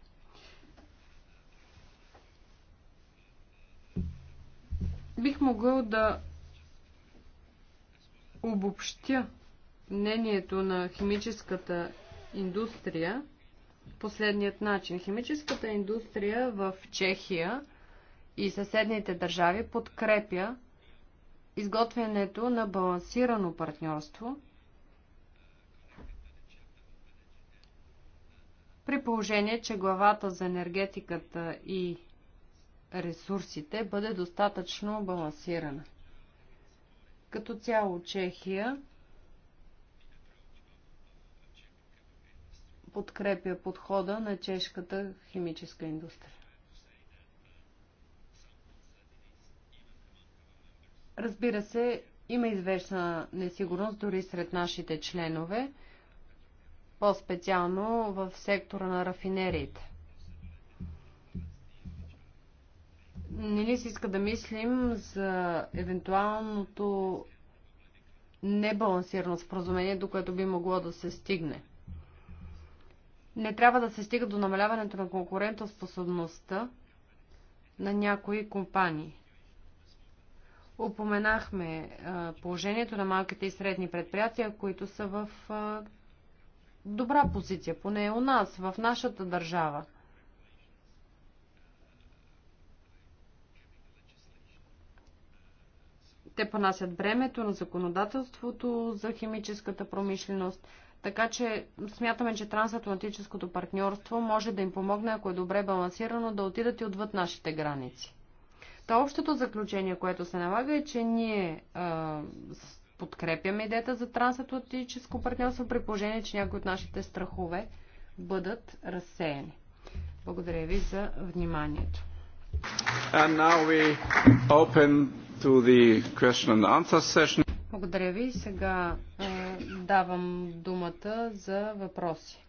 Бих могъл да обобщя мнението на химическата индустрия – последният начин. Химическата индустрия в Чехия и съседните държави подкрепя изготвянето на балансирано партньорство при положение, че главата за енергетиката и ресурсите бъде достатъчно балансирана. Като цяло Чехия подкрепя подхода на чешката химическа индустрия. Разбира се, има известна несигурност дори сред нашите членове, по-специално в сектора на рафинериите. Не ли си иска да мислим за евентуалното небалансирано споразумение, до което би могло да се стигне? Не трябва да се стига до намаляването на конкурентоспособността на някои компании. Упоменахме положението на малките и средни предприятия, които са в добра позиция, поне у нас, в нашата държава. Те понасят бремето на законодателството за химическата промишленост – така че смятаме, че трансатлантическото партньорство може да им помогне, ако е добре балансирано, да отидат и отвъд нашите граници. Та общото заключение, което се налага е, че ние а, подкрепяме идеята за трансатлантическо партньорство при положение, че някои от нашите страхове бъдат разсеяни. Благодаря ви за вниманието. Благодаря ви. Сега давам думата за въпроси.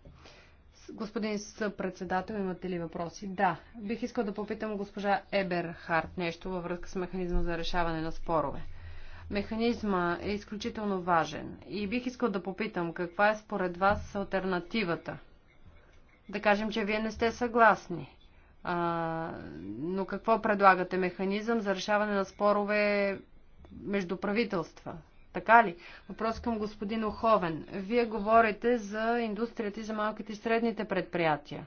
Господин съпредседател, имате ли въпроси? Да. Бих искал да попитам госпожа Еберхарт нещо във връзка с механизма за решаване на спорове. Механизма е изключително важен и бих искал да попитам каква е според вас альтернативата. Да кажем, че вие не сте съгласни. А, но какво предлагате? Механизъм за решаване на спорове между правителства? Така ли? Въпрос към господин Оховен. Вие говорите за индустрията и за малките и средните предприятия.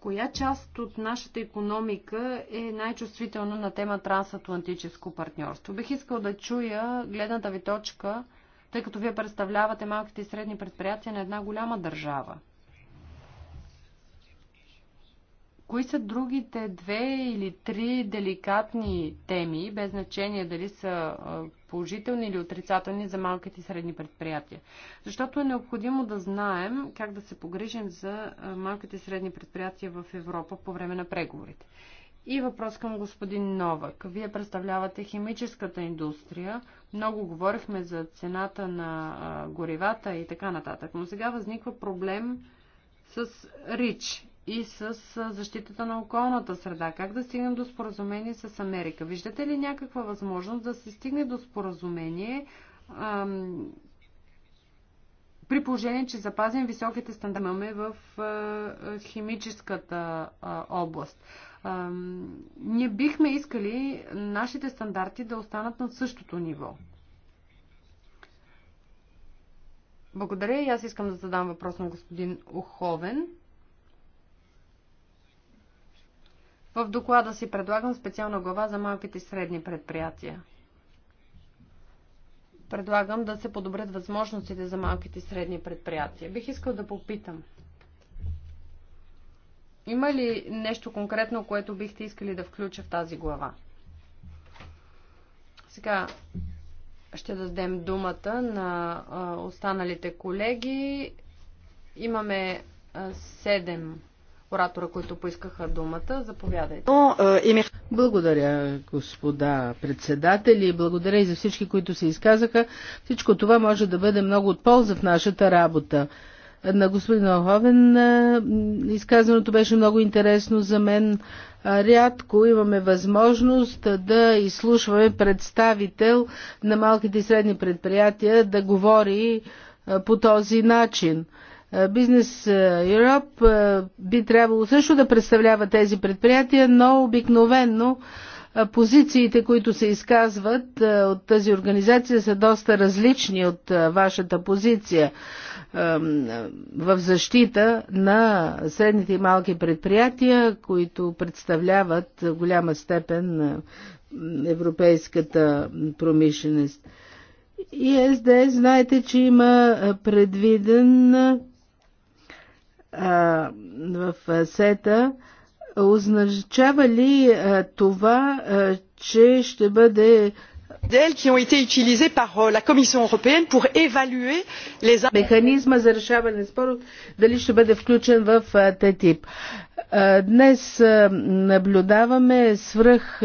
Коя част от нашата економика е най-чувствителна на тема трансатлантическо партньорство? Бих искал да чуя гледната ви точка, тъй като вие представлявате малките и средни предприятия на една голяма държава. Кои са другите две или три деликатни теми, без значение дали са положителни или отрицателни за малките и средни предприятия? Защото е необходимо да знаем как да се погрижим за малките и средни предприятия в Европа по време на преговорите. И въпрос към господин Новак. Вие представлявате химическата индустрия. Много говорихме за цената на горивата и така нататък. Но сега възниква проблем с РИЧ и с защитата на околната среда? Как да стигнем до споразумение с Америка? Виждате ли някаква възможност да се стигне до споразумение ам, при положение, че запазим високите стандарти имаме в а, химическата а, област? Ам, ние бихме искали нашите стандарти да останат на същото ниво. Благодаря и аз искам да задам въпрос на господин Оховен. В доклада си предлагам специална глава за малките и средни предприятия. Предлагам да се подобрят възможностите за малките и средни предприятия. Бих искал да попитам. Има ли нещо конкретно, което бихте искали да включа в тази глава? Сега ще дадем думата на останалите колеги. Имаме седем оратора, които поискаха думата. Заповядайте. Е, Благодаря, господа председатели. Благодаря и за всички, които се изказаха. Всичко това може да бъде много от полза в нашата работа. На господин Оховен е, изказаното беше много интересно за мен. Е, рядко имаме възможност да изслушваме представител на малките и средни предприятия да говори по този начин. Бизнес е, Европ е, би трябвало също да представлява тези предприятия, но обикновенно е, позициите, които се изказват от тази организация са доста различни от вашата позиция в защита на средните и малки предприятия, които представляват голяма степен европейската промишленост. И СДС знаете, че има предвиден в сета, означава ли това, че ще бъде qui ont été utilisés par euh, la Commission européenne pour évaluer les механизма за решаване на спор дали ще бъде включен в ТТИП. Днес наблюдаваме свръх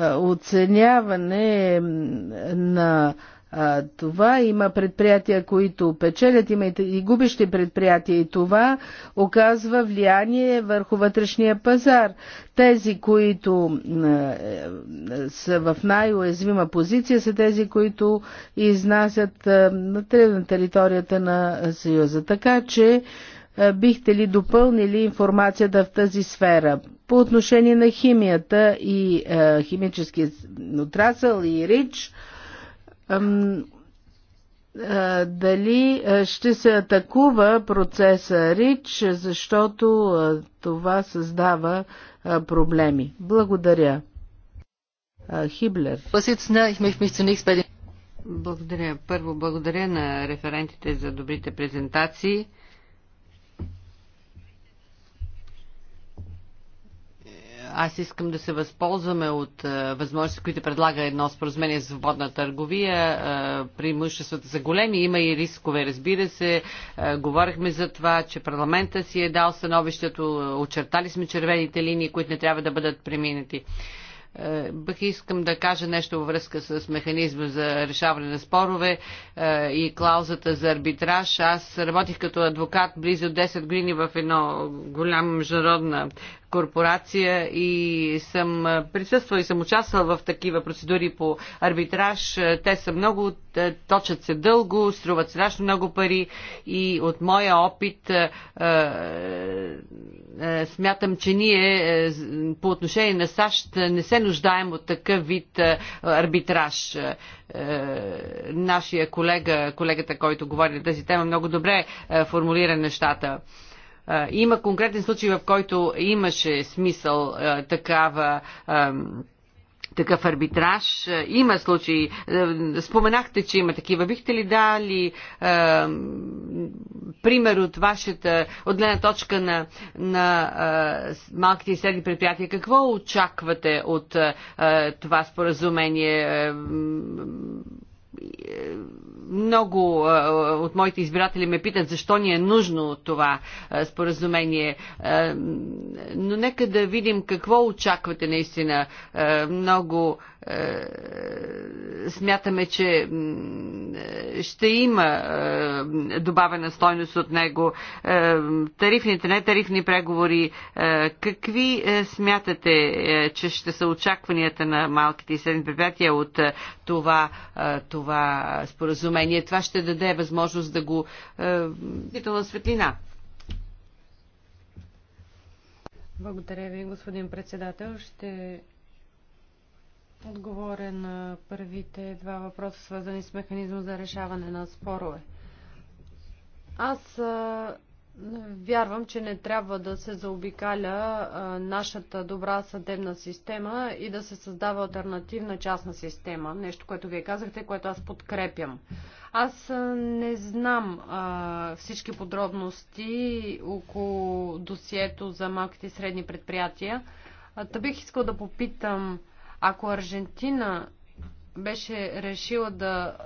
оценяване на а, това. Има предприятия, които печелят, има и губещи предприятия и това оказва влияние върху вътрешния пазар. Тези, които а, е, са в най-уязвима позиция, са тези, които изнасят а, на територията на Съюза. Така че а, бихте ли допълнили информацията в тази сфера? По отношение на химията и а, химически отрасъл и РИЧ, а, дали ще се атакува процеса РИЧ, защото това създава проблеми. Благодаря. Хиблер. Благодаря. Първо благодаря на референтите за добрите презентации. аз искам да се възползваме от е, възможности, които предлага едно споразумение за свободна търговия, е, преимуществата за големи, има и рискове, разбира се. Е, говорихме за това, че парламента си е дал становището, очертали сме червените линии, които не трябва да бъдат преминати. Бих искам да кажа нещо във връзка с механизма за решаване на спорове и клаузата за арбитраж. Аз работих като адвокат близо 10 години в едно голямо международна корпорация и съм присъствал и съм участвал в такива процедури по арбитраж. Те са много, точат се дълго, струват страшно много пари и от моя опит смятам, че ние по отношение на САЩ не се нуждаем от такъв вид арбитраж. Нашия колега, колегата, който говори на тази тема, много добре формулира нещата. Има конкретен случай, в който имаше смисъл такава такъв арбитраж. Има случаи. Споменахте, че има такива. Бихте ли дали е, пример от вашата, отгледна гледна точка на, на е, малките и средни предприятия? Какво очаквате от е, това споразумение? много от моите избиратели ме питат защо ни е нужно това споразумение. Но нека да видим какво очаквате наистина. Много е, смятаме, че е, ще има е, добавена стойност от него. Тарифните, не тарифни преговори, какви смятате, че ще са очакванията на малките и средни предприятия от това, това споразумение? Това ще даде възможност да го на светлина. Благодаря ви, господин председател. Ще отговоря на първите два въпроса, свързани с механизма за решаване на спорове. Аз а, вярвам, че не трябва да се заобикаля а, нашата добра съдебна система и да се създава альтернативна частна система. Нещо, което вие казахте, което аз подкрепям. Аз а, не знам а, всички подробности около досието за малките и средни предприятия. Та бих искал да попитам ако Аржентина беше решила да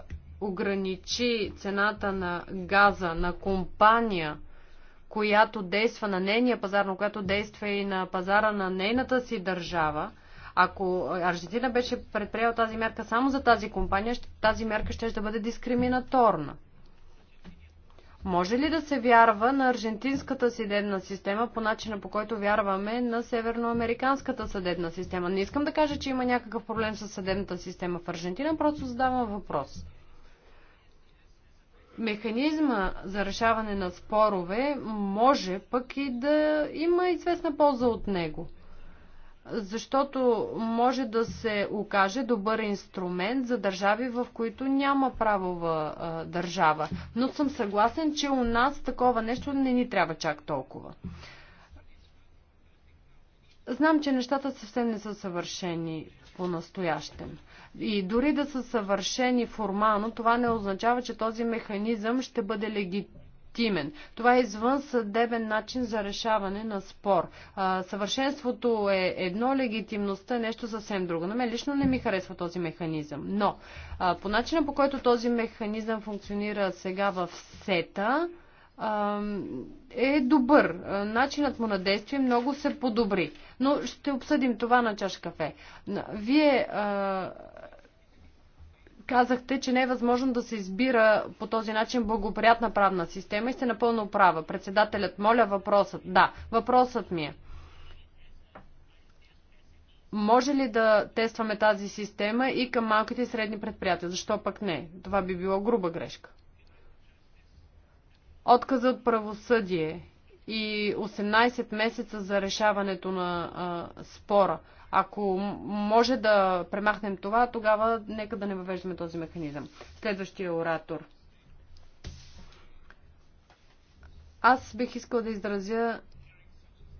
ограничи цената на газа на компания, която действа на нейния пазар, но която действа и на пазара на нейната си държава, ако Аржентина беше предприела тази мерка само за тази компания, тази мерка ще да бъде дискриминаторна. Може ли да се вярва на аржентинската съдебна система по начина по който вярваме на северноамериканската съдебна система? Не искам да кажа, че има някакъв проблем с съдебната система в Аржентина, просто задавам въпрос. Механизма за решаване на спорове може пък и да има известна полза от него – защото може да се окаже добър инструмент за държави, в които няма правова а, държава. Но съм съгласен, че у нас такова нещо не ни трябва чак толкова. Знам, че нещата съвсем не са съвършени по-настоящем. И дори да са съвършени формално, това не означава, че този механизъм ще бъде легитим легитимен. Това е извън съдебен начин за решаване на спор. Съвършенството е едно, легитимността е нещо съвсем друго. На мен лично не ми харесва този механизъм. Но по начина по който този механизъм функционира сега в сета, е добър. Начинът му на действие много се подобри. Но ще обсъдим това на чаш кафе. Вие казахте, че не е възможно да се избира по този начин благоприятна правна система и сте напълно права. Председателят, моля въпросът. Да, въпросът ми е. Може ли да тестваме тази система и към малките и средни предприятия? Защо пък не? Това би било груба грешка. Отказа от правосъдие и 18 месеца за решаването на а, спора. Ако може да премахнем това, тогава нека да не въвеждаме този механизъм. Следващия оратор. Аз бих искал да изразя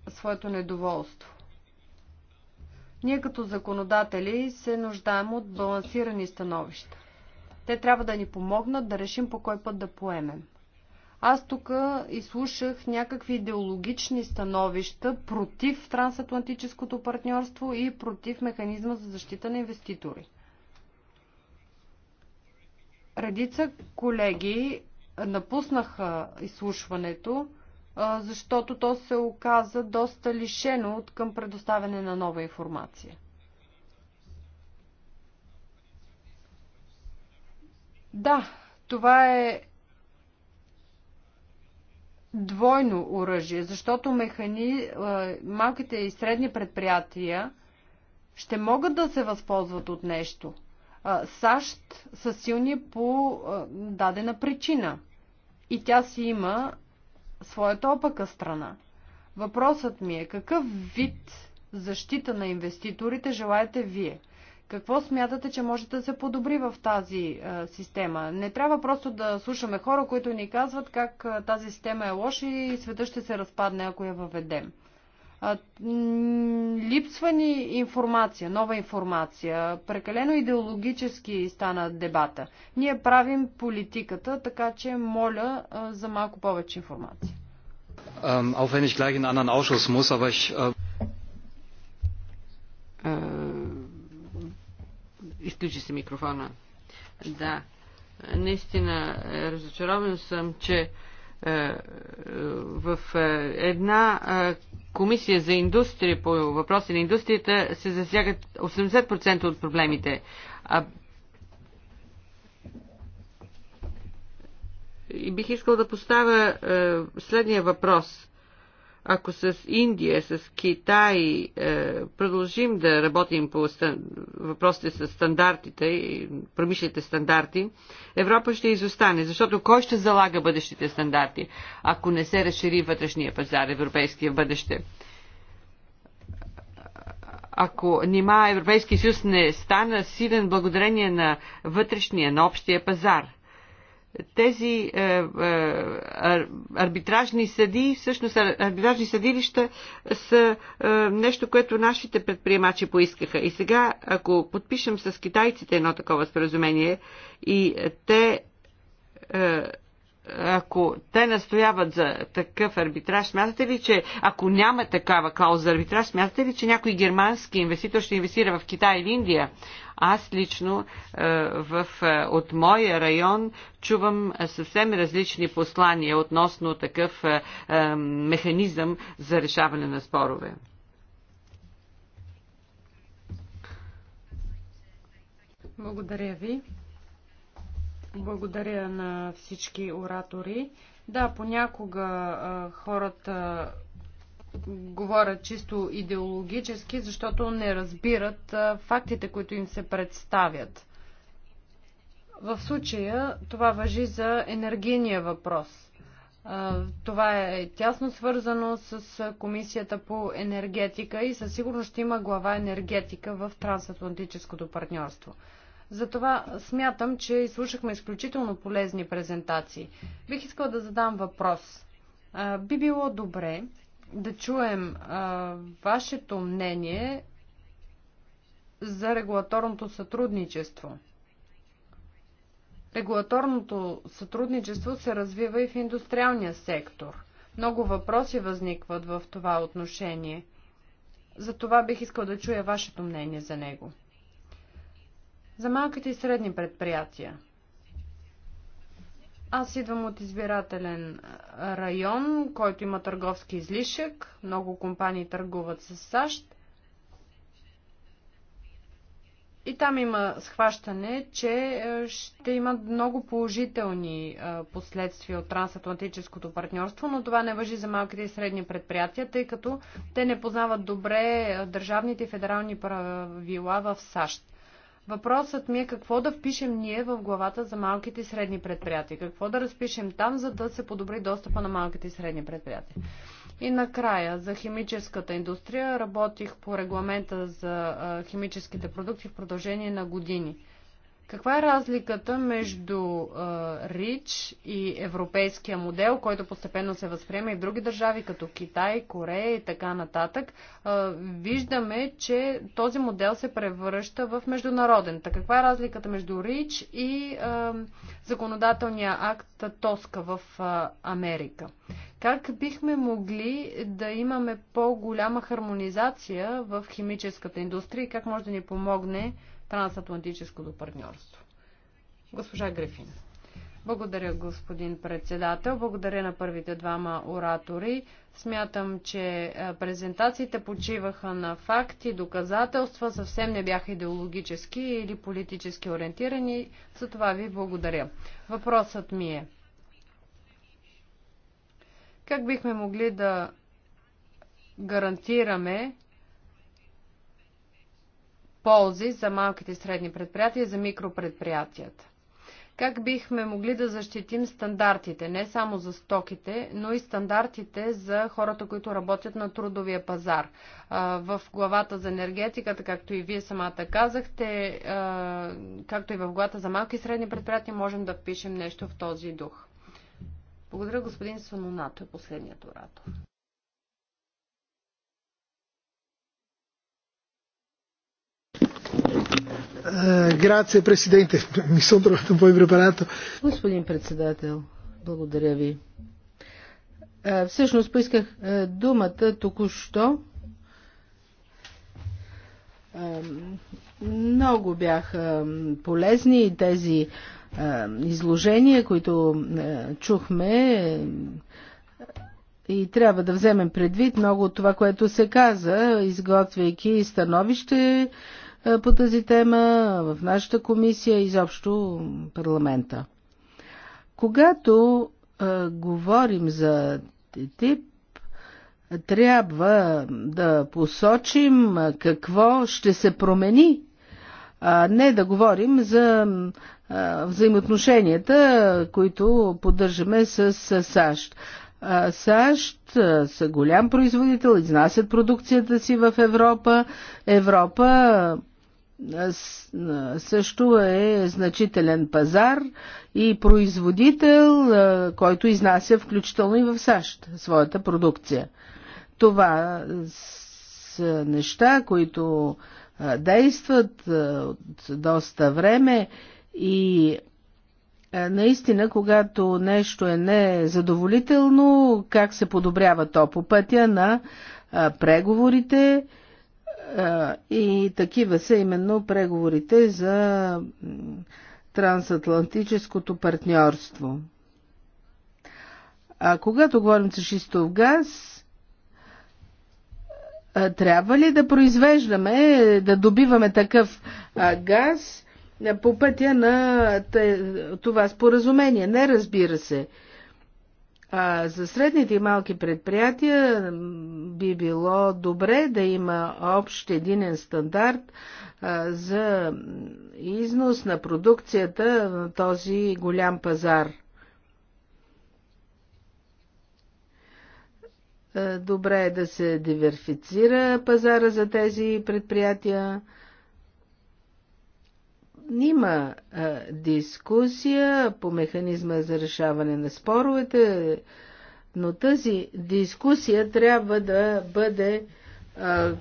своето недоволство. Ние като законодатели се нуждаем от балансирани становища. Те трябва да ни помогнат да решим по кой път да поемем. Аз тук изслушах някакви идеологични становища против трансатлантическото партньорство и против механизма за защита на инвеститори. Редица колеги напуснаха изслушването, защото то се оказа доста лишено от към предоставяне на нова информация. Да, това е двойно оръжие, защото механи... Е, малките и средни предприятия ще могат да се възползват от нещо. САЩ са силни по е, дадена причина и тя си има своята опака страна. Въпросът ми е какъв вид защита на инвеститорите желаете вие? Какво смятате, че може да се подобри в тази а, е, система? Не трябва просто да слушаме хора, които ни казват как а, е, тази система е лоша и света ще се разпадне, ако я въведем. А, липсва ни информация, нова информация. Прекалено идеологически стана дебата. Ние правим политиката, така че моля а, е, за малко повече информация. Um, auch wenn ich gleich in anderen Ausschuss muss, aber ich... Uh Изключи се микрофона. Да. Наистина е, разочарован съм, че е, е, в една комисия за индустрия по въпроси на индустрията се засягат 80% от проблемите. А... И бих искал да поставя следния въпрос. Ако с Индия, с Китай е, продължим да работим по въпросите с стандартите и промишлените стандарти, Европа ще изостане, защото кой ще залага бъдещите стандарти, ако не се разшири вътрешния пазар, европейския бъдеще? ако нима Европейския съюз не стана силен благодарение на вътрешния, на общия пазар тези е, е, арбитражни съди, всъщност арбитражни съдилища са е, нещо, което нашите предприемачи поискаха. И сега, ако подпишем с китайците едно такова споразумение и те е, ако те настояват за такъв арбитраж, смятате ли, че ако няма такава клауза за арбитраж, смятате ли, че някой германски инвеститор ще инвестира в Китай или Индия? Аз лично е, в, е, от моя район чувам е, съвсем различни послания относно такъв механизъм за решаване на спорове. Благодаря ви. Благодаря на всички оратори. Да, понякога а, хората говорят чисто идеологически, защото не разбират а, фактите, които им се представят. В случая това въжи за енергийния въпрос. А, това е тясно свързано с Комисията по енергетика и със сигурност ще има глава енергетика в трансатлантическото партньорство. Затова смятам, че изслушахме изключително полезни презентации. Бих искала да задам въпрос. Би било добре да чуем вашето мнение за регулаторното сътрудничество. Регулаторното сътрудничество се развива и в индустриалния сектор. Много въпроси възникват в това отношение. За това бих искал да чуя вашето мнение за него. За малките и средни предприятия. Аз идвам от избирателен район, който има търговски излишък. Много компании търгуват с САЩ. И там има схващане, че ще имат много положителни последствия от трансатлантическото партньорство, но това не въжи за малките и средни предприятия, тъй като те не познават добре държавните и федерални правила в САЩ. Въпросът ми е какво да впишем ние в главата за малките и средни предприятия. Какво да разпишем там, за да се подобри достъпа на малките и средни предприятия. И накрая, за химическата индустрия работих по регламента за химическите продукти в продължение на години. Каква е разликата между РИЧ и европейския модел, който постепенно се възприема и в други държави, като Китай, Корея и така нататък? Виждаме, че този модел се превръща в международен. Така каква е разликата между РИЧ и законодателния акт ТОСКА в Америка? Как бихме могли да имаме по-голяма хармонизация в химическата индустрия и как може да ни помогне трансатлантическото партньорство. Госпожа Грифин. Благодаря, господин председател. Благодаря на първите двама оратори. Смятам, че е, презентациите почиваха на факти, доказателства, съвсем не бяха идеологически или политически ориентирани. За това ви благодаря. Въпросът ми е. Как бихме могли да гарантираме ползи за малките и средни предприятия, и за микропредприятията. Как бихме могли да защитим стандартите, не само за стоките, но и стандартите за хората, които работят на трудовия пазар? В главата за енергетиката, както и вие самата казахте, както и в главата за малки и средни предприятия, можем да впишем нещо в този дух. Благодаря, господин Сононато е последният оратор. Грация, президенте. Ми съм по Господин председател, благодаря ви. Е, всъщност поисках е, думата току-що. Е, много бяха полезни и тези изложения, които чухме и трябва да вземем предвид много от това, което се каза, изготвяйки становище, е, по тази тема в нашата комисия и изобщо парламента. Когато а, е, говорим за тип, трябва да посочим е, какво ще се промени, а не да говорим за а, взаимоотношенията, които поддържаме с, САЩ. САЩ са голям производител, изнасят продукцията си в Европа. Европа също е значителен пазар и производител, който изнася включително и в САЩ своята продукция. Това са неща, които действат от доста време и наистина, когато нещо е незадоволително, как се подобрява то по пътя на преговорите, и такива са именно преговорите за трансатлантическото партньорство. А когато говорим за шистов газ, трябва ли да произвеждаме, да добиваме такъв газ по пътя на това споразумение? Не, разбира се. А за средните и малки предприятия би било добре да има общ единен стандарт а, за износ на продукцията на този голям пазар. Добре е да се диверсифицира пазара за тези предприятия има дискусия по механизма за решаване на споровете, но тази дискусия трябва да бъде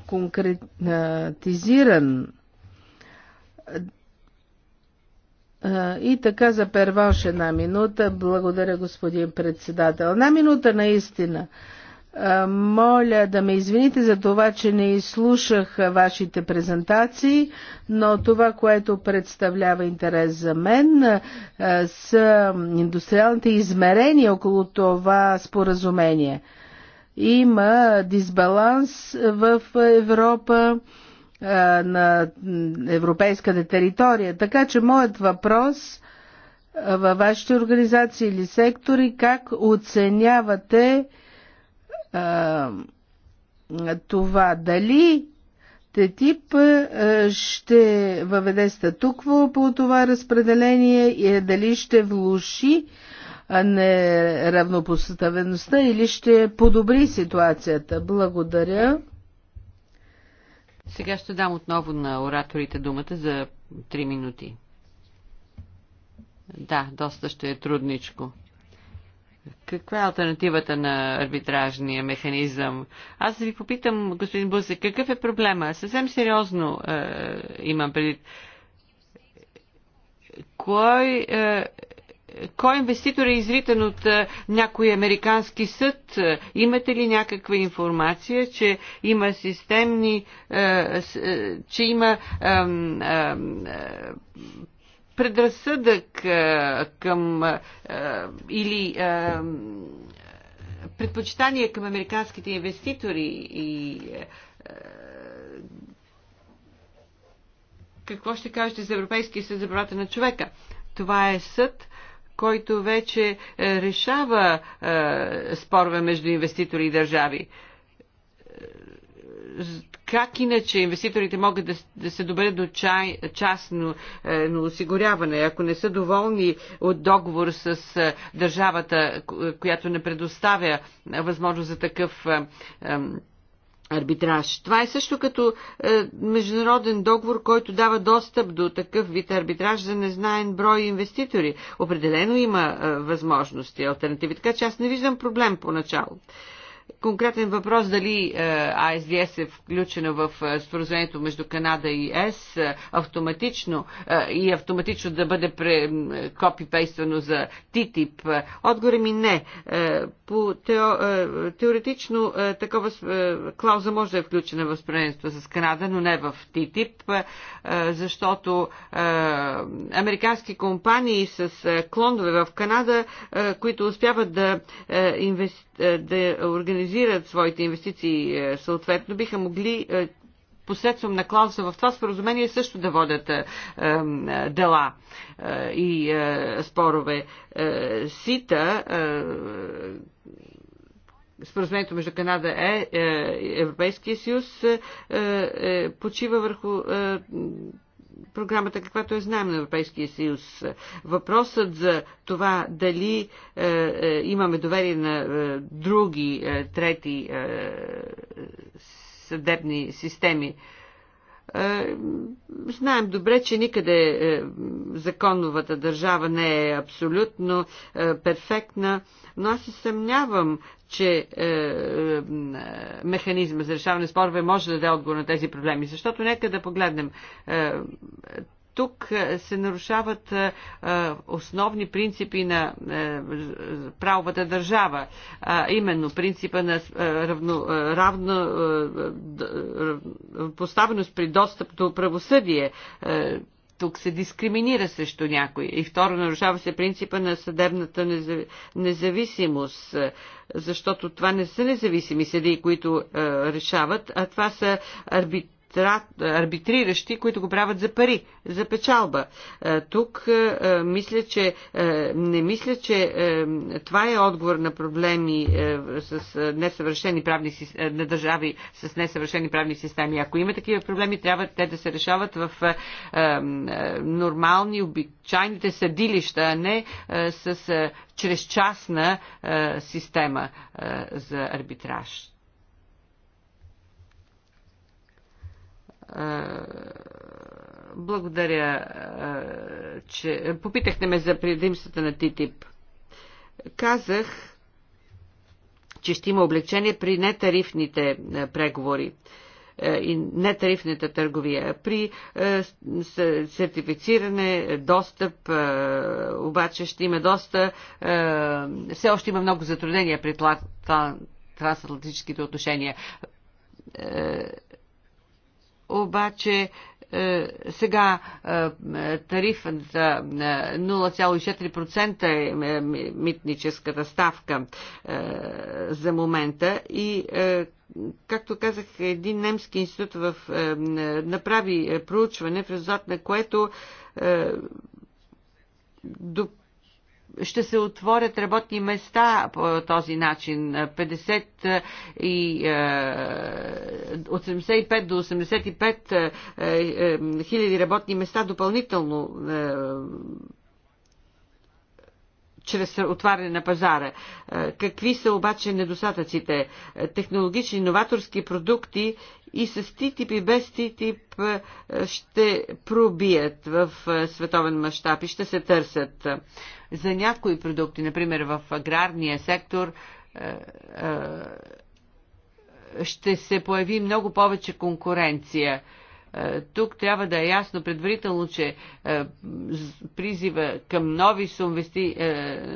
конкретизиран. И така за още една минута. Благодаря, господин председател. Една минута наистина. Е, моля да ме извините за това, че не изслушах вашите презентации, но това, което представлява интерес за мен, е, са индустриалните измерения около това споразумение. Има дисбаланс в Европа е, на европейската територия. Така че моят въпрос във вашите организации или сектори, как оценявате това дали ТТИП ще въведе статукво по това разпределение и е, дали ще влуши неравнопоставеността или ще подобри ситуацията. Благодаря. Сега ще дам отново на ораторите думата за 3 минути. Да, доста ще е трудничко. Каква е альтернативата на арбитражния механизъм? Аз ви попитам, господин Бусе, какъв е проблема? Съвсем сериозно е, имам предвид. Кой, е, кой инвеститор е изритен от е, някой американски съд? Имате ли някаква информация, че има системни, е, е, че има е, е, предразсъдък към или предпочитание към американските инвеститори и какво ще кажете за Европейския съд за правата на човека? Това е съд, който вече решава е, спорове между инвеститори и държави как иначе инвеститорите могат да, да се доберат до чай, частно е, на осигуряване, ако не са доволни от договор с е, държавата, е, която не предоставя е, възможност за такъв е, е, арбитраж. Това е също като е, международен договор, който дава достъп до такъв вид арбитраж за незнаен брой инвеститори. Определено има е, възможности, альтернативи, така че аз не виждам проблем поначало конкретен въпрос дали е, АСДС е включено в е, споразумението между Канада и ЕС е, автоматично и автоматично да бъде копипействано за ТИТИП. Отгоре ми не. По тео, теоретично такова клауза може да е включена в споразумението с Канада, но не в ТИТИП, защото американски компании с клондове в Канада, които успяват да инвестират е, да организират своите инвестиции е, съответно, биха могли е, посредством на клауса в това споразумение също да водят дела и спорове. СИТА, споразумението между Канада и е, Европейския съюз, почива върху е, програмата, каквато е знаем на Европейския съюз. Въпросът за това дали е, е, имаме доверие на е, други е, трети е, съдебни системи е, е, знаем добре, че никъде е, законовата държава не е абсолютно е, перфектна, но аз се съмнявам, че механизма за решаване спорове може да даде отговор на тези проблеми, защото нека да погледнем тук е, се нарушават е, е, основни принципи на правовата държава, именно принципа на равно, равно, поставеност при достъп до правосъдие, тук се дискриминира срещу някой. И второ, нарушава се принципа на съдебната независимост, защото това не са независими съдии, които решават, а това са арбит арбитра... арбитриращи, които го правят за пари, за печалба. Е, тук е, е, мисля, че не мисля, че това е отговор на проблеми с несъвършени правни на държави с несъвършени правни системи. Ако има такива проблеми, трябва те да се решават в нормални, обичайните съдилища, а не с чрез частна система за арбитраж. Благодаря, че попитахте ме за предимствата на ТИТИП. Казах, че ще има облегчение при нетарифните преговори и нетарифната търговия. При сертифициране, достъп, обаче ще има доста, все още има много затруднения при трансатлантическите отношения обаче е, сега тарифата 0,4% е, е, е митническата ставка за момента и както казах, един немски институт в, направи проучване, в резултат на което до ще се отворят работни места по този начин. 50 и, е, от 75 до 85 е, е, хиляди работни места допълнително чрез отваряне на пазара. Какви са обаче недостатъците? Технологични, новаторски продукти и с ТТИП и без ТТИП е, ще пробият в е, световен мащаб и ще се търсят. Е, за някои продукти, например в аграрния сектор, ще се появи много повече конкуренция. Тук трябва да е ясно предварително, че призива към нови сумвести,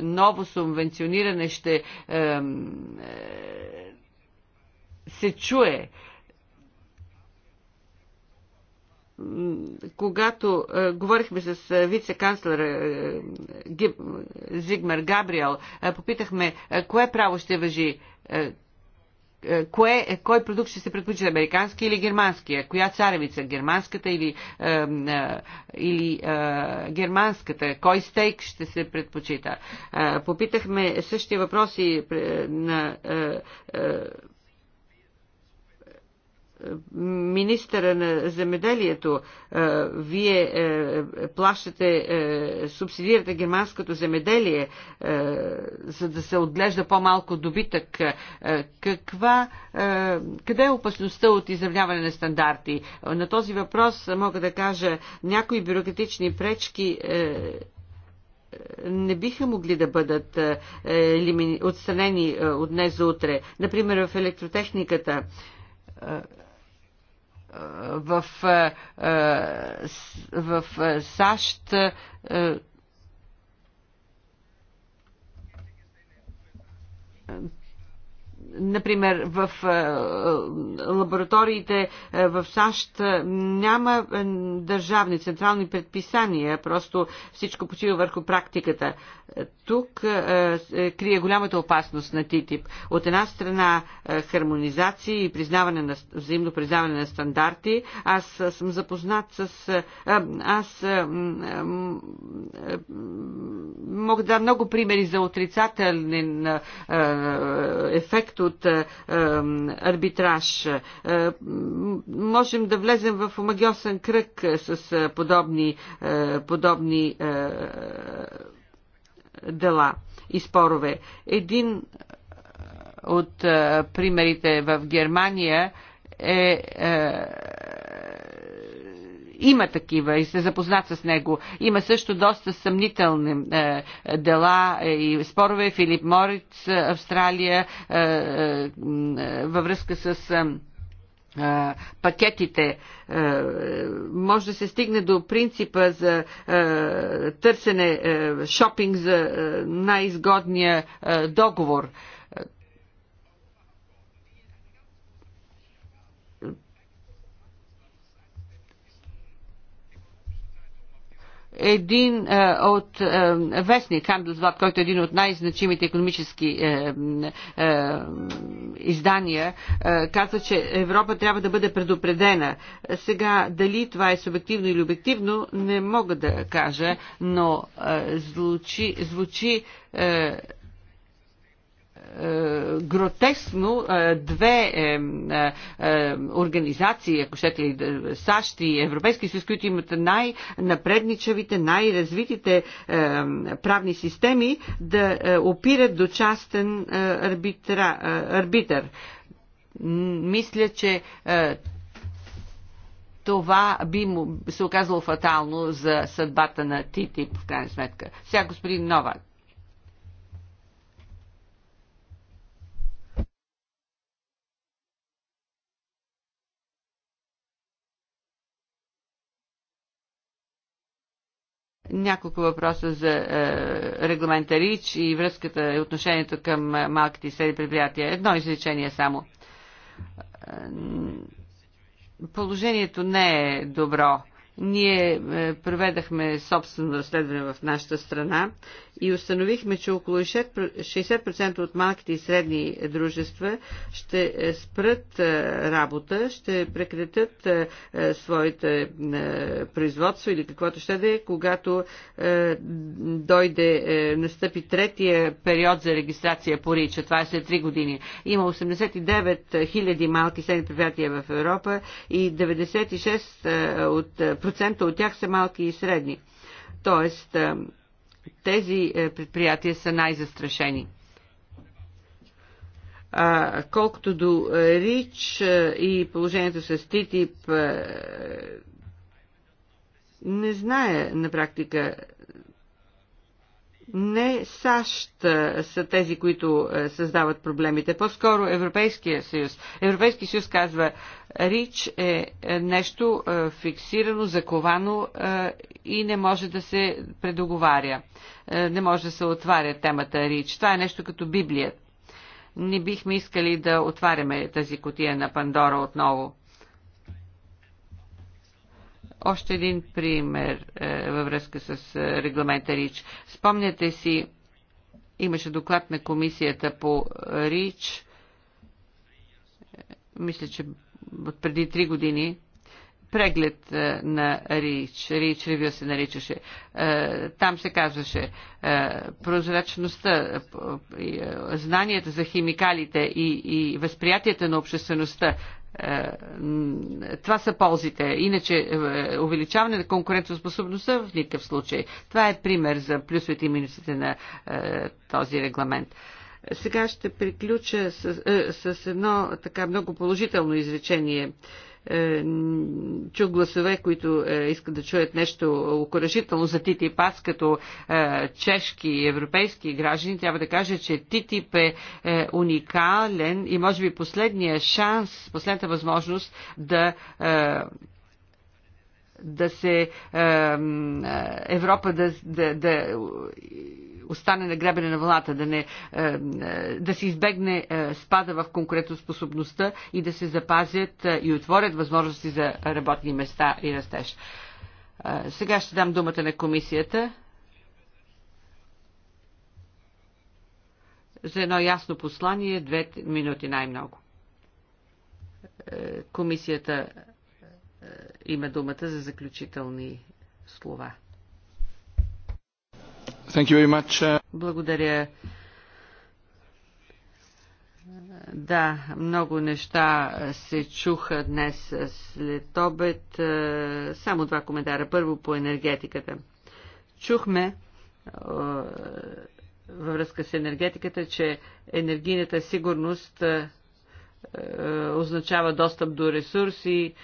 ново субвенциониране ще се чуе когато е, говорихме с вице-канцлера е, е Зигмар Габриел, е, попитахме е, кое право ще въжи, е, е кое, е, кой продукт ще се предпочита, американски или германския, е, коя царевица, германската или, е, е, или е, германската, кой стейк ще се предпочита. Е, попитахме същия въпроси е, на. Е, е, министъра на земеделието, е, вие е, плащате, е, субсидирате германското земеделие, за да се отглежда по-малко добитък. Каква, къде е опасността от изравняване на стандарти? На този въпрос мога да кажа, някои бюрократични пречки не биха могли да бъдат отстранени от днес за утре. Например, в електротехниката в, е, е, в в е, САЩ например, в е, е, лабораториите е, в САЩ няма държавни централни предписания, просто всичко почива върху практиката. Тук крие голямата опасност на ТИТИП. От една страна хармонизация и признаване на, взаимно признаване на стандарти. Аз съм запознат с... Аз мога да дам много примери за отрицателен ефект ефект от е, е, арбитраж. Е, можем да влезем в омагиосен кръг с подобни, подобни дела и спорове. Един от примерите в Германия е има такива и се запознат с него. Има също доста съмнителни е, е дела е, и спорове. Филип Мориц, е, Австралия, е, е, във връзка с. Е, пакетите, може да се стигне до принципа за търсене, шопинг за най-изгодния договор. един е, от е, вестник Хандelsblad, който е един от най-значимите економически е, е, издания, е, каза, че Европа трябва да бъде предупредена. Сега, дали това е субективно или обективно, не мога да кажа, но е, звучи, звучи е, гротескно е, две е, е, организации, ако щете ли, САЩ и Европейски съюз, които имат най-напредничавите, най-развитите правни системи, да опират до частен арбитра, арбитър. Мисля, че това би му се оказало фатално за съдбата на ТИТИП, в крайна сметка. Сега господин Новак. Няколко въпроса за е, регламента РИЧ и връзката и отношението към е, малките и средни предприятия. Едно изречение само. Е, положението не е добро ние е, проведахме собствено разследване в нашата страна и установихме, че около 60% от малките и средни дружества ще е, спрат е, работа, ще прекратят своите производство или каквото ще да е, когато дойде, настъпи третия период за регистрация по РИЧа. Това е след 3 години. Има 89 000 малки средни предприятия в Европа и 96 от процента от тях са малки и средни. Тоест, тези е, предприятия са най-застрашени. А, колкото до РИЧ и положението с ТИТИП, не зная на практика не САЩ са тези, които създават проблемите, по-скоро Европейския съюз. Европейски съюз казва, РИЧ е, е нещо фиксирано, заковано и не може да се предоговаря. Не може да се отваря темата РИЧ. Това е нещо като Библия. Не бихме искали да отваряме тази котия на Пандора отново. Още един пример е, във връзка с е, регламента РИЧ. Спомняте си, имаше доклад на комисията по е, РИЧ, е, мисля, че от преди три години, преглед е, на РИЧ, РИЧ ревю се наричаше. Е, там се казваше е, прозрачността, е, знанията за химикалите и, и възприятията на обществеността е, това са ползите. Иначе е, увеличаване на конкурентоспособността в никакъв случай. Това е пример за плюсовете и минусите на е, този регламент. Сега ще приключа с, с едно така много положително изречение. Е, чух гласове, които е, искат да чуят нещо окоръжително за ТТИП. Аз като е, чешки и европейски граждани трябва да кажа, че ТТИП е уникален и може би последния шанс, последната възможност да да се Европа да, да, да остане на гребене на вълната, да, не, е, е, да се избегне е, спада в конкурентоспособността и да се запазят и отворят възможности за работни места и растеж. Сега ще дам думата на комисията за едно ясно послание, две минути най-много. Комисията има думата за заключителни слова. Благодаря. Да, много неща се чуха днес след обед. Само два коментара. Първо по енергетиката. Чухме във връзка с енергетиката, че енергийната сигурност означава достъп до ресурси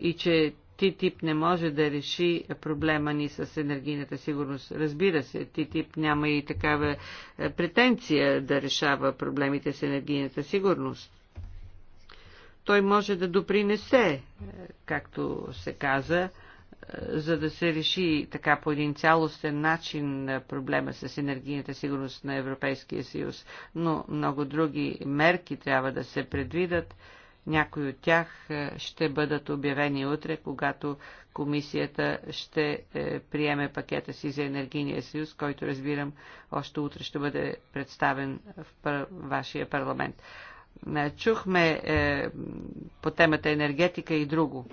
и че ТИТИП не може да реши проблема ни с енергийната сигурност. Разбира се, ТИТИП няма и такава е, претенция да решава проблемите с енергийната сигурност. Той може да допринесе, е, както се каза, е, за да се реши така по един цялостен начин проблема с енергийната сигурност на Европейския съюз. Но много други мерки трябва да се предвидат някои от тях е, ще бъдат обявени утре, когато комисията ще е, приеме пакета си за енергийния съюз, който разбирам още утре ще бъде представен в вашия парламент. Е, чухме по темата енергетика и друго.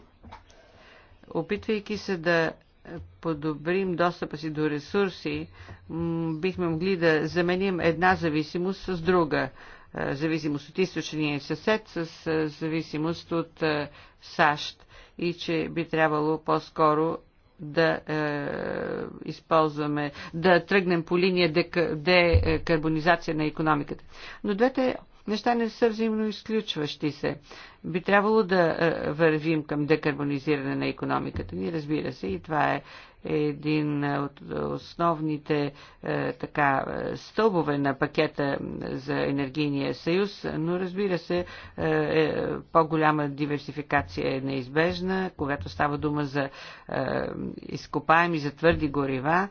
Опитвайки се да подобрим достъпа си до ресурси, бихме могли да заменим една зависимост с друга. Е, зависимост от източния съсед с е, зависимост от е, САЩ и че би трябвало по-скоро да е, използваме, да тръгнем по линия декарбонизация на економиката. Но двете неща не са взаимно изключващи се. Би трябвало да вървим към декарбонизиране на економиката ни, разбира се, и това е е един от основните е, така стълбове на пакета за енергийния съюз, но разбира се, е, е, по-голяма диверсификация е неизбежна, когато става дума за изкопаеми, за твърди горива,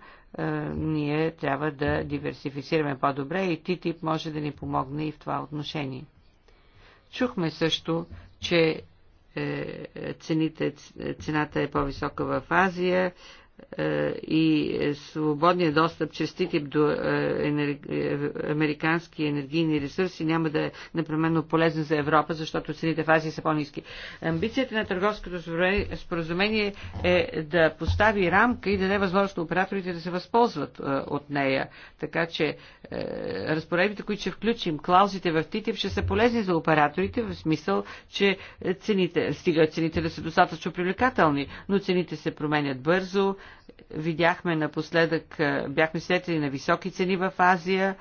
ние трябва да диверсифицираме по-добре и ТТИП може да ни помогне и в това отношение. Чухме също, че цените, цената е по-висока в Азия е, и свободния достъп чрез ТТИП до е, е, американски енергийни ресурси няма да е непременно полезен за Европа, защото цените в Азия са по-низки. Амбицията на търговското споразумение е да постави рамка и да даде възможност на операторите да се възползват от нея. Така че е, разпоредбите, които ще включим, клаузите в ТТИП, ще са полезни за операторите, в смисъл, че цените, стига цените да са достатъчно привлекателни, но цените се променят бързо. Видяхме напоследък, е, бяхме свидетели на високи цени в Азия,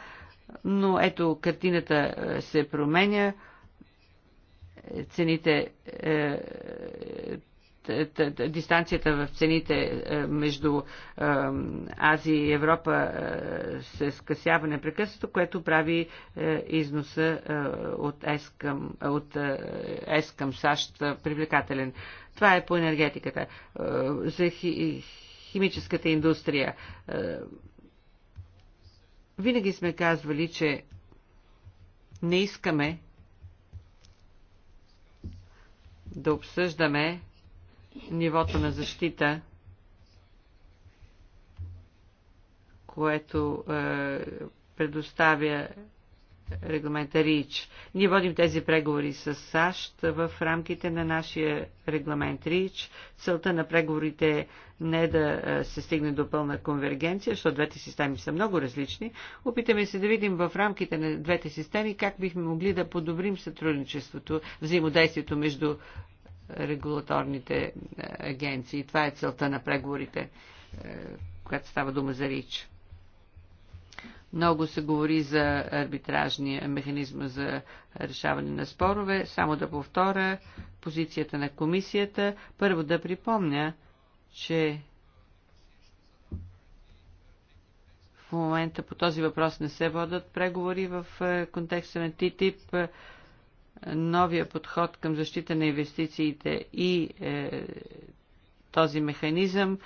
но ето картината е, се променя цените е, дистанцията в цените е, между е, Азия и Европа е, се скъсява непрекъснато, което прави износа от ЕС към, от ЕС към САЩ привлекателен. Това е по енергетиката. За химическата индустрия. Винаги сме казвали, че не искаме да обсъждаме нивото на защита, което е, предоставя регламента РИЧ. Ние водим тези преговори с САЩ в рамките на нашия регламент РИЧ. Целта на преговорите е не да е, се стигне до пълна конвергенция, защото двете системи са много различни. Опитаме се да видим в рамките на двете системи как бихме могли да подобрим сътрудничеството, взаимодействието между регулаторните е, агенции. Това е целта на преговорите, е, когато става дума за РИЧ. Много се говори за арбитражния механизъм за решаване на спорове. Само да повторя позицията на комисията. Първо да припомня, че в момента по този въпрос не се водят преговори в е, контекста на ТИТИП новия подход към защита на инвестициите и е, този механизъм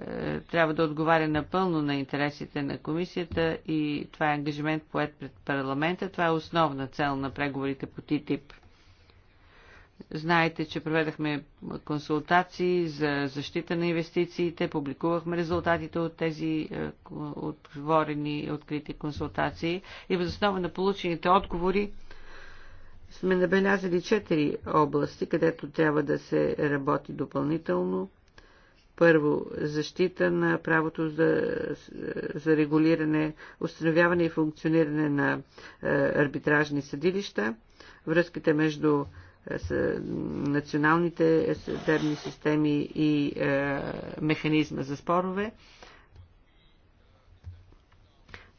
е, трябва да отговаря напълно на интересите на комисията и това е ангажимент поет пред парламента. Това е основна цел на преговорите по ТИТИП. Знаете, че проведахме консултации за защита на инвестициите, публикувахме резултатите от тези е, отворени, открити консултации и възоснова на получените отговори сме набелязали четири области, където трябва да се работи допълнително. Първо, защита на правото за, за регулиране, установяване и функциониране на е, арбитражни съдилища, връзките между е, с националните съдебни системи и е, механизма за спорове.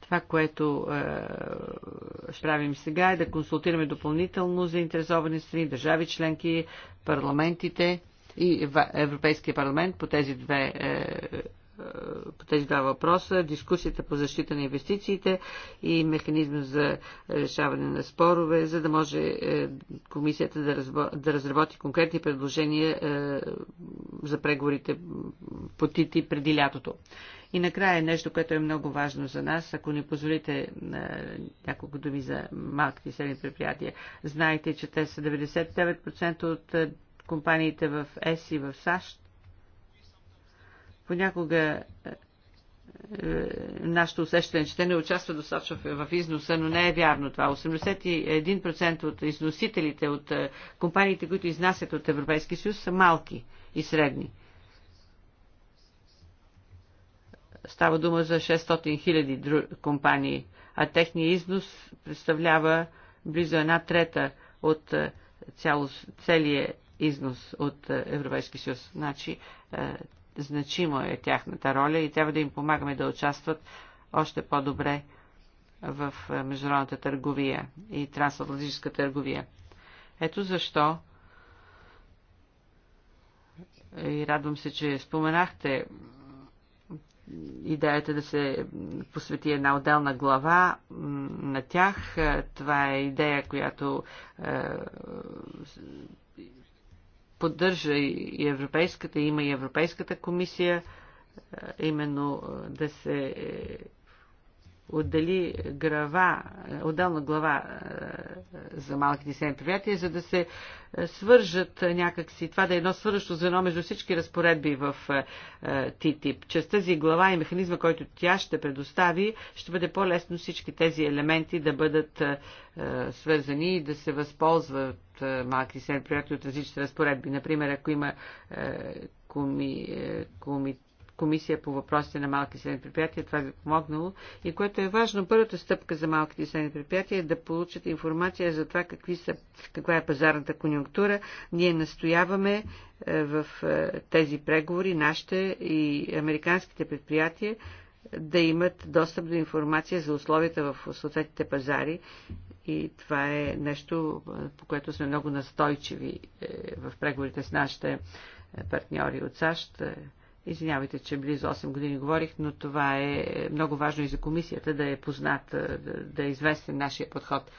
Това, което е, ще правим сега е да консултираме допълнително заинтересовани страни, държави членки, парламентите и Европейския парламент по тези две е, по тези два въпроса, дискусията по защита на инвестициите и механизма за решаване на спорове, за да може е, комисията да, разработи конкретни предложения е, за преговорите по ТИТИ преди лятото. И накрая нещо, което е много важно за нас, ако ни позволите е, няколко думи за малките и средни предприятия. Знаете, че те са 99% от компаниите в ЕС и в САЩ Понякога е, е, нашето усещане, че те не участват достатъчно в износа, но не е вярно това. 81% от износителите, от е, компаниите, които изнасят от Европейския съюз, са малки и средни. Става дума за 600 хиляди компании, а техния износ представлява близо една трета от цяло, целият износ от Европейския съюз. Значи Значимо е тяхната роля и трябва да им помагаме да участват още по-добре в е, международната търговия и трансатлантическа търговия. Ето защо е, и радвам се, че споменахте идеята да се посвети една отделна глава на тях. Е, това е идея, която поддържа и Европейската, има и Европейската комисия, именно да се е, отдели грава, отделна глава е, за малките и средни предприятия, за да се е, свържат някакси, това да е едно свързващо звено между всички разпоредби в е, ТИТИП. Чрез тази глава и механизма, който тя ще предостави, ще бъде по-лесно всички тези елементи да бъдат свързани и да се възползват малки и средни предприятия от различни разпоредби. Например, ако има комитет, комисия по въпросите на малки и средни предприятия. Това ви е помогнало. И което е важно, първата стъпка за малките и средни предприятия е да получат информация за това какви са, каква е пазарната конюнктура. Ние настояваме е, в е, тези преговори нашите и американските предприятия да имат достъп до информация за условията в съответните пазари и това е нещо, по което сме много настойчиви е, в преговорите с нашите партньори от САЩ, Извинявайте, че близо 8 години говорих, но това е много важно и за комисията да е познат, да е известен нашия подход.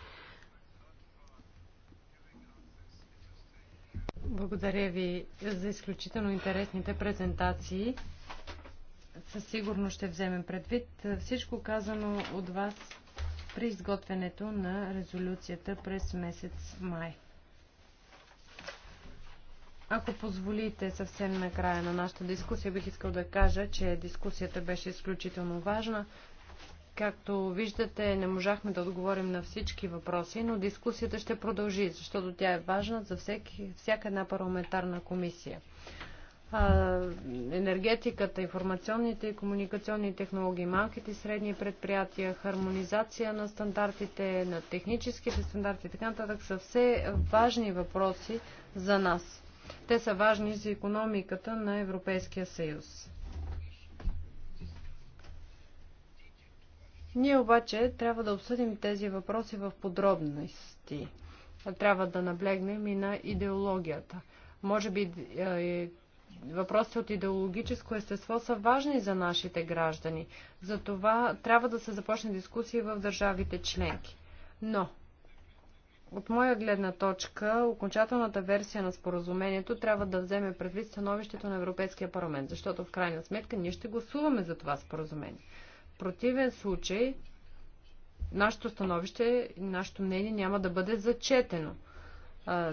Благодаря ви за изключително интересните презентации. Със сигурност ще вземем предвид всичко казано от вас при изготвянето на резолюцията през месец май. Ако позволите съвсем на края на нашата дискусия, бих искал да кажа, че дискусията беше изключително важна. Както виждате, не можахме да отговорим на всички въпроси, но дискусията ще продължи, защото тя е важна за всеки, всяка една парламентарна комисия. А, енергетиката, информационните и комуникационни технологии, малките и средни предприятия, хармонизация на стандартите, на техническите стандарти и така нататък са все важни въпроси за нас. Те са важни за економиката на Европейския съюз. Ние обаче трябва да обсъдим тези въпроси в подробности. Трябва да наблегнем и на идеологията. Може би е, въпроси от идеологическо естество са важни за нашите граждани. Затова трябва да се започне дискусия в държавите членки. Но от моя гледна точка, окончателната версия на споразумението трябва да вземе предвид становището на Европейския парламент, защото в крайна сметка ние ще гласуваме за това споразумение. В противен случай, нашето становище, нашето мнение няма да бъде зачетено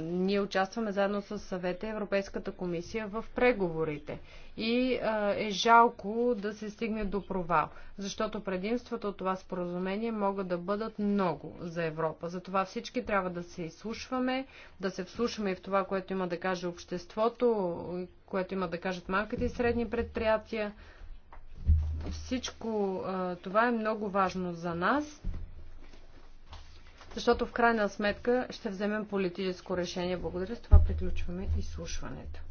ние участваме заедно с съвета и Европейската комисия в преговорите. И е жалко да се стигне до провал, защото предимствата от това споразумение могат да бъдат много за Европа. Затова всички трябва да се изслушваме, да се вслушаме и в това, което има да каже обществото, което има да кажат малките и средни предприятия. Всичко това е много важно за нас защото в крайна сметка ще вземем политическо решение. Благодаря. С това приключваме изслушването.